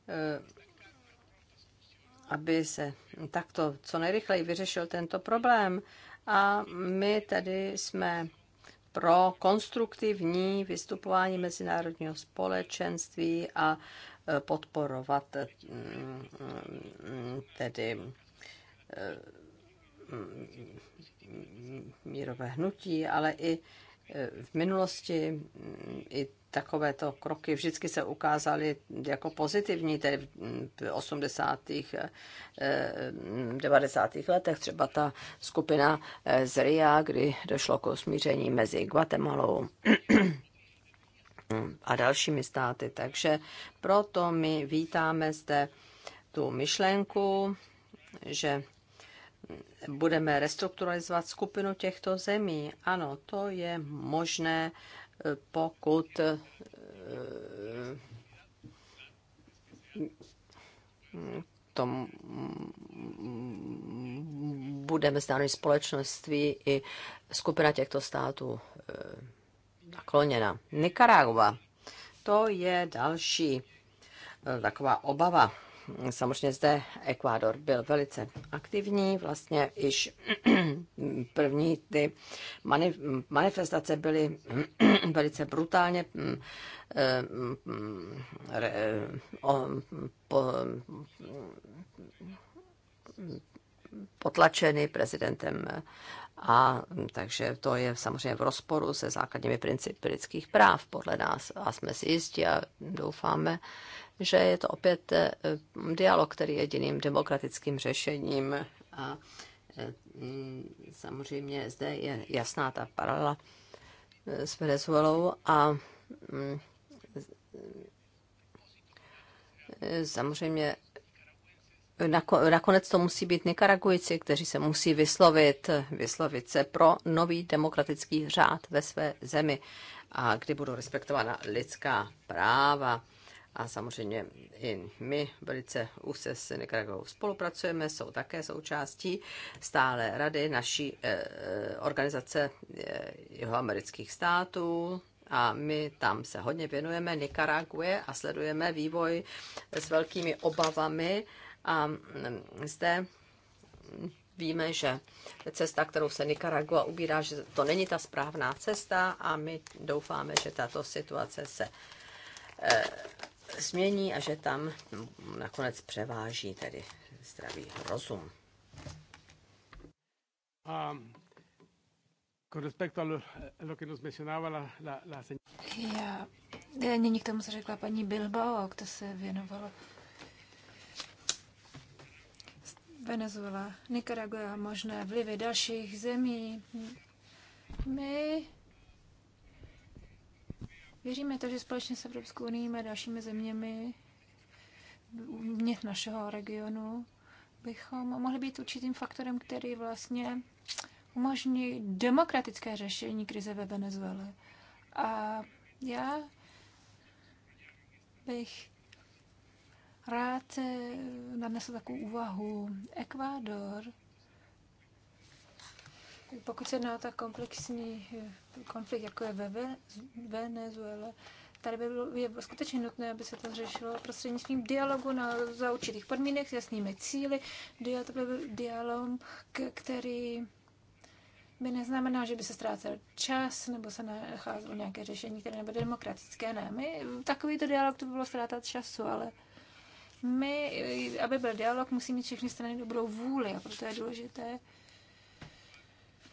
S1: eh, aby se takto co nejrychleji vyřešil tento problém. A my tedy jsme pro konstruktivní vystupování mezinárodního společenství a podporovat tedy mírové hnutí, ale i Eh, v minulosti mm, i takovéto kroky vždycky se ukázaly jako pozitivní, tedy v 80. 90. Eh, eh, letech třeba ta skupina z RIA, kdy došlo k usmíření mezi Guatemalou a dalšími státy. Takže proto my vítáme zde tu myšlenku, že budeme restrukturalizovat skupinu těchto zemí. Ano, to je možné, eh, pokud eh, tom bude mezinárodní společenství i skupina těchto států eh, nakloněna. Nikaragua. to je další taková obava samozřejmě zde Ekvádor byl velice aktivní, vlastně již první ty manifestace byly velice brutálně mm, mm, mm, potlačeny prezidentem a takže to je samozřejmě v rozporu se základními principy lidských práv podle nás a jsme si jistí a doufáme, že je to opět eh, eh, dialog, který je jediným demokratickým řešením. A eh, mm, samozřejmě zde je jasná ta paralela s Venezuelou a mm, samozřejmě Nakonec to musí být Nikaragujci, kteří se musí vyslovit, vyslovit se pro nový demokratický řád ve své zemi a kdy budou respektována lidská práva. A samozřejmě i my velice úzce s Nikaragou spolupracujeme, jsou také součástí stále rady naší eh, eh, organizace jeho amerických států, a my tam se hodně věnujeme Nikarague a sledujeme vývoj s velkými obavami a mm, zde víme, že cesta, kterou se Nicaragua ubírá, že to není ta správná cesta a my doufáme, že tato situace se eh, změní a že tam no, nakonec převáží tedy zdravý rozum. Um, con respecto a lo, lo que nos mencionaba la, la, la
S2: señora. Já, nyní k tomu, co řekla paní Bilbao, kdo se věnovalo Venezuela, Nicaragua, možné vlivy dalších zemí. My Věříme to, že společně s Evropskou unii a dalšími zeměmi uvnitř našeho regionu bychom mohli být určitým faktorem, který vlastně umožní demokratické řešení krize ve Venezuele. A já bych rád nanesl takovou úvahu. Ekvádor pokud se jedná o tak komplexní eh, konflikt, jako je ve Venezuele, tady by bylo, je skutečně nutné, aby se to řešilo prostřednictvím dialogu na, za určitých podmínek s jasnými cíly. Dialog, to by byl dialog, který by neznamená, že by se ztrácel čas nebo se nacházelo nějaké řešení, které nebude demokratické. Ne, my, takovýto dialog to by bylo ztrátat času, ale my, aby byl dialog, musí mít všechny strany dobrou vůli a proto je důležité,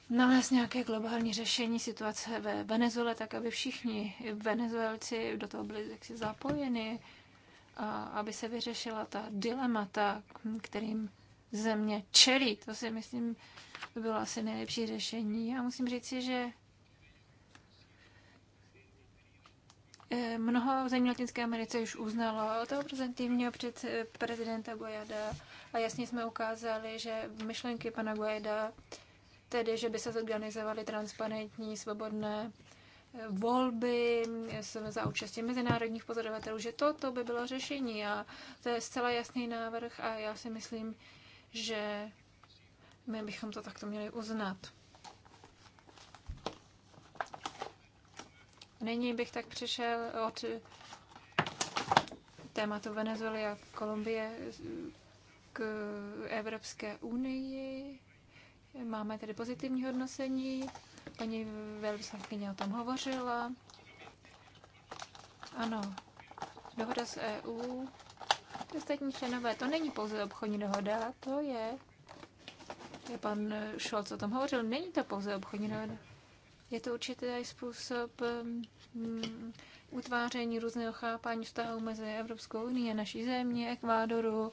S2: nalézt nějaké globální řešení situace ve Venezuele, tak aby všichni Venezuelci do toho byli jaksi zapojeni, a aby se vyřešila ta dilemata, kterým země čelí. To si myslím, by bylo asi nejlepší řešení. Já musím říct si, že eh, Mnoho zemí Latinské Americe už uznalo toho prezentivního před eh, prezidenta Guaida a jasně jsme ukázali, že myšlenky pana Guaida tedy, že by se zorganizovaly transparentní, svobodné eh, volby eh, za účastí mezinárodních pozorovatelů, že toto by bylo řešení a to je zcela jasný návrh a já si myslím, že my bychom to takto měli uznat. Nyní bych tak přišel od tématu Venezuely a Kolumbie k Evropské unii. Máme tedy pozitivní hodnocení, paní velvyslankyně o tom hovořila. Ano, dohoda s EU, ty ostatní členové, to není pouze obchodní dohoda, to je, je pan Scholz o tom hovořil, není to pouze obchodní dohoda. Je to určitý způsob um, utváření různého chápání vztahu mezi Evropskou unii a naší země, Ekvádoru,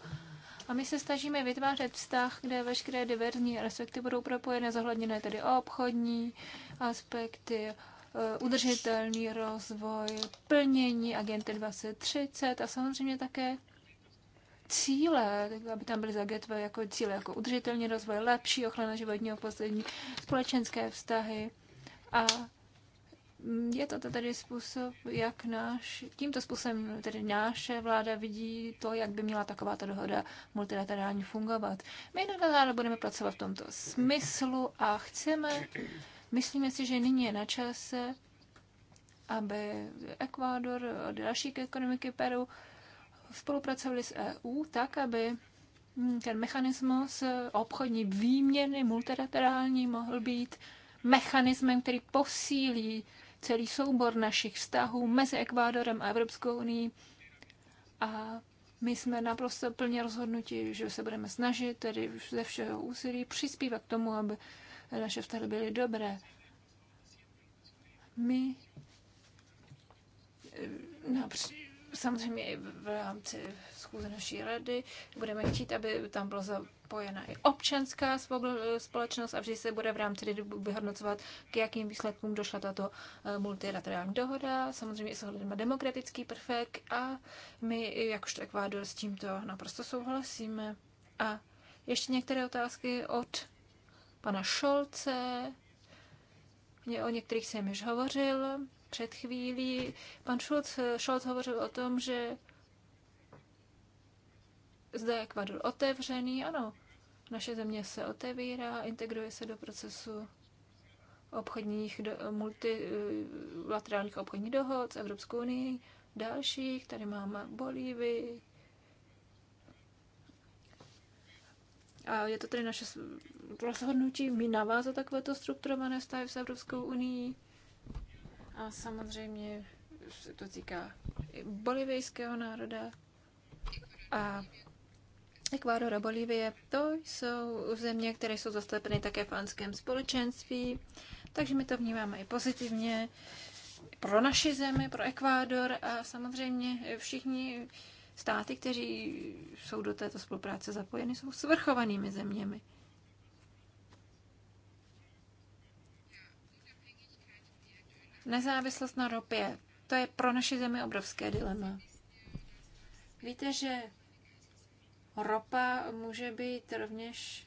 S2: a my se snažíme vytvářet vztah, kde veškeré diverzní aspekty budou propojené, zohledněné tedy obchodní aspekty, eh, udržitelný rozvoj, plnění agenty 2030 a samozřejmě také cíle, aby tam byly zagetvé jako cíle, jako udržitelný rozvoj, lepší ochrana životního prostředí, společenské vztahy a je to tedy způsob, jak náš, tímto způsobem tedy naše vláda vidí to, jak by měla taková ta dohoda multilaterální fungovat. My nadále budeme pracovat v tomto smyslu a chceme, myslíme si, že nyní je na čase, aby Ekvádor a další ekonomiky Peru spolupracovali s EU tak, aby ten mechanismus obchodní výměny multilaterální mohl být mechanismem, který posílí celý soubor našich vztahů mezi Ekvádorem a Evropskou unii. A my jsme naprosto plně rozhodnutí, že se budeme snažit, tedy ze všeho úsilí, přispívat k tomu, aby naše vztahy byly dobré. My eh, napří, no, samozřejmě i v rámci schůze naší rady budeme chtít, aby tam bylo za zapojena i občanská společnost a vždy se bude v rámci vyhodnocovat, k jakým výsledkům došla tato eh, multilaterální dohoda. Samozřejmě i s ohledem na demokratický prvek a my, jakožto Ekvádor, s tímto naprosto souhlasíme. A ještě některé otázky od pana Šolce. Mě o některých jsem již hovořil před chvílí. Pan Šulc, Šolc hovořil o tom, že zde Ekvador otevřený, ano, naše země se otevírá, integruje se do procesu obchodních, do, multilaterálních eh, obchodních dohod s Evropskou unii, dalších, tady máme Bolívy. A je to tedy naše rozhodnutí, my navázat takovéto strukturované stavy s Evropskou unii. A samozřejmě se to týká i bolivijského národa. A Ekvádor a Bolívie, to jsou země, které jsou zastoupeny také v anském společenství, takže my to vnímáme i pozitivně pro naši zemi, pro Ekvádor a samozřejmě všichni státy, kteří jsou do této spolupráce zapojeny, jsou svrchovanými zeměmi. Nezávislost na ropě, to je pro naši zemi obrovské dilema. Víte, že ropa může být rovněž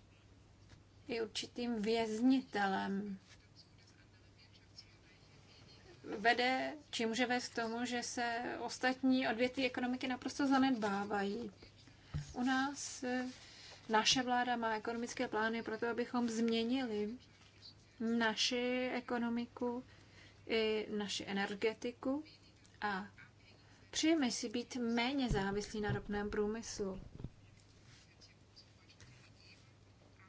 S2: i určitým věznitelem. Vede, či může vést k tomu, že se ostatní odvětví ekonomiky naprosto zanedbávají. U nás eh, naše vláda má ekonomické plány pro to, abychom změnili naši ekonomiku i naši energetiku a přejeme si být méně závislí na ropném průmyslu.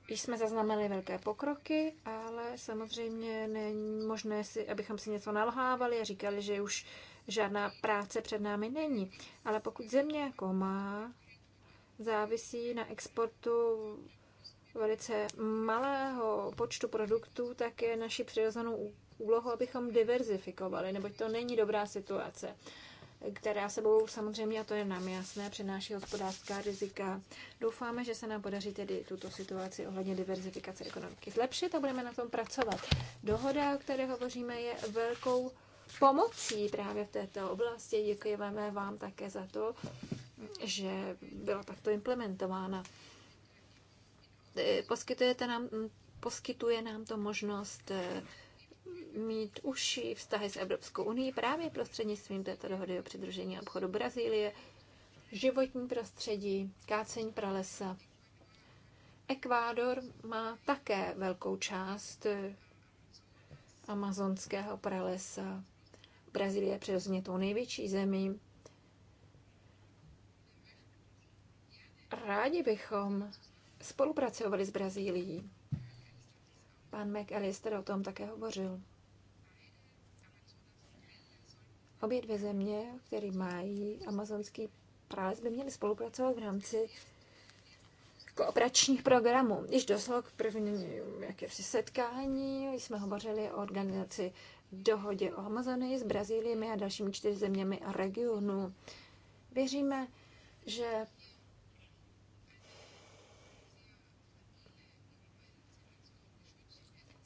S2: jsme zaznamenali velké pokroky, ale samozřejmě není možné, si, abychom si něco nalhávali a říkali, že už žádná práce před námi není. Ale pokud země jako má, závisí na exportu velice malého počtu produktů, tak je naší přirozenou úlohou, abychom diverzifikovali, neboť to není dobrá situace která sebou samozřejmě, a to je nám jasné, přináší hospodářská rizika. Doufáme, že se nám podaří tedy tuto situaci ohledně diverzifikace ekonomiky zlepšit a budeme na tom pracovat. Dohoda, o které hovoříme, je velkou pomocí právě v této oblasti. Děkujeme vám také za to, že byla takto implementována. E, poskytujete nám, poskytuje nám to možnost e, mít užší vztahy s Evropskou unii právě prostřednictvím této dohody o přidružení obchodu Brazílie, životní prostředí, kácení pralesa. Ekvádor má také velkou část amazonského pralesa. Brazílie je přirozeně tou největší zemí. Rádi bychom spolupracovali s Brazílií Pan McAllister o tom také hovořil. Obě dvě země, které mají amazonský prales, by měly spolupracovat v rámci kooperačních programů. Již došlo k prvním jakési setkání, jsme hovořili o organizaci dohodě o Amazonii s Brazíliemi a dalšími čtyři zeměmi a regionu. Věříme, že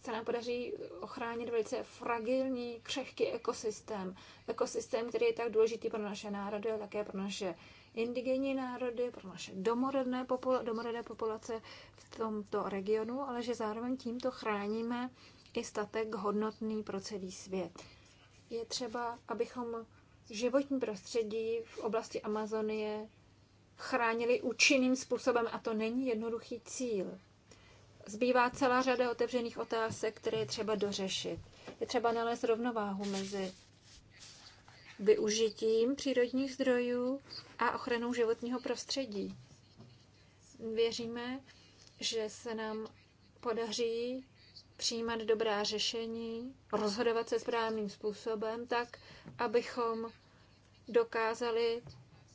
S2: se nám podaří ochránit velice fragilní, křehký ekosystém. Ekosystém, který je tak důležitý pro naše národy, ale také pro naše indigenní národy, pro naše domorodné popula- domorodné populace v tomto regionu, ale že zároveň tímto chráníme i statek hodnotný pro celý svět. Je třeba, abychom životní prostředí v oblasti Amazonie chránili účinným způsobem a to není jednoduchý cíl zbývá celá řada otevřených otázek, které je třeba dořešit. Je třeba nalézt rovnováhu mezi využitím přírodních zdrojů a ochranou životního prostředí. Věříme, že se nám podaří přijímat dobrá řešení, rozhodovat se správným způsobem, tak, abychom dokázali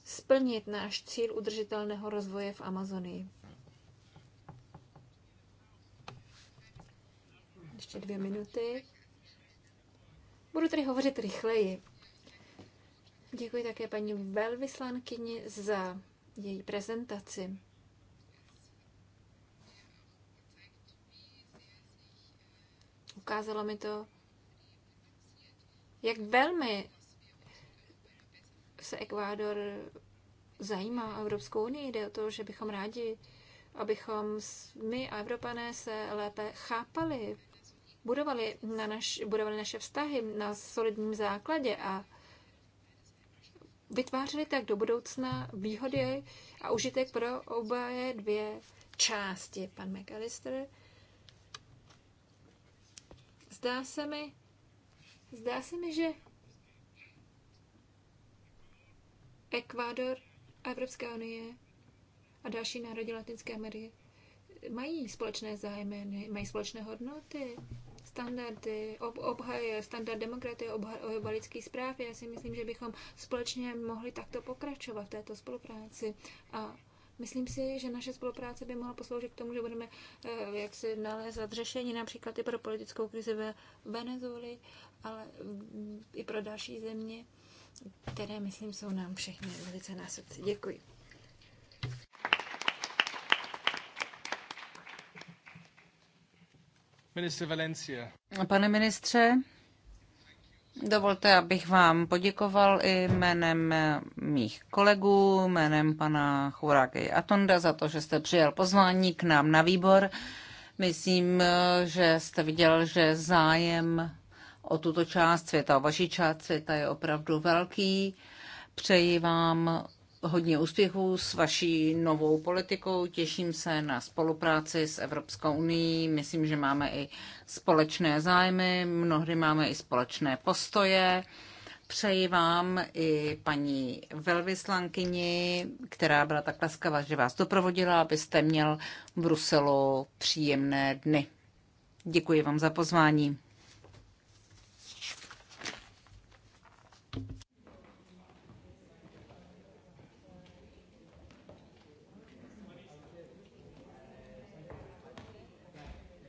S2: splnit náš cíl udržitelného rozvoje v Amazonii. ještě dvě minuty. Budu tady hovořit rychleji. Děkuji také paní velvyslankyni za její prezentaci. Ukázalo mi to, jak velmi se Ekvádor zajímá Evropskou unii. Jde o to, že bychom rádi, abychom my a Evropané se lépe chápali budovali, na naš, budovali naše vztahy na solidním základě a vytvářeli tak do budoucna výhody a užitek pro oba dvě části. Pan McAllister, zdá se mi, zdá se mi, že Ekvádor a Evropská unie a další národy Latinské Ameriky mají společné zájmy, mají společné hodnoty standardy, ob, obhaje, standard demokratie, obhajoba lidských zpráv. Já si myslím, že bychom společně mohli takto pokračovat v této spolupráci a Myslím si, že naše spolupráce by mohla posloužit k tomu, že budeme eh, jak si nalézat řešení například i pro politickou krizi ve Venezueli, ale i pro další země, které, myslím, jsou nám všechny velice na srdci. Děkuji.
S3: Pane ministře, dovolte, abych vám poděkoval i jménem mých kolegů, jménem pana Churáky Atonda za to, že jste přijal pozvání k nám na výbor. Myslím, že jste viděl, že zájem o tuto část světa, o vaší část světa je opravdu velký. Přeji vám hodně úspěchů s vaší novou politikou. Těším se na spolupráci s Evropskou unii. Myslím, že máme i společné zájmy, mnohdy máme i společné postoje. Přeji vám i paní velvyslankyni, která byla tak laskavá, že vás doprovodila, abyste měl v Bruselu příjemné dny. Děkuji vám za pozvání.